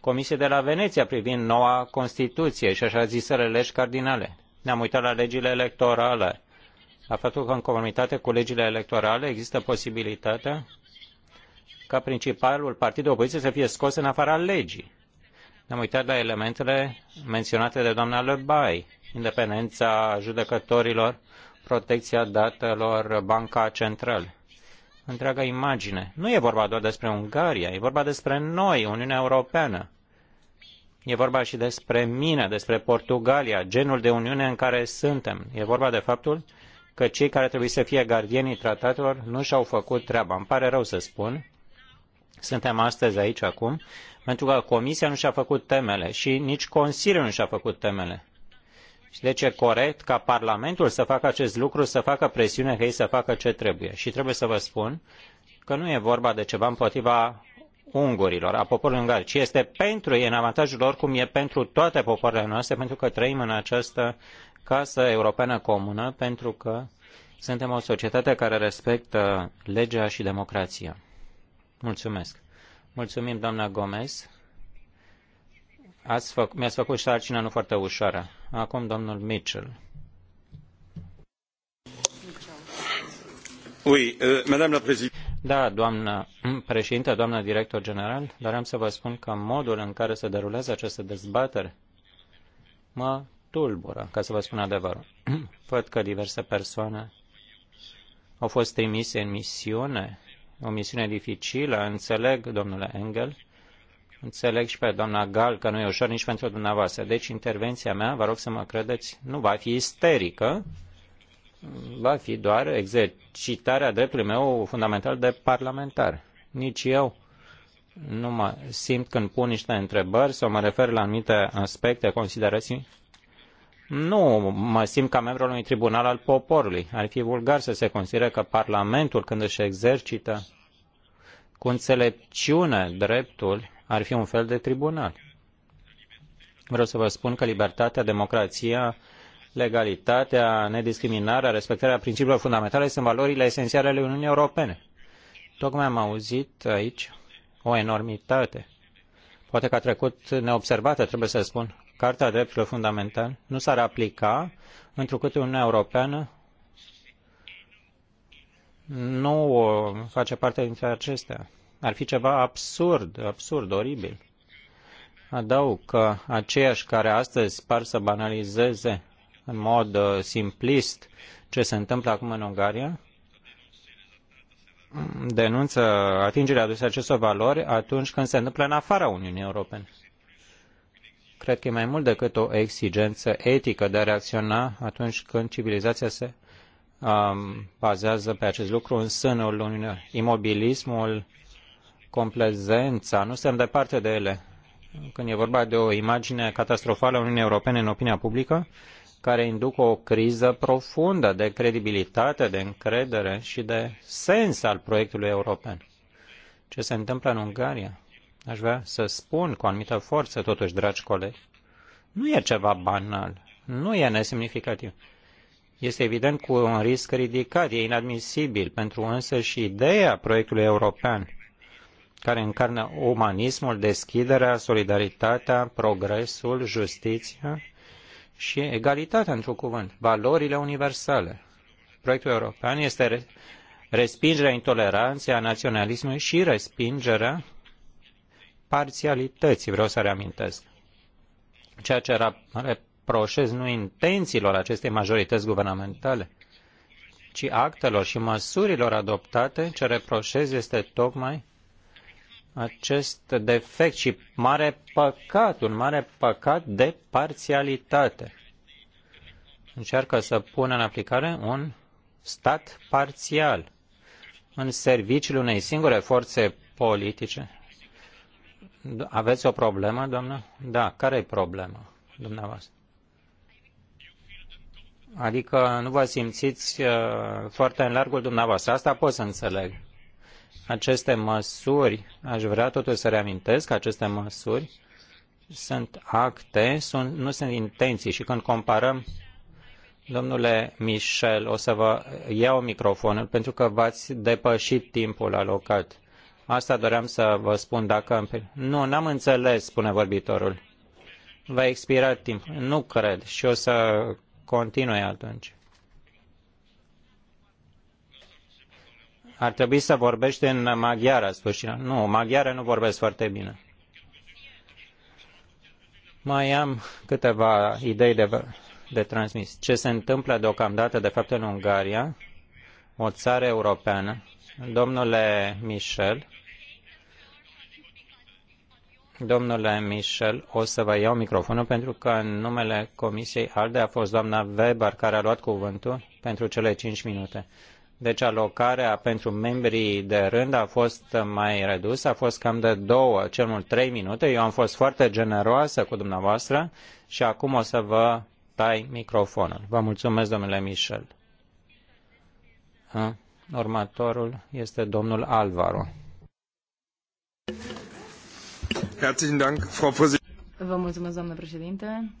Comisiei de la Veneția privind noua Constituție și așa zisele legi cardinale. Ne-am uitat la legile electorale, la faptul că în conformitate cu legile electorale există posibilitatea ca principalul partid de opoziție să fie scos în afara legii. Ne-am uitat la elementele menționate de doamna Lebai, independența judecătorilor, protecția datelor, banca centrală. Întreaga imagine. Nu e vorba doar despre Ungaria, e vorba despre noi, Uniunea Europeană. E vorba și despre mine, despre Portugalia, genul de Uniune în care suntem. E vorba de faptul că cei care trebuie să fie gardienii tratatelor nu și-au făcut treaba. Îmi pare rău să spun, suntem astăzi aici acum pentru că Comisia nu și-a făcut temele și nici Consiliul nu și-a făcut temele. Și deci e corect ca Parlamentul să facă acest lucru, să facă presiune că ei să facă ce trebuie. Și trebuie să vă spun că nu e vorba de ceva împotriva ungurilor, a poporului ungar, ci este pentru ei, în avantajul lor, cum e pentru toate popoarele noastre, pentru că trăim în această casă europeană comună, pentru că suntem o societate care respectă legea și democrația. Mulțumesc. Mulțumim, doamna Gomez. Ați făc, mi-ați făcut sarcina nu foarte ușoară. Acum domnul Mitchell. Oui, euh, la Da, doamnă mm, președintă, doamnă director general, dar am să vă spun că modul în care se derulează aceste dezbatere mă tulbură, ca să vă spun adevărul. Văd că diverse persoane au fost trimise în misiune o misiune dificilă, înțeleg, domnule Engel, înțeleg și pe doamna Gal că nu e ușor nici pentru dumneavoastră. Deci intervenția mea, vă rog să mă credeți, nu va fi isterică, va fi doar exercitarea dreptului meu fundamental de parlamentar. Nici eu nu mă simt când pun niște întrebări sau mă refer la anumite aspecte, considerații nu mă simt ca membru al unui tribunal al poporului. Ar fi vulgar să se considere că Parlamentul, când își exercită cu înțelepciune dreptul, ar fi un fel de tribunal. Vreau să vă spun că libertatea, democrația, legalitatea, nediscriminarea, respectarea principiilor fundamentale sunt valorile esențiale ale Uniunii Europene. Tocmai am auzit aici o enormitate, poate că a trecut neobservată, trebuie să spun, Carta Drepturilor Fundamentale nu s-ar aplica întrucât Uniunea Europeană nu face parte dintre acestea. Ar fi ceva absurd, absurd, oribil. Adaug că aceiași care astăzi par să banalizeze în mod uh, simplist ce se întâmplă acum în Ungaria, denunță atingerea aduse acestor valori atunci când se întâmplă în afara Uniunii Europene. Cred că e mai mult decât o exigență etică de a reacționa atunci când civilizația se um, bazează pe acest lucru în sânul Uniunii. Imobilismul, complezența, nu suntem departe de ele. Când e vorba de o imagine catastrofală a Uniunii Europene în opinia publică, care induc o criză profundă de credibilitate, de încredere și de sens al proiectului european. Ce se întâmplă în Ungaria? aș vrea să spun cu anumită forță, totuși, dragi colegi, nu e ceva banal, nu e nesemnificativ. Este evident cu un risc ridicat, e inadmisibil pentru însă și ideea proiectului european, care încarnă umanismul, deschiderea, solidaritatea, progresul, justiția și egalitatea, într-un cuvânt, valorile universale. Proiectul european este respingerea intoleranței, a naționalismului și respingerea parțialității, vreau să reamintesc. Ceea ce reproșez nu intențiilor acestei majorități guvernamentale, ci actelor și măsurilor adoptate, ce reproșez este tocmai acest defect și mare păcat, un mare păcat de parțialitate. Încearcă să pună în aplicare un stat parțial în serviciul unei singure forțe politice aveți o problemă, doamnă? Da, care e problema dumneavoastră? Adică nu vă simțiți uh, foarte în largul dumneavoastră. Asta pot să înțeleg. Aceste măsuri, aș vrea totuși să reamintesc, aceste măsuri sunt acte, sunt, nu sunt intenții. Și când comparăm, domnule Michel, o să vă iau microfonul pentru că v-ați depășit timpul alocat. Asta doream să vă spun dacă... Nu, n-am înțeles, spune vorbitorul. Va expira timp. Nu cred și o să continue atunci. Ar trebui să vorbești în maghiară, a spus cineva. Nu, maghiară nu vorbesc foarte bine. Mai am câteva idei de, de transmis. Ce se întâmplă deocamdată, de fapt, în Ungaria, o țară europeană, domnule Michel, Domnule Michel, o să vă iau microfonul pentru că în numele Comisiei ALDE a fost doamna Weber care a luat cuvântul pentru cele cinci minute. Deci alocarea pentru membrii de rând a fost mai redusă, a fost cam de două, cel mult trei minute. Eu am fost foarte generoasă cu dumneavoastră și acum o să vă tai microfonul. Vă mulțumesc, domnule Michel. Următorul este domnul Alvaro. Herzlichen Dank, Frau Vă mulțumesc, doamnă președinte.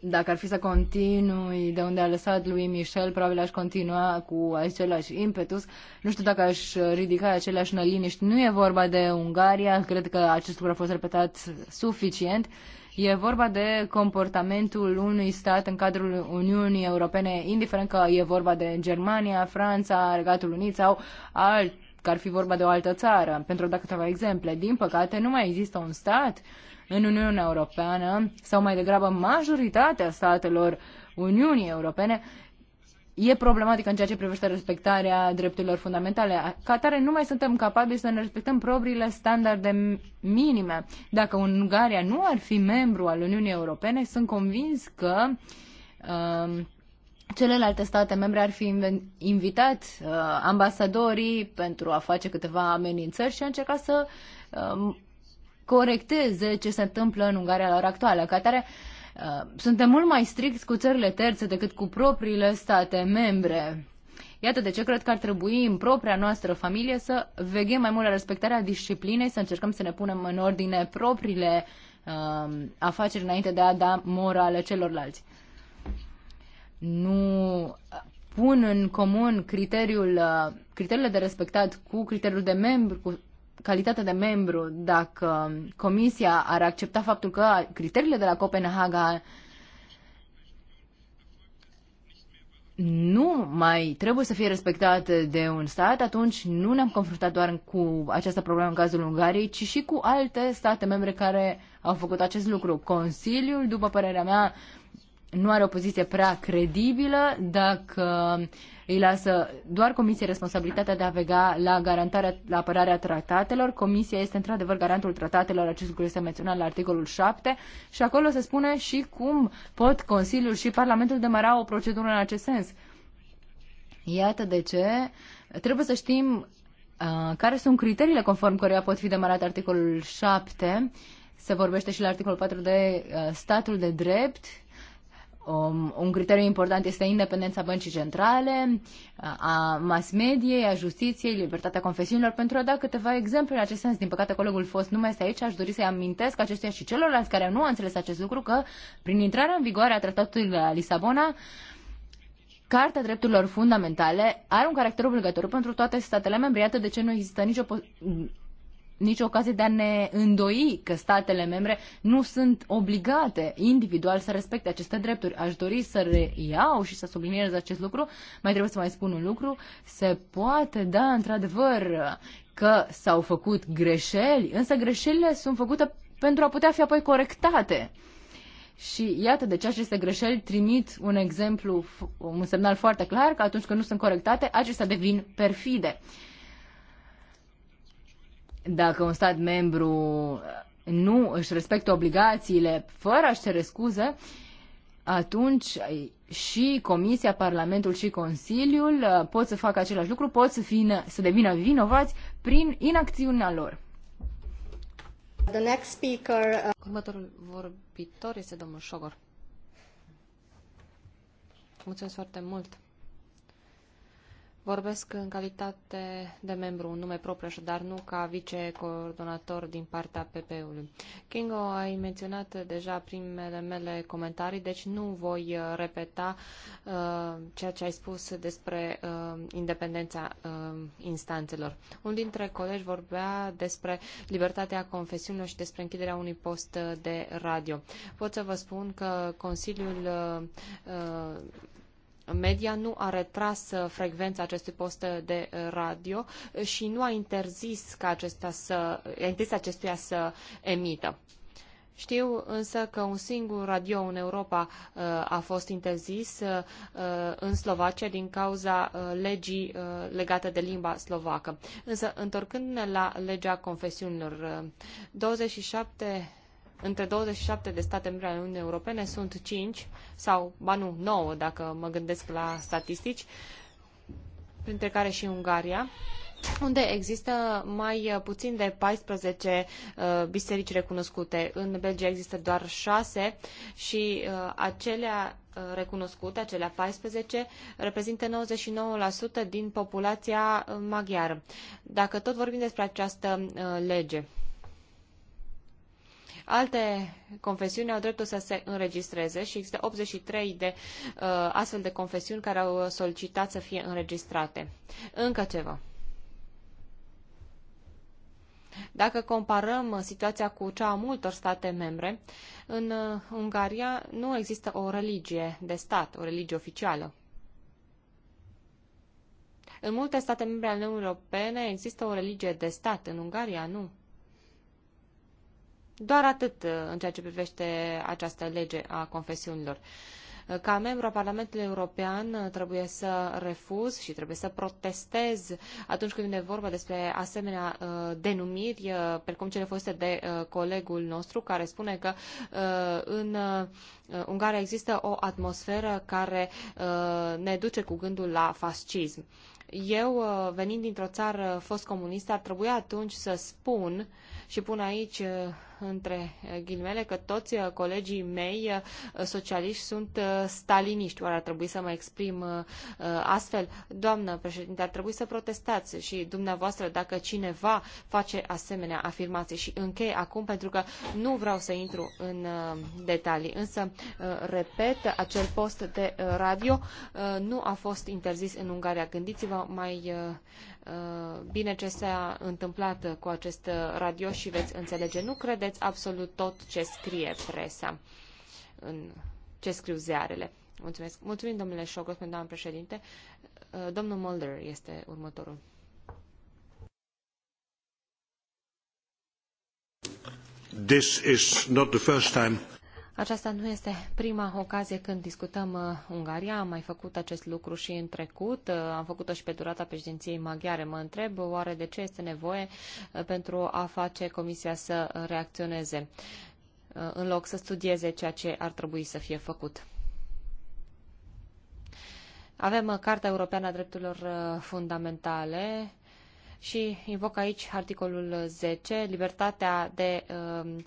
Dacă ar fi să continui de unde a lăsat lui Michel, probabil aș continua cu același impetus. Nu știu dacă aș ridica aceleași năliniști. Nu e vorba de Ungaria, cred că acest lucru a fost repetat suficient. E vorba de comportamentul unui stat în cadrul Uniunii Europene, indiferent că e vorba de Germania, Franța, Regatul Unit sau alt că ar fi vorba de o altă țară, pentru a da câteva exemple. Din păcate, nu mai există un stat în Uniunea Europeană, sau mai degrabă majoritatea statelor Uniunii Europene, e problematică în ceea ce privește respectarea drepturilor fundamentale. Ca tare nu mai suntem capabili să ne respectăm propriile standarde minime. Dacă Ungaria nu ar fi membru al Uniunii Europene, sunt convins că uh, celelalte state membre ar fi invitat uh, ambasadorii pentru a face câteva amenințări și a încerca să um, corecteze ce se întâmplă în Ungaria la ora actuală, ca tare uh, suntem mult mai stricți cu țările terțe decât cu propriile state membre. Iată de ce cred că ar trebui în propria noastră familie să veghem mai mult la respectarea disciplinei, să încercăm să ne punem în ordine propriile uh, afaceri înainte de a da morale celorlalți nu pun în comun criteriul, uh, criteriile de respectat cu criteriul de membru, cu calitatea de membru, dacă Comisia ar accepta faptul că criteriile de la Copenhaga nu mai trebuie să fie respectate de un stat, atunci nu ne-am confruntat doar cu această problemă în cazul Ungariei, ci și cu alte state membre care au făcut acest lucru. Consiliul, după părerea mea, nu are o poziție prea credibilă dacă îi lasă doar comisia responsabilitatea de a vega la garantarea, la apărarea tratatelor. Comisia este într-adevăr garantul tratatelor, acest lucru este menționat la articolul 7 și acolo se spune și cum pot Consiliul și Parlamentul demara o procedură în acest sens. Iată de ce trebuie să știm uh, care sunt criteriile conform căruia pot fi demarat articolul 7. Se vorbește și la articolul 4 de uh, statul de drept Um, un criteriu important este independența băncii centrale, a mass mediei, a justiției, libertatea confesiunilor. Pentru a da câteva exemple în acest sens, din păcate colegul fost nu mai este aici, aș dori să-i amintesc acestuia și celorlalți care nu au înțeles acest lucru că prin intrarea în vigoare a tratatului la Lisabona, Carta Drepturilor Fundamentale are un caracter obligatoriu pentru toate statele membre. Iată de ce nu există nicio nicio ocazie de a ne îndoi că statele membre nu sunt obligate individual să respecte aceste drepturi. Aș dori să reiau și să subliniez acest lucru. Mai trebuie să mai spun un lucru. Se poate, da, într-adevăr, că s-au făcut greșeli, însă greșelile sunt făcute pentru a putea fi apoi corectate. Și iată de ce aceste greșeli trimit un exemplu, un semnal foarte clar că atunci când nu sunt corectate, acestea devin perfide. Dacă un stat membru uh, nu își respectă obligațiile fără a-și cere scuze, atunci uh, și Comisia, Parlamentul și Consiliul uh, pot să facă același lucru, pot să, fină, să devină vinovați prin inacțiunea lor. The next speaker, uh... Următorul vorbitor este domnul Șogor. Mulțumesc foarte mult. Vorbesc în calitate de membru, un nume propriu, dar nu ca vicecoordonator din partea PP-ului. Kingo, ai menționat deja primele mele comentarii, deci nu voi uh, repeta uh, ceea ce ai spus despre uh, independența uh, instanțelor. Un dintre colegi vorbea despre libertatea confesiunilor și despre închiderea unui post de radio. Pot să vă spun că Consiliul uh, uh media nu a retras uh, frecvența acestui post de uh, radio uh, și nu a interzis ca acesta să, a interzis acestuia să emită. Știu însă că un singur radio în Europa a fost interzis în Slovacia din cauza legii legate de limba slovacă. Însă, întorcându-ne la legea confesiunilor, 27 între 27 de state membre ale Uniunii Europene sunt 5 sau, ba nu, 9 dacă mă gândesc la statistici, printre care și Ungaria, unde există mai puțin de 14 uh, biserici recunoscute. În Belgia există doar 6 și uh, acelea uh, recunoscute, acelea 14, reprezintă 99% din populația maghiară. Dacă tot vorbim despre această lege, Alte confesiuni au dreptul să se înregistreze și există 83 de uh, astfel de confesiuni care au solicitat să fie înregistrate. Încă ceva. Dacă comparăm uh, situația cu cea a multor state membre, în uh, Ungaria nu există o religie de stat, o religie oficială. În multe state membre ale Uniunii Europene există o religie de stat, în Ungaria nu. Doar atât uh, în ceea ce privește această lege a confesiunilor. Uh, ca membru a Parlamentului European uh, trebuie să refuz și trebuie să protestez atunci când vine vorba despre asemenea denumiri, precum cele foste de colegul nostru, care spune că în Ungaria există o atmosferă care ne duce cu gândul la fascism. Eu, venind dintr-o țară fost comunistă, ar trebui atunci să spun și pun aici între eh, ghilimele că toți eh, colegii mei eh, socialiști sunt staliniști. Oare ar trebui să mă exprim astfel? Doamnă președinte, ar trebui să protestați și dumneavoastră dacă cineva face asemenea afirmații și închei acum pentru că nu vreau să intru în detalii. Însă, repet, acel post de radio nu a fost interzis în Ungaria. Gândiți-vă mai bine ce s-a întâmplat cu acest radio și veți înțelege. Nu credeți vedeți absolut tot ce scrie presa, în ce scriu ziarele. Mulțumesc. Mulțumim, domnule Șogos, pentru doamnă președinte. Uh, domnul Mulder este următorul. This is not the first time. Aceasta nu este prima ocazie când discutăm uh, Ungaria. Am mai făcut acest lucru și în trecut. Uh, am făcut-o și pe durata președinției maghiare. Mă întreb oare de ce este nevoie uh, pentru a face Comisia să reacționeze uh, în loc să studieze ceea ce ar trebui să fie făcut. Avem uh, Carta Europeană a Drepturilor uh, Fundamentale, și invoc aici articolul 10, libertatea de um,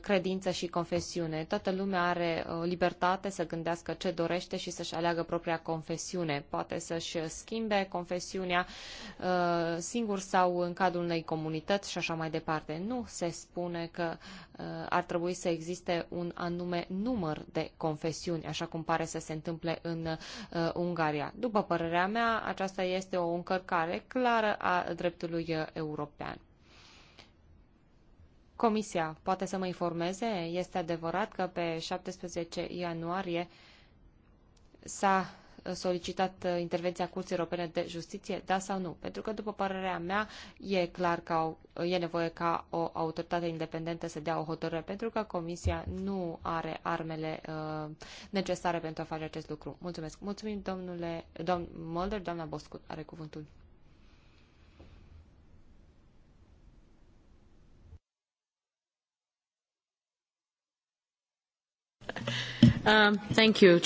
credință și confesiune. Toată lumea are uh, libertate să gândească ce dorește și să-și aleagă propria confesiune. Poate să-și schimbe confesiunea uh, singur sau în cadrul unei comunități și așa mai departe. Nu se spune că Uh, ar trebui să existe un anume număr de confesiuni, așa cum pare să se întâmple în uh, Ungaria. După părerea mea, aceasta este o încărcare clară a dreptului uh, european. Comisia poate să mă informeze, este adevărat că pe 17 ianuarie s-a solicitat uh, intervenția Curții Europene de Justiție, da sau nu? Pentru că, după părerea mea, e clar că au, e nevoie ca o autoritate independentă să dea o hotărâre, pentru că Comisia nu are armele uh, necesare pentru a face acest lucru. Mulțumesc. Mulțumim, domnule domn Mulder, doamna Boscut are cuvântul. Um, thank you.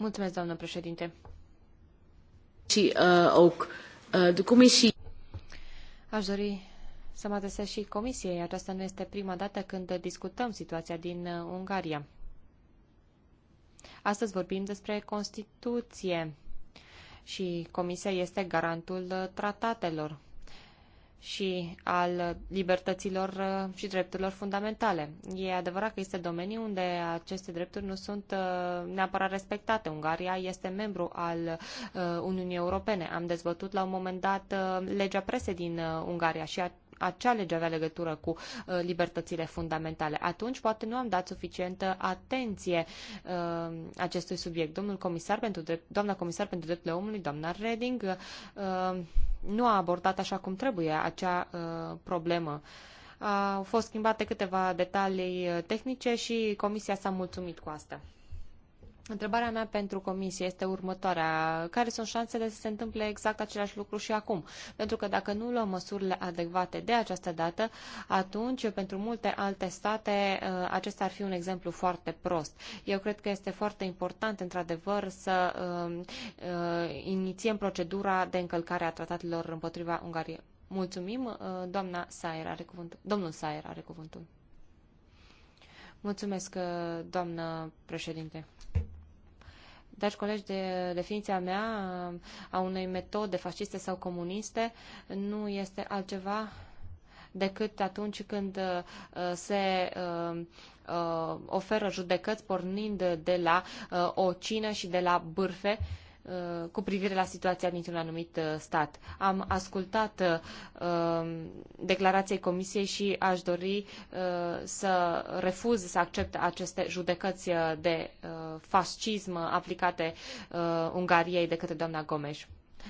Mulțumesc, doamnă președinte. Și, uh, ook, uh, de comisii. Aș dori să mă adresez și comisiei. Aceasta nu este prima dată când discutăm situația din uh, Ungaria. Astăzi vorbim despre Constituție și Comisia este garantul uh, tratatelor și al libertăților uh, și drepturilor fundamentale. E adevărat că este domeniul unde aceste drepturi nu sunt uh, neapărat respectate. Ungaria este membru al uh, Uniunii Europene. Am dezbătut la un moment dat legea presei din Ungaria și acea lege avea legătură cu uh, libertățile fundamentale. Atunci poate nu am dat suficientă atenție uh, acestui subiect. Domnul comisar pentru drept, doamna comisar pentru drepturile omului, doamna Reding, uh, nu a abordat așa cum trebuie acea problemă. Au fost schimbate câteva detalii tehnice și comisia s-a mulțumit cu asta. Întrebarea mea pentru comisie este următoarea. Care sunt șansele să se întâmple exact același lucru și acum? Pentru că dacă nu luăm măsurile adecvate de această dată, atunci pentru multe alte state uh, acesta ar fi un exemplu foarte prost. Eu cred că este foarte important, într-adevăr, să uh, uh, inițiem procedura de încălcare a tratatelor împotriva Ungariei. Mulțumim. doamna Saier are cuvântul. Domnul Saier are cuvântul. Mulțumesc, doamnă președinte. Dragi colegi, de definiția mea a unei metode fasciste sau comuniste nu este altceva decât atunci când uh, se uh, uh, oferă judecăți pornind de la o cină și de la bârfe Uh, cu privire la situația dintr-un anumit uh, stat. Am ascultat uh, um, declarației Comisiei și aș dori să refuz să accept aceste judecăți de fascism aplicate Ungariei de către doamna Gomes.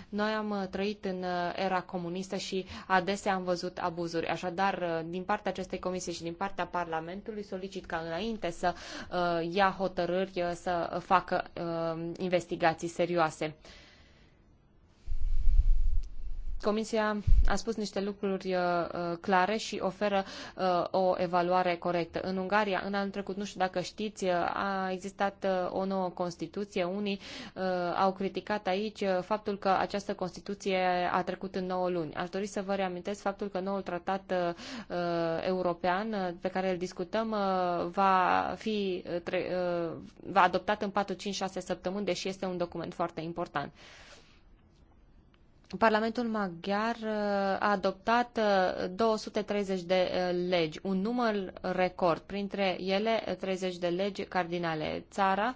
Noi am uh, trăit în uh, era comunistă și adesea am văzut abuzuri. Așadar, uh, din partea acestei comisii și din partea Parlamentului solicit ca înainte să ia hotărâri, să facă investigații serioase. Comisia a spus niște lucruri uh, uh, clare și oferă uh, o evaluare corectă. În Ungaria, în anul trecut, nu știu dacă știți, a existat o nouă Constituție. Unii au criticat aici faptul că această Constituție a trecut în 9 luni. Aș dori să vă reamintesc faptul că noul tratat european pe care îl discutăm va fi va adoptat în 4-5-6 săptămâni, deși este un document foarte important. Parlamentul maghiar uh, a adoptat 230 uh, de uh, legi, un număr record, printre ele 30 de legi cardinale. Țara,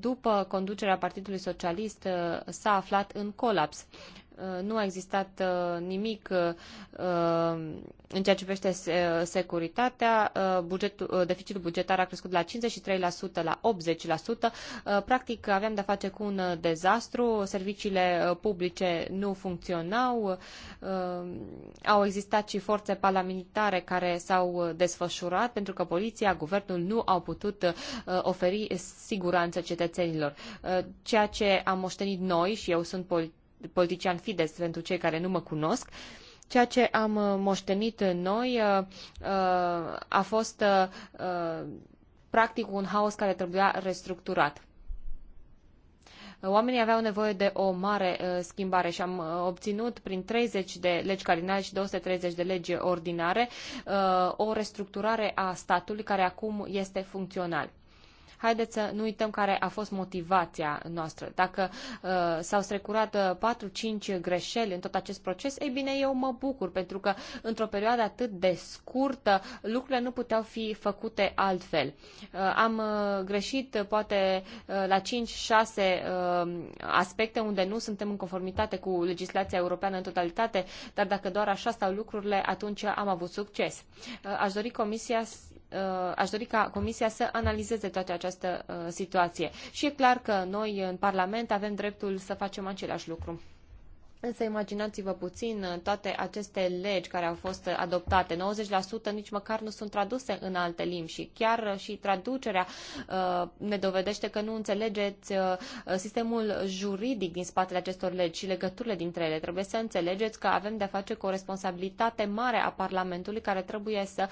după conducerea Partidului Socialist, s-a aflat în colaps. Uh, nu a existat uh, nimic uh, în ceea ce privește securitatea. Bugetul, deficitul bugetar a crescut la 53%, la 80%. Practic aveam de-a face cu un dezastru. Serviciile publice nu funcționau. Au existat și forțe paramilitare care s-au desfășurat pentru că poliția, guvernul nu au putut oferi siguranță cetățenilor. Ceea ce am moștenit noi și eu sunt politician Fides pentru cei care nu mă cunosc. Ceea ce am uh, moștenit noi uh, uh, a fost practic un haos care trebuia restructurat. Oamenii aveau nevoie de o mare uh, schimbare și am obținut prin 30 de legi cardinale și 230 de legi ordinare uh, o restructurare a statului care acum este funcțional haideți să nu uităm care a fost motivația noastră. Dacă uh, s-au strecurat uh, 4-5 greșeli în tot acest proces, ei bine, eu mă bucur, pentru că într-o perioadă atât de scurtă, lucrurile nu puteau fi făcute altfel. Uh, am uh, greșit uh, poate uh, la 5-6 uh, aspecte unde nu suntem în conformitate cu legislația europeană în totalitate, dar dacă doar așa stau lucrurile, atunci am avut succes. Uh, aș dori Comisia să Uh, aș dori ca Comisia să analizeze toată această uh, situație. Și e clar că noi în Parlament avem dreptul să facem același lucru. Însă imaginați-vă puțin uh, toate aceste legi care au fost uh, adoptate. 90% nici măcar nu sunt traduse în alte limbi și chiar uh, și traducerea ne dovedește că nu înțelegeți sistemul juridic din spatele acestor legi și legăturile dintre ele. Trebuie să înțelegeți că avem de-a face cu o responsabilitate mare a Parlamentului care trebuie să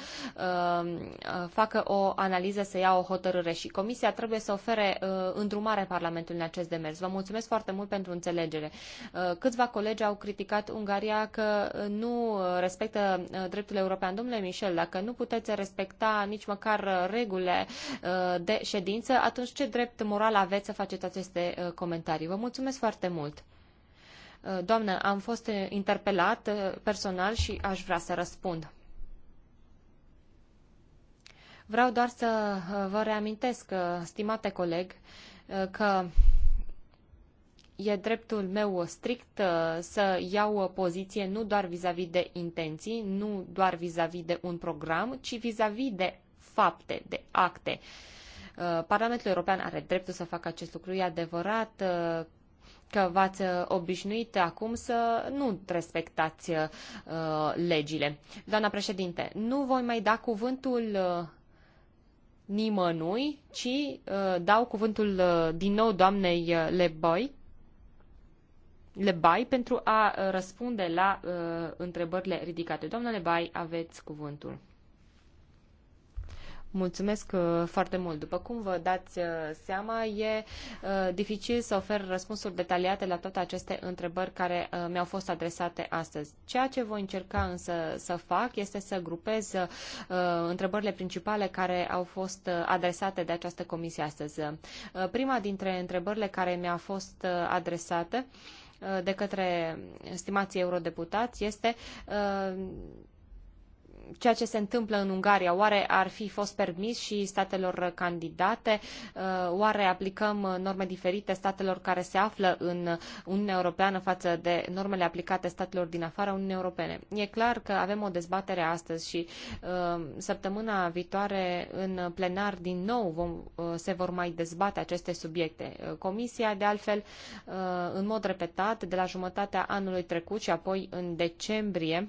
facă o analiză, să ia o hotărâre și Comisia trebuie să ofere îndrumare Parlamentului în acest demers. Vă mulțumesc foarte mult pentru înțelegere. Câțiva colegi au criticat Ungaria că uh, nu uh, respectă uh, dreptul european. Domnule Michel, dacă nu puteți respecta nici măcar regulile de ședință, atunci ce drept moral aveți să faceți aceste comentarii? Vă mulțumesc foarte mult! Doamnă, am fost interpelat personal și aș vrea să răspund. Vreau doar să vă reamintesc, stimate coleg, că e dreptul meu strict uh, să iau o uh, poziție nu doar vis-a-vis -vis de intenții, nu doar vis-a-vis -vis de un program, ci vis-a-vis -vis de fapte, de acte. Uh, Parlamentul European are dreptul să facă acest lucru. E adevărat că v-ați obișnuit acum să nu respectați legile. Doamna președinte, nu voi mai da cuvântul nimănui, ci uh, dau cuvântul uh, din nou doamnei uh, Lebai pentru a uh, răspunde la uh, întrebările ridicate. Doamna Lebai, aveți cuvântul. Mulțumesc uh, foarte mult. După cum vă dați uh, seama, e dificil să ofer răspunsuri detaliate la toate aceste întrebări care mi-au fost adresate astăzi. Ceea ce voi încerca însă să fac este să grupez întrebările principale care au fost adresate de această comisie astăzi. Prima dintre întrebările care mi-a fost adresată de către stimații eurodeputați este uh, ceea ce se întâmplă în Ungaria, oare ar fi fost permis și statelor candidate? Uh, oare aplicăm norme diferite statelor care se află în Uniunea Europeană față de normele aplicate statelor din afara Uniunii Europene? E clar că avem o dezbatere astăzi și uh, săptămâna viitoare în plenar din nou vom, uh, se vor mai dezbate aceste subiecte. Comisia, de altfel, în mod repetat, de la jumătatea anului trecut și apoi în decembrie,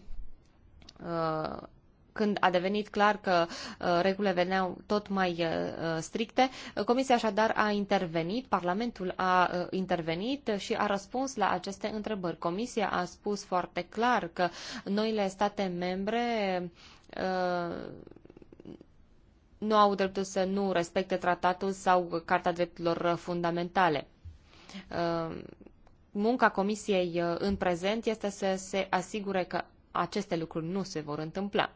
când a devenit clar că uh, regulile veneau tot mai uh, uh, stricte, Comisia așadar a intervenit, Parlamentul a intervenit și a răspuns la aceste întrebări. Comisia a spus foarte clar că noile state membre nu au dreptul să nu respecte tratatul sau Carta Drepturilor Fundamentale. Munca Comisiei în prezent este să se asigure că aceste lucruri nu se vor întâmpla.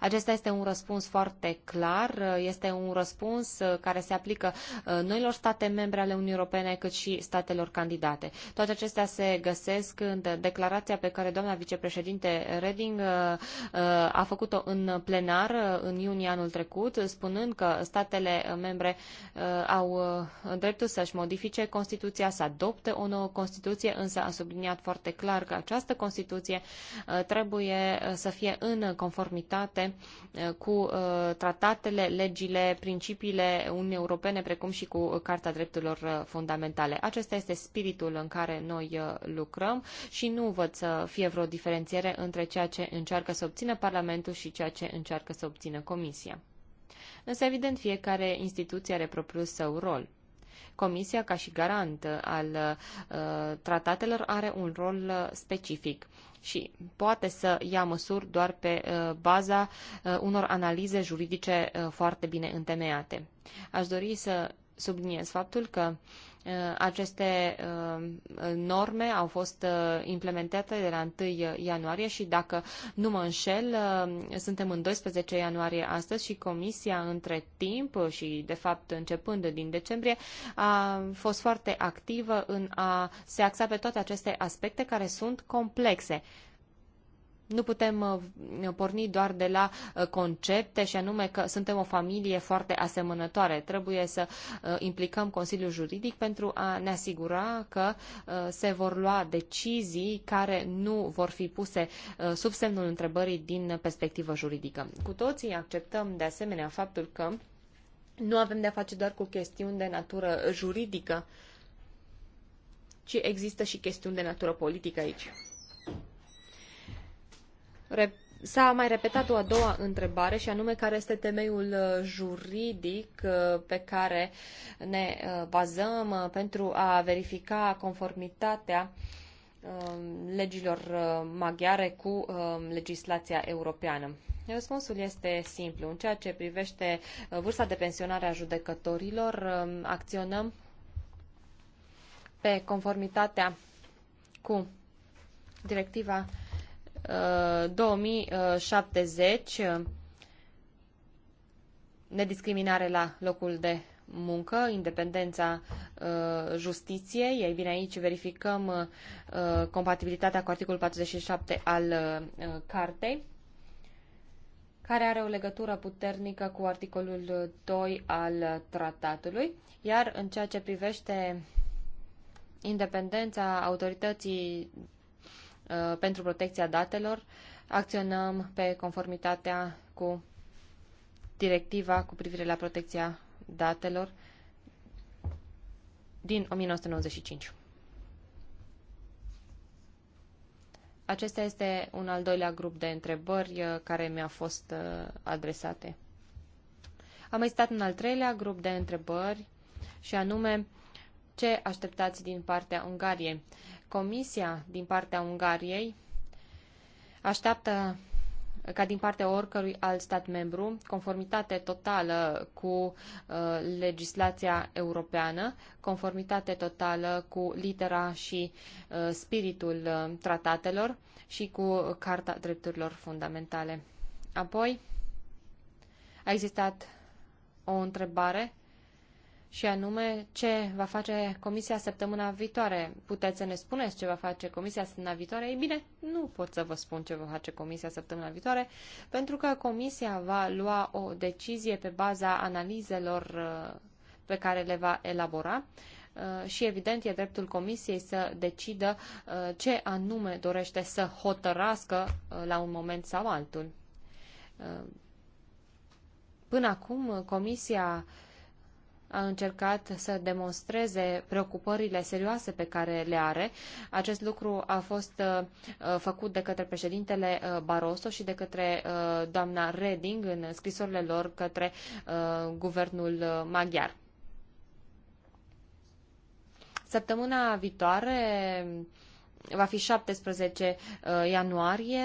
Acesta este un răspuns foarte clar, este un răspuns uh, care se aplică uh, noilor state membre ale Uniunii Europene, cât și statelor candidate. Toate acestea se găsesc în declarația pe care doamna vicepreședinte Reding uh, a făcut-o în plenar în iunie anul trecut, spunând că statele membre au dreptul să-și modifice Constituția, să adopte o nouă Constituție, însă a subliniat foarte clar că această Constituție trebuie să fie în conformitate conformitate eh, cu eh, tratatele, legile, principiile Uniunii Europene, precum și cu Carta Drepturilor eh, Fundamentale. Acesta este spiritul în care noi lucrăm și nu văd să fie vreo diferențiere între ceea ce încearcă să obțină Parlamentul și ceea ce încearcă să obțină Comisia. Însă, evident, fiecare instituție are propriul său rol. Comisia, ca și garant al uh, tratatelor, are un rol specific și poate să ia măsuri doar pe uh, baza uh, unor analize juridice uh, foarte bine întemeiate. Aș dori să subliniez faptul că uh, Uh, aceste uh, norme au fost uh, implementate de la 1 ianuarie și dacă nu mă înșel, suntem în 12 ianuarie astăzi și Comisia între timp și de fapt începând din decembrie a fost foarte activă în a se axa pe toate aceste aspecte care sunt complexe. Nu putem uh, porni doar de la uh, concepte și anume că suntem o familie foarte asemănătoare. Trebuie să uh, implicăm Consiliul Juridic pentru a ne asigura că se vor lua decizii care nu vor fi puse sub semnul întrebării din perspectivă juridică. Cu toții acceptăm de asemenea faptul că nu avem de-a face doar cu chestiuni de natură juridică, ci există și chestiuni de natură politică aici. S-a mai repetat o a doua întrebare și anume care este temeiul uh, juridic uh, pe care ne uh, bazăm pentru a verifica conformitatea um, legilor maghiare cu um, legislația europeană. Răspunsul este simplu. În ceea ce privește vârsta de pensionare a judecătorilor, um, acționăm pe conformitatea cu directiva 2070 nediscriminare la locul de muncă, independența uh, justiției. Ei bine, aici verificăm uh, compatibilitatea cu articolul 47 al uh, cartei care are o legătură puternică cu articolul 2 al tratatului, iar în ceea ce privește independența autorității Uh, pentru protecția datelor, acționăm pe conformitatea cu directiva cu privire la protecția datelor din 1995. Acesta este un al doilea grup de întrebări uh, care mi-a fost uh, adresate. Am mai stat un al treilea grup de întrebări și anume ce așteptați din partea Ungariei. Comisia din partea Ungariei așteaptă ca din partea oricărui alt stat membru, conformitate totală cu uh, legislația europeană, conformitate totală cu litera și uh, spiritul uh, tratatelor și cu Carta Drepturilor Fundamentale. Apoi, a existat o întrebare și anume ce va face Comisia săptămâna viitoare. Puteți să ne spuneți ce va face Comisia săptămâna viitoare? Ei bine, nu pot să vă spun ce va face Comisia săptămâna viitoare, pentru că Comisia va lua o decizie pe baza analizelor uh, pe care le va elabora uh, și evident e dreptul Comisiei să decidă uh, ce anume dorește să hotărască la un moment sau altul. Până acum, Comisia uh, a încercat să demonstreze preocupările serioase pe care le are. Acest lucru a fost uh, uh, făcut de către președintele uh, Barroso și de către doamna Reding în scrisorile lor către guvernul maghiar. Săptămâna viitoare va fi 17 uh, ianuarie.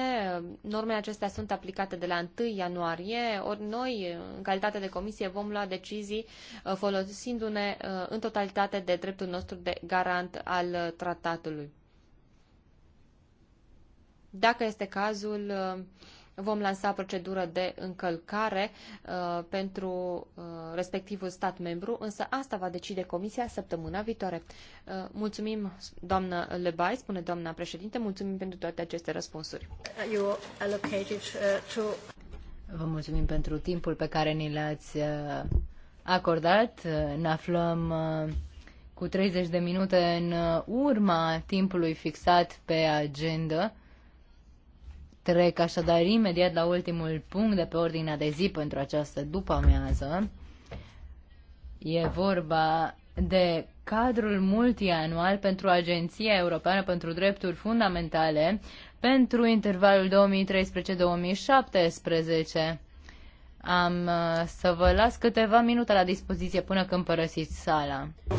Normele acestea sunt aplicate de la 1 ianuarie, ori noi, în calitate de comisie, vom lua decizii uh, folosindu-ne uh, în totalitate de dreptul nostru de garant al tratatului. Dacă este cazul, uh, vom lansa procedură de încălcare uh, pentru uh, respectivul stat membru, însă asta va decide Comisia săptămâna viitoare. Uh, mulțumim, doamnă Lebai, spune doamna președinte, mulțumim pentru toate aceste răspunsuri. You allocated, uh, to... Vă mulțumim pentru timpul pe care ni l-ați uh, acordat. Ne aflăm uh, cu 30 de minute în urma timpului fixat pe agenda. Trec așadar imediat la ultimul punct de pe ordinea de zi pentru această după-amiază. E vorba de cadrul multianual pentru Agenția Europeană pentru Drepturi Fundamentale pentru intervalul 2013-2017. Am uh, să vă las câteva minute la dispoziție până când părăsiți sala. Bye.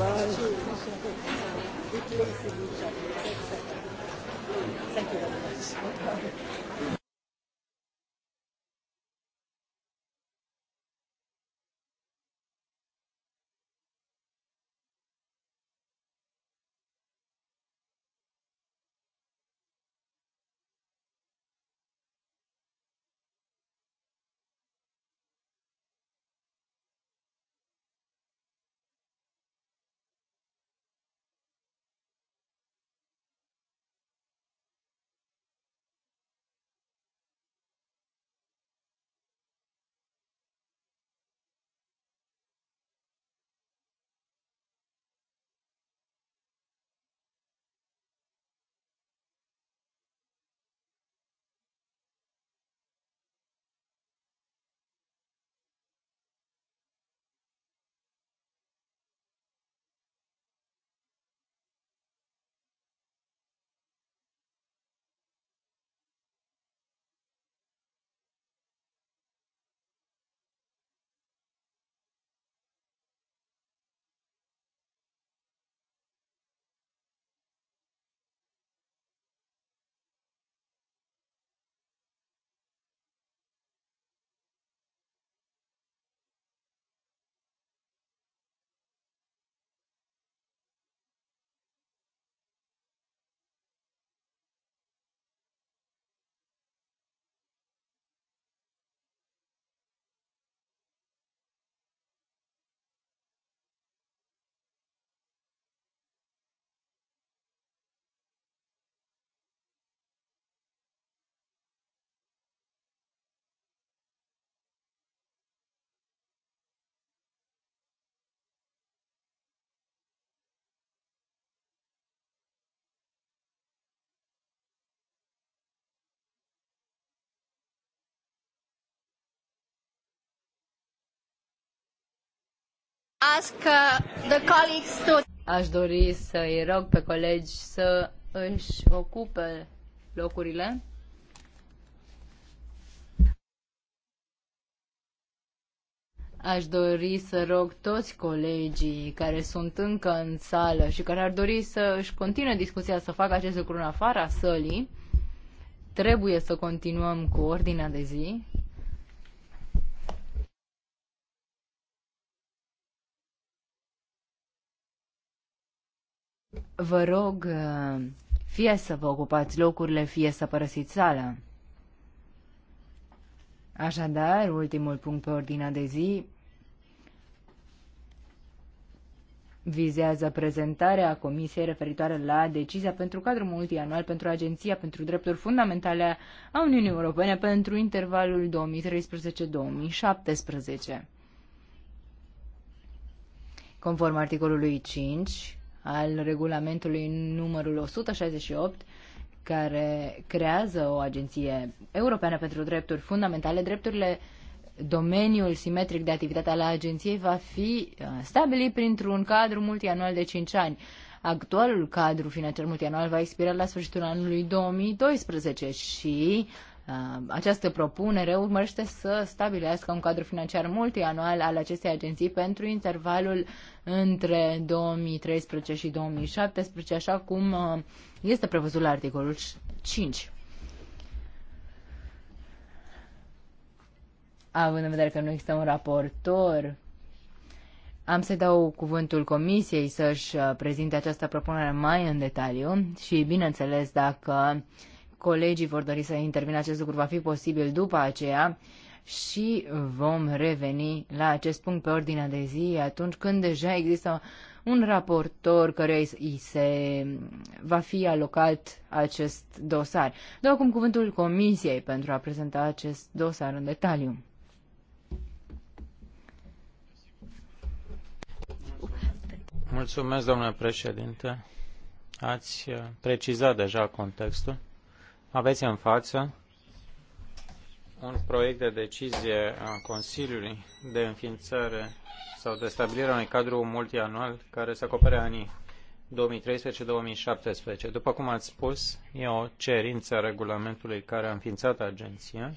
ask uh, the colleagues to... Aș dori să-i rog pe colegi să își ocupe locurile. Aș dori să rog toți colegii care sunt încă în sală și care ar dori să își continue discuția, să facă acest lucru în afara sălii. Trebuie să continuăm cu ordinea de zi. Vă rog, uh, fie să vă ocupați locurile, fie să părăsiți sala. Așadar, ultimul punct pe ordinea de zi vizează prezentarea Comisiei referitoare la decizia pentru cadrul multianual pentru Agenția pentru Drepturi Fundamentale a Uniunii Europene pentru intervalul 2013-2017. Conform articolului 5, al regulamentului numărul 168, care creează o agenție europeană pentru drepturi fundamentale, drepturile domeniul simetric de activitate al agenției va fi uh, stabilit printr-un cadru multianual de 5 ani. Actualul cadru financiar multianual va expira la sfârșitul anului 2012 și Um, această propunere urmărește să stabilească un cadru financiar multianual al acestei agenții pentru intervalul între 2013 și 2017, așa cum uh, este prevăzut la articolul 5. Având în vedere că nu există un raportor, am să dau cuvântul comisiei să-și uh, prezinte această propunere mai în detaliu și, bineînțeles, dacă uh, colegii vor dori să intervină, acest lucru va fi posibil după aceea și vom reveni la acest punct pe ordinea de zi atunci când deja există un raportor care îi se va fi alocat acest dosar. Dau acum cuvântul Comisiei pentru a prezenta acest dosar în detaliu. Mulțumesc, domnule președinte. Ați precizat deja contextul. Aveți în față un proiect de decizie a Consiliului de înființare sau de stabilire a unui cadru multianual care să acopere anii 2013-2017. După cum ați spus, e o cerință a regulamentului care a înființat agenția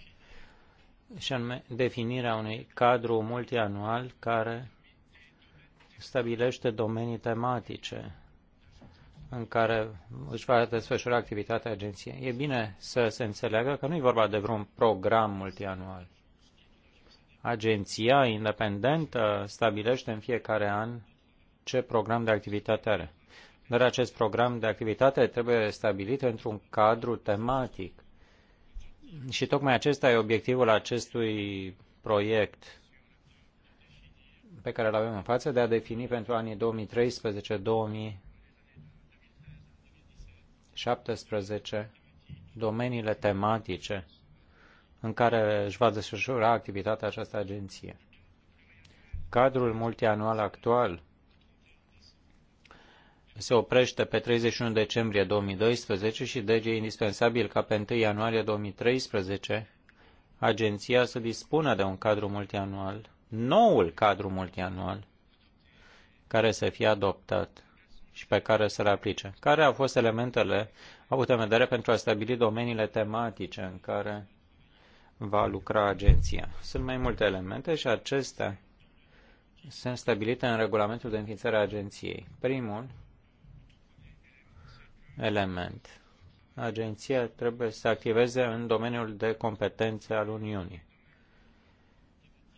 și anume definirea unui cadru multianual care stabilește domenii tematice în care își va desfășura activitatea agenției. E bine să se înțeleagă că nu e vorba de vreun program multianual. Agenția independentă stabilește în fiecare an ce program de activitate are. Dar acest program de activitate trebuie stabilit într-un cadru tematic. Și tocmai acesta e obiectivul acestui proiect pe care îl avem în față de a defini pentru anii 2013-2020 17. Domeniile tematice în care își va desfășura activitatea această agenție. Cadrul multianual actual se oprește pe 31 decembrie 2012 și deci e indispensabil ca pe 1 ianuarie 2013 agenția să dispună de un cadru multianual, noul cadru multianual, care să fie adoptat și pe care să le aplice. Care au fost elementele avute în vedere pentru a stabili domeniile tematice în care va lucra agenția? Sunt mai multe elemente și acestea sunt stabilite în regulamentul de înființare a agenției. Primul element. Agenția trebuie să activeze în domeniul de competențe al Uniunii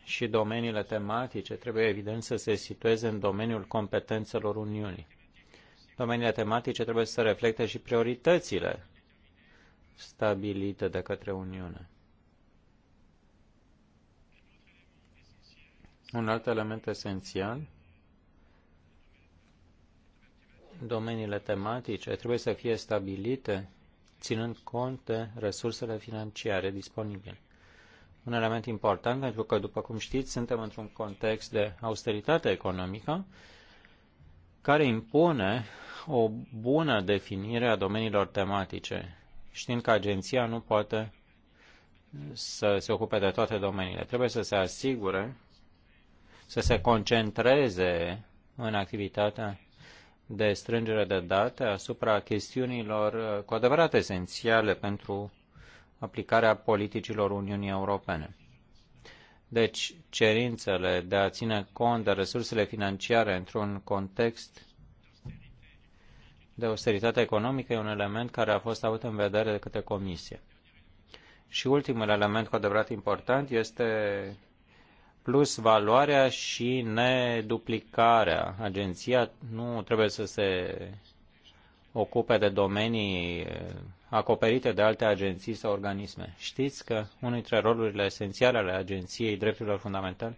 și domeniile tematice trebuie evident să se situeze în domeniul competențelor Uniunii domeniile tematice trebuie să reflecte și prioritățile stabilite de către Uniune. Un alt element esențial, domeniile tematice trebuie să fie stabilite ținând cont de resursele financiare disponibile. Un element important pentru că, după cum știți, suntem într-un context de austeritate economică care impune o bună definire a domeniilor tematice, știind că agenția nu poate să se ocupe de toate domeniile. Trebuie să se asigure, să se concentreze în activitatea de strângere de date asupra chestiunilor cu adevărat esențiale pentru aplicarea politicilor Uniunii Europene. Deci, cerințele de a ține cont de resursele financiare într-un context de austeritate economică e un element care a fost avut în vedere de către Comisie. Și ultimul element cu adevărat important este plus valoarea și neduplicarea. Agenția nu trebuie să se ocupe de domenii acoperite de alte agenții sau organisme. Știți că unul dintre rolurile esențiale ale Agenției Drepturilor Fundamentale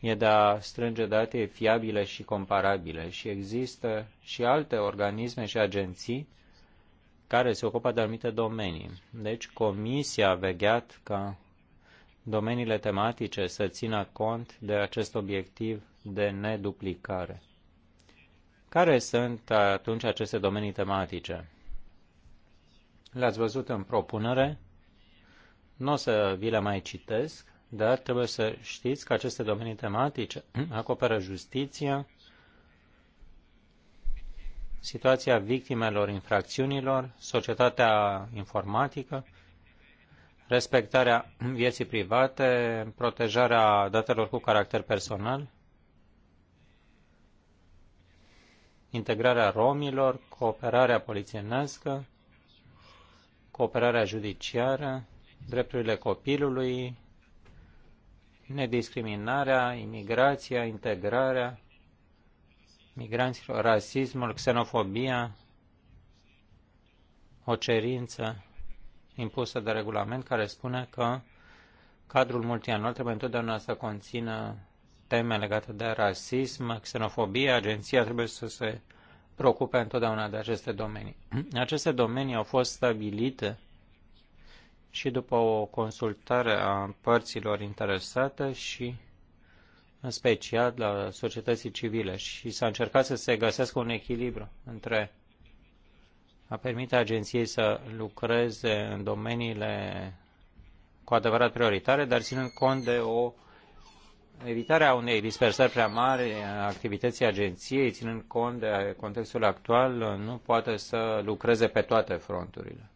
e de a strânge date fiabile și comparabile și există și alte organisme și agenții care se ocupă de anumite domenii. Deci Comisia a vegheat ca domeniile tematice să țină cont de acest obiectiv de neduplicare. Care sunt atunci aceste domenii tematice? Le-ați văzut în propunere. Nu o să vi le mai citesc, dar trebuie să știți că aceste domenii tematice acoperă justiția, situația victimelor infracțiunilor, societatea informatică, respectarea vieții private, protejarea datelor cu caracter personal, integrarea romilor, cooperarea polițienescă cooperarea judiciară, drepturile copilului, nediscriminarea, imigrația, integrarea, migranților, rasismul, xenofobia, o cerință impusă de regulament care spune că cadrul multianual trebuie întotdeauna să conțină teme legate de rasism, xenofobie, agenția trebuie să se preocupe întotdeauna de aceste domenii. Aceste domenii au fost stabilite și după o consultare a părților interesate și în special la societății civile și s-a încercat să se găsească un echilibru între a permite agenției să lucreze în domeniile cu adevărat prioritare, dar ținând cont de o evitarea unei dispersări prea mari a activității agenției, ținând cont de contextul actual, nu poate să lucreze pe toate fronturile.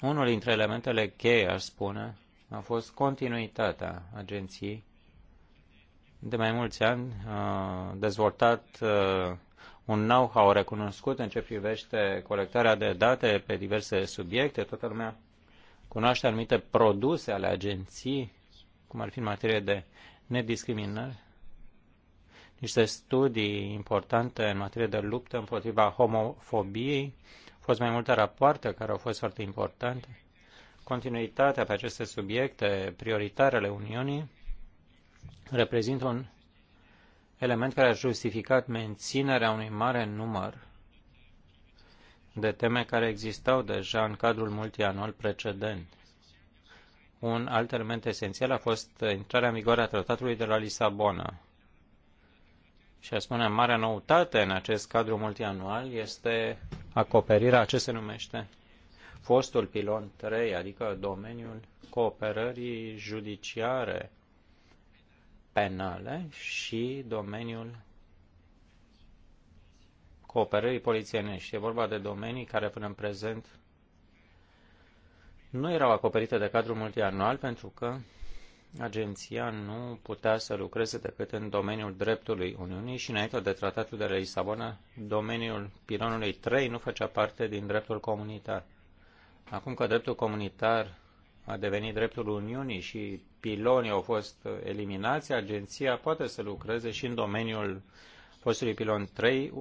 Unul dintre elementele cheie, aș spune, a fost continuitatea agenției. De mai mulți ani a dezvoltat un know-how recunoscut în ce privește colectarea de date pe diverse subiecte. Toată lumea cunoaște anumite produse ale agenției cum ar fi în materie de nediscriminare, niște studii importante în materie de luptă împotriva homofobiei, au fost mai multe rapoarte care au fost foarte importante, continuitatea pe aceste subiecte prioritare ale Uniunii reprezintă un element care a justificat menținerea unui mare număr de teme care existau deja în cadrul multianual precedent. Un alt element esențial a fost intrarea în vigoare a tratatului de la Lisabona. Și a spune, marea noutate în acest cadru multianual este acoperirea, ce se numește, fostul pilon 3, adică domeniul cooperării judiciare penale și domeniul cooperării polițienești. E vorba de domenii care până în prezent nu erau acoperite de cadrul multianual pentru că agenția nu putea să lucreze decât în domeniul dreptului Uniunii și înainte de tratatul de la Lisabona, domeniul pilonului 3 nu făcea parte din dreptul comunitar. Acum că dreptul comunitar a devenit dreptul Uniunii și pilonii au fost eliminați, agenția poate să lucreze și în domeniul fostului pilon 3.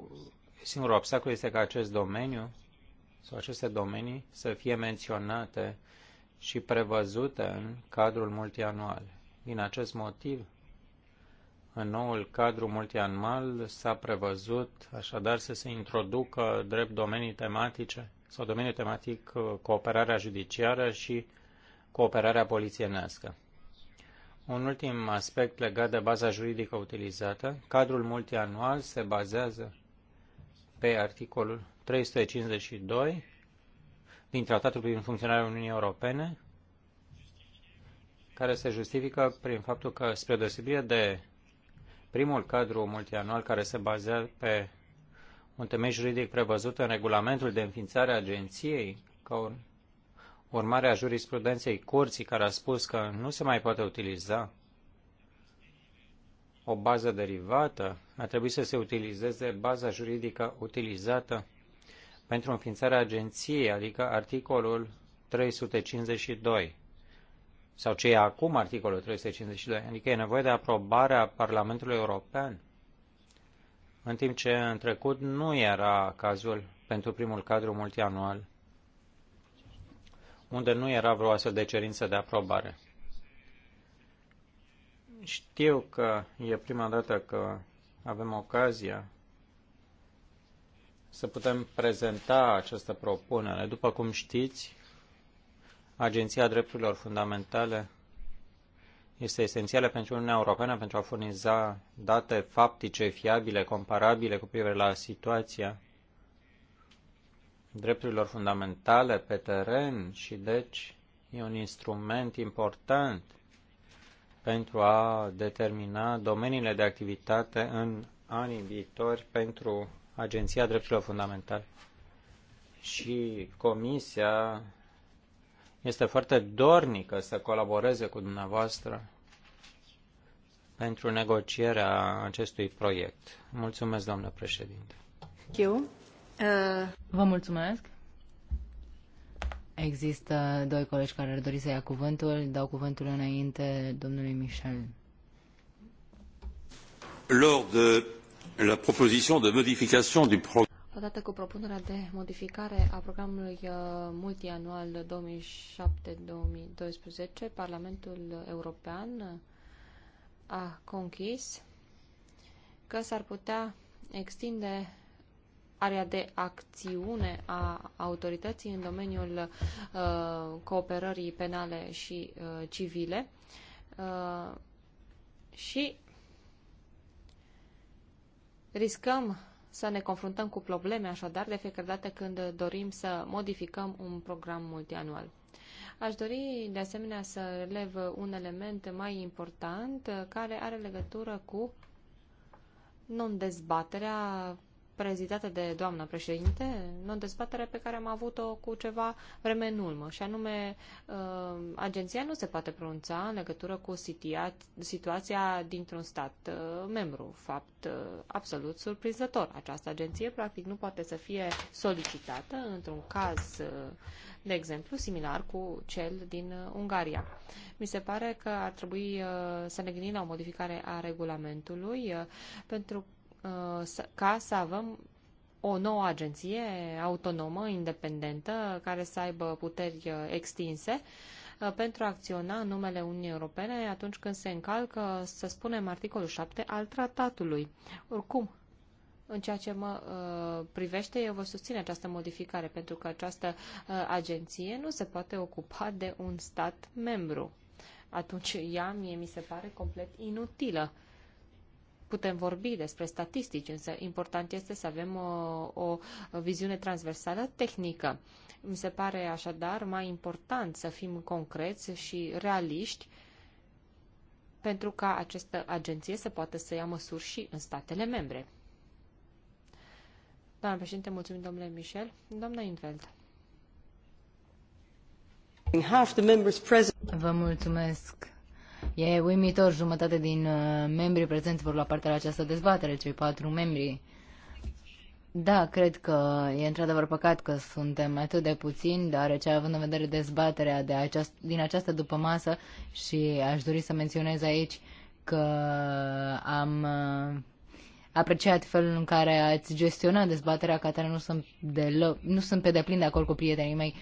Singurul obstacol este că acest domeniu sau aceste domenii să fie menționate și prevăzute în cadrul multianual. Din acest motiv, în noul cadru multianual s-a prevăzut așadar să se introducă drept domenii tematice sau domeniul tematic uh, cooperarea judiciară și cooperarea polițienească. Un ultim aspect legat de baza juridică utilizată, cadrul multianual se bazează pe articolul 352 din Tratatul privind funcționarea Uniunii Europene, care se justifică prin faptul că, spre deosebire de primul cadru multianual care se bazează pe un temei juridic prevăzut în regulamentul de înființare a agenției, ca urmare a jurisprudenței curții care a spus că nu se mai poate utiliza o bază derivată, a trebuit să se utilizeze baza juridică utilizată pentru înființarea agenției, adică articolul 352 sau ce e acum articolul 352, adică e nevoie de aprobarea Parlamentului European, în timp ce în trecut nu era cazul pentru primul cadru multianual, unde nu era vreo astfel de cerință de aprobare. Știu că e prima dată că avem ocazia să putem prezenta această propunere. După cum știți, Agenția Drepturilor Fundamentale este esențială pentru Uniunea Europeană pentru a furniza date faptice, fiabile, comparabile cu privire la situația drepturilor fundamentale pe teren și deci e un instrument important pentru a determina domeniile de activitate în anii viitori pentru Agenția Drepturilor Fundamentale și Comisia este foarte dornică să colaboreze cu dumneavoastră pentru negocierea acestui proiect. Mulțumesc, doamnă președinte. Eu. Uh, Vă mulțumesc. Există doi colegi care ar dori să ia cuvântul. Dau cuvântul înainte domnului Michel. Lors de la proposition de modification du programme odată cu propunerea de modificare a programului uh, multianual 2007-2012, Parlamentul European a conchis că s-ar putea extinde area de acțiune a autorității în domeniul uh, cooperării penale și uh, civile uh, și Riscăm să ne confruntăm cu probleme, așadar, de fiecare dată când dorim să modificăm un program multianual. Aș dori, de asemenea, să relev un element mai important care are legătură cu non-dezbaterea prezidată de doamna președinte, în o dezbatere pe care am avut-o cu ceva vreme în urmă, și anume uh, agenția nu se poate pronunța în legătură cu situația dintr-un stat uh, membru. Fapt uh, absolut surprinzător. Această agenție, practic, nu poate să fie solicitată într-un caz, de exemplu, similar cu cel din Ungaria. Mi se pare că ar trebui să ne gândim la o modificare a regulamentului, pentru Uh, ca să avem o nouă agenție autonomă, independentă, care să aibă puteri uh, extinse uh, pentru a acționa în numele Uniunii Europene atunci când se încalcă, să spunem, articolul 7 al tratatului. Oricum, în ceea ce mă uh, privește, eu vă susțin această modificare, pentru că această uh, agenție nu se poate ocupa de un stat membru. Atunci ea, mie mi se pare complet inutilă. Putem vorbi despre statistici, însă important este să avem uh, o, o viziune transversală tehnică. Mi se pare așadar mai important să fim concreți și realiști pentru ca această agenție să poată să ia măsuri și în statele membre. Doamna președinte, mulțumim domnule Michel. Doamna Inveld. Vă mulțumesc. E uimitor, jumătate din uh, membrii prezenți vor lua parte la această dezbatere, cei patru membri. Da, cred că e într-adevăr păcat că suntem atât de puțini, deoarece având în vedere dezbaterea de aceast- din această după masă și aș dori să menționez aici că am uh, apreciat felul în care ați gestionat dezbaterea, că tare nu sunt, nu sunt pe deplin de acord cu prietenii mei,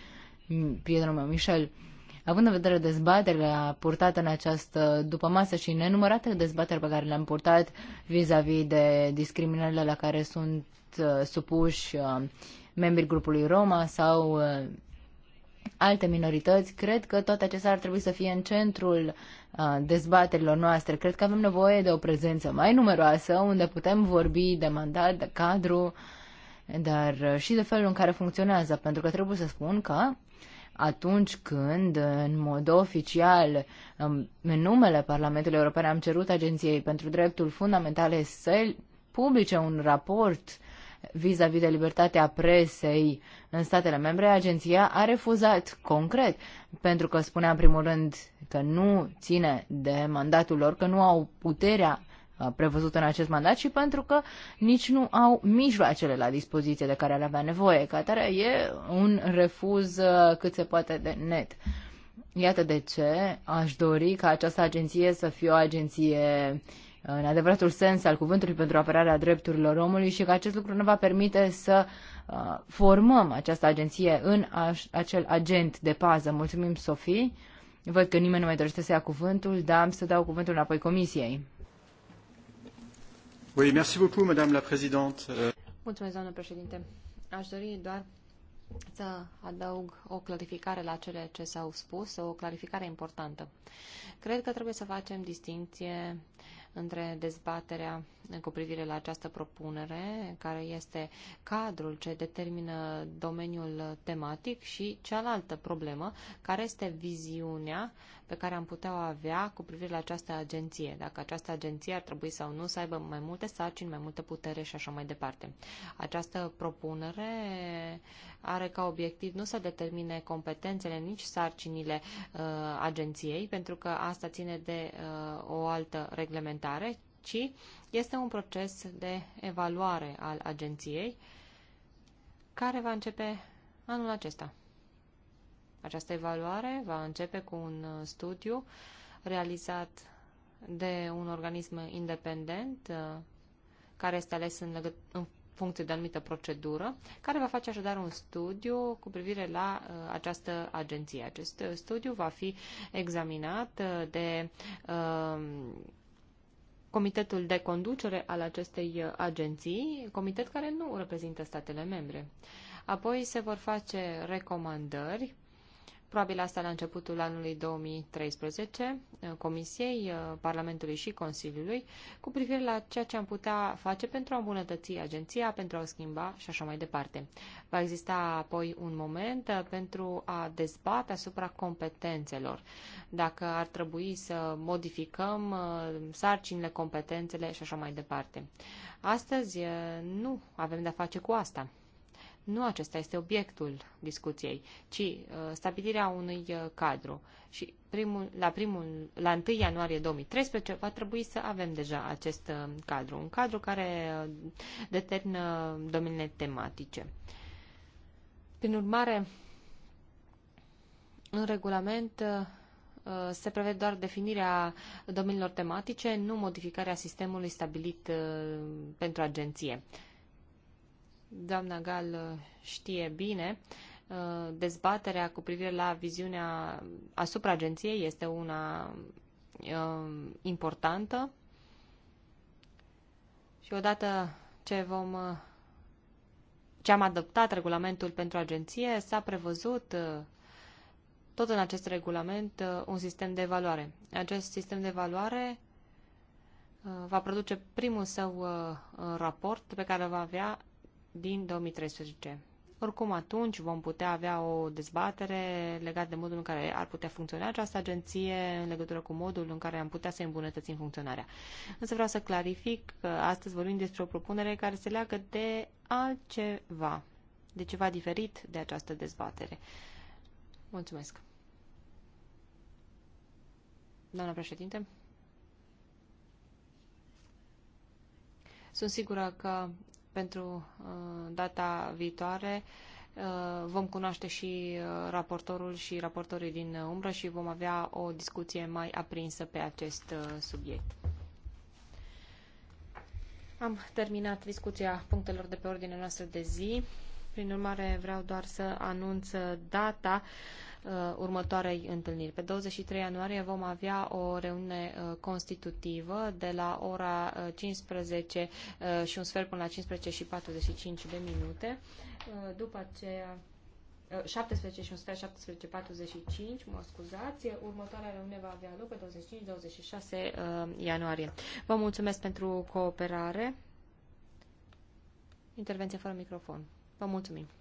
prietenul meu Michel. Uh, Având în vedere dezbaterea purtată în această după masă și nenumărate dezbateri pe care le-am purtat vis-a-vis -vis de discriminările la care sunt uh, supuși uh, membrii grupului Roma sau uh, alte minorități, cred că toate acestea ar trebui să fie în centrul uh, dezbaterilor noastre. Cred că avem nevoie de o prezență mai numeroasă, unde putem vorbi de mandat, de cadru, dar uh, și de felul în care funcționează, pentru că trebuie să spun că uh, atunci când, în mod oficial, în numele Parlamentului European, am cerut Agenției pentru Dreptul Fundamentale să publice un raport vis-a-vis -vis de libertatea presei în statele membre, agenția a refuzat concret, pentru că spunea în primul rând că nu ține de mandatul lor, că nu au puterea Uh, prevăzut în acest mandat și pentru că nici nu au mijloacele la dispoziție de care ar avea nevoie. Ca atare e un refuz uh, cât se poate de net. Iată de ce aș dori ca această agenție să fie o agenție uh, în adevăratul sens al cuvântului pentru apărarea drepturilor omului și că acest lucru ne va permite să formăm această agenție în acel agent de pază. Mulțumim, Sofie. Văd că nimeni nu mai dorește să ia cuvântul, dar am să dau cuvântul înapoi comisiei. Oui, merci beaucoup, Madame la Présidente. Mulțumesc, doamnă președinte. Aș dori doar să adaug o clarificare la cele ce s-au spus, o clarificare importantă. Cred că trebuie să facem distinție între dezbaterea cu privire la această propunere, care este cadrul ce determină domeniul tematic, și cealaltă problemă, care este viziunea uh, pe care am putea o avea cu privire la această agenție, dacă această agenție ar trebui sau nu să aibă mai multe sarcini, mai multă putere și așa mai departe. Această propunere are ca obiectiv nu să determine competențele, nici sarcinile uh, agenției, pentru că asta ține de uh, o altă reglementare, ci este un proces de evaluare al agenției care va începe anul acesta. Această evaluare va începe cu un uh, studiu realizat de un organism independent uh, care este ales în, legă- în funcție de anumită procedură, care va face așadar un studiu cu privire la uh, această agenție. Acest uh, studiu va fi examinat uh, de uh, Comitetul de conducere al acestei agenții, comitet care nu reprezintă statele membre. Apoi se vor face recomandări probabil asta la începutul anului 2013, uh, Comisiei, uh, Parlamentului și Consiliului, cu privire la ceea ce am putea face pentru a îmbunătăți agenția, pentru a o schimba și așa mai departe. Va exista apoi un moment uh, pentru a dezbate asupra competențelor, dacă ar trebui să modificăm sarcinile, competențele și așa mai departe. Astăzi nu avem de-a face cu asta. Nu acesta este obiectul discuției, ci uh, stabilirea unui uh, cadru. Și primul, la, primul, la 1 ianuarie 2013 va trebui să avem deja acest uh, cadru, un cadru care uh, determină domeniile tematice. Prin urmare, în regulament uh, uh se prevede doar definirea domeniilor tematice, nu modificarea sistemului stabilit uh, pentru agenție doamna Gal uh, știe bine, uh, dezbaterea cu privire la viziunea asupra agenției este una um, importantă și odată ce vom uh, ce am adoptat regulamentul pentru agenție, s-a prevăzut tot în acest regulament un sistem de evaluare. Acest sistem de evaluare va produce primul său raport pe care va avea din 2013. Oricum, atunci vom putea avea o dezbatere legată de modul în care ar putea funcționa această agenție, în legătură cu modul în care am putea să îmbunătățim funcționarea. Însă vreau să clarific că astăzi vorbim despre o propunere care se leagă de altceva, de ceva diferit de această dezbatere. Mulțumesc. Doamna președinte? Sunt sigură că pentru uh, data viitoare uh, vom cunoaște și uh, raportorul și raportorii din umbră și vom avea o discuție mai aprinsă pe acest subiect. Am terminat discuția punctelor de pe ordinea noastră de zi. Prin urmare, vreau doar să anunț data Uh, următoarei întâlniri. Pe 23 ianuarie vom avea o reuniune uh, constitutivă de la ora 15 uh, și un sfert până la 15 și 45 de minute. După aceea 17 și un sfert, 17, 45, mă scuzați. Următoarea reuniune va avea loc pe 25-26 ianuarie. Vă mulțumesc pentru cooperare. Intervenție fără microfon. Vă mulțumim.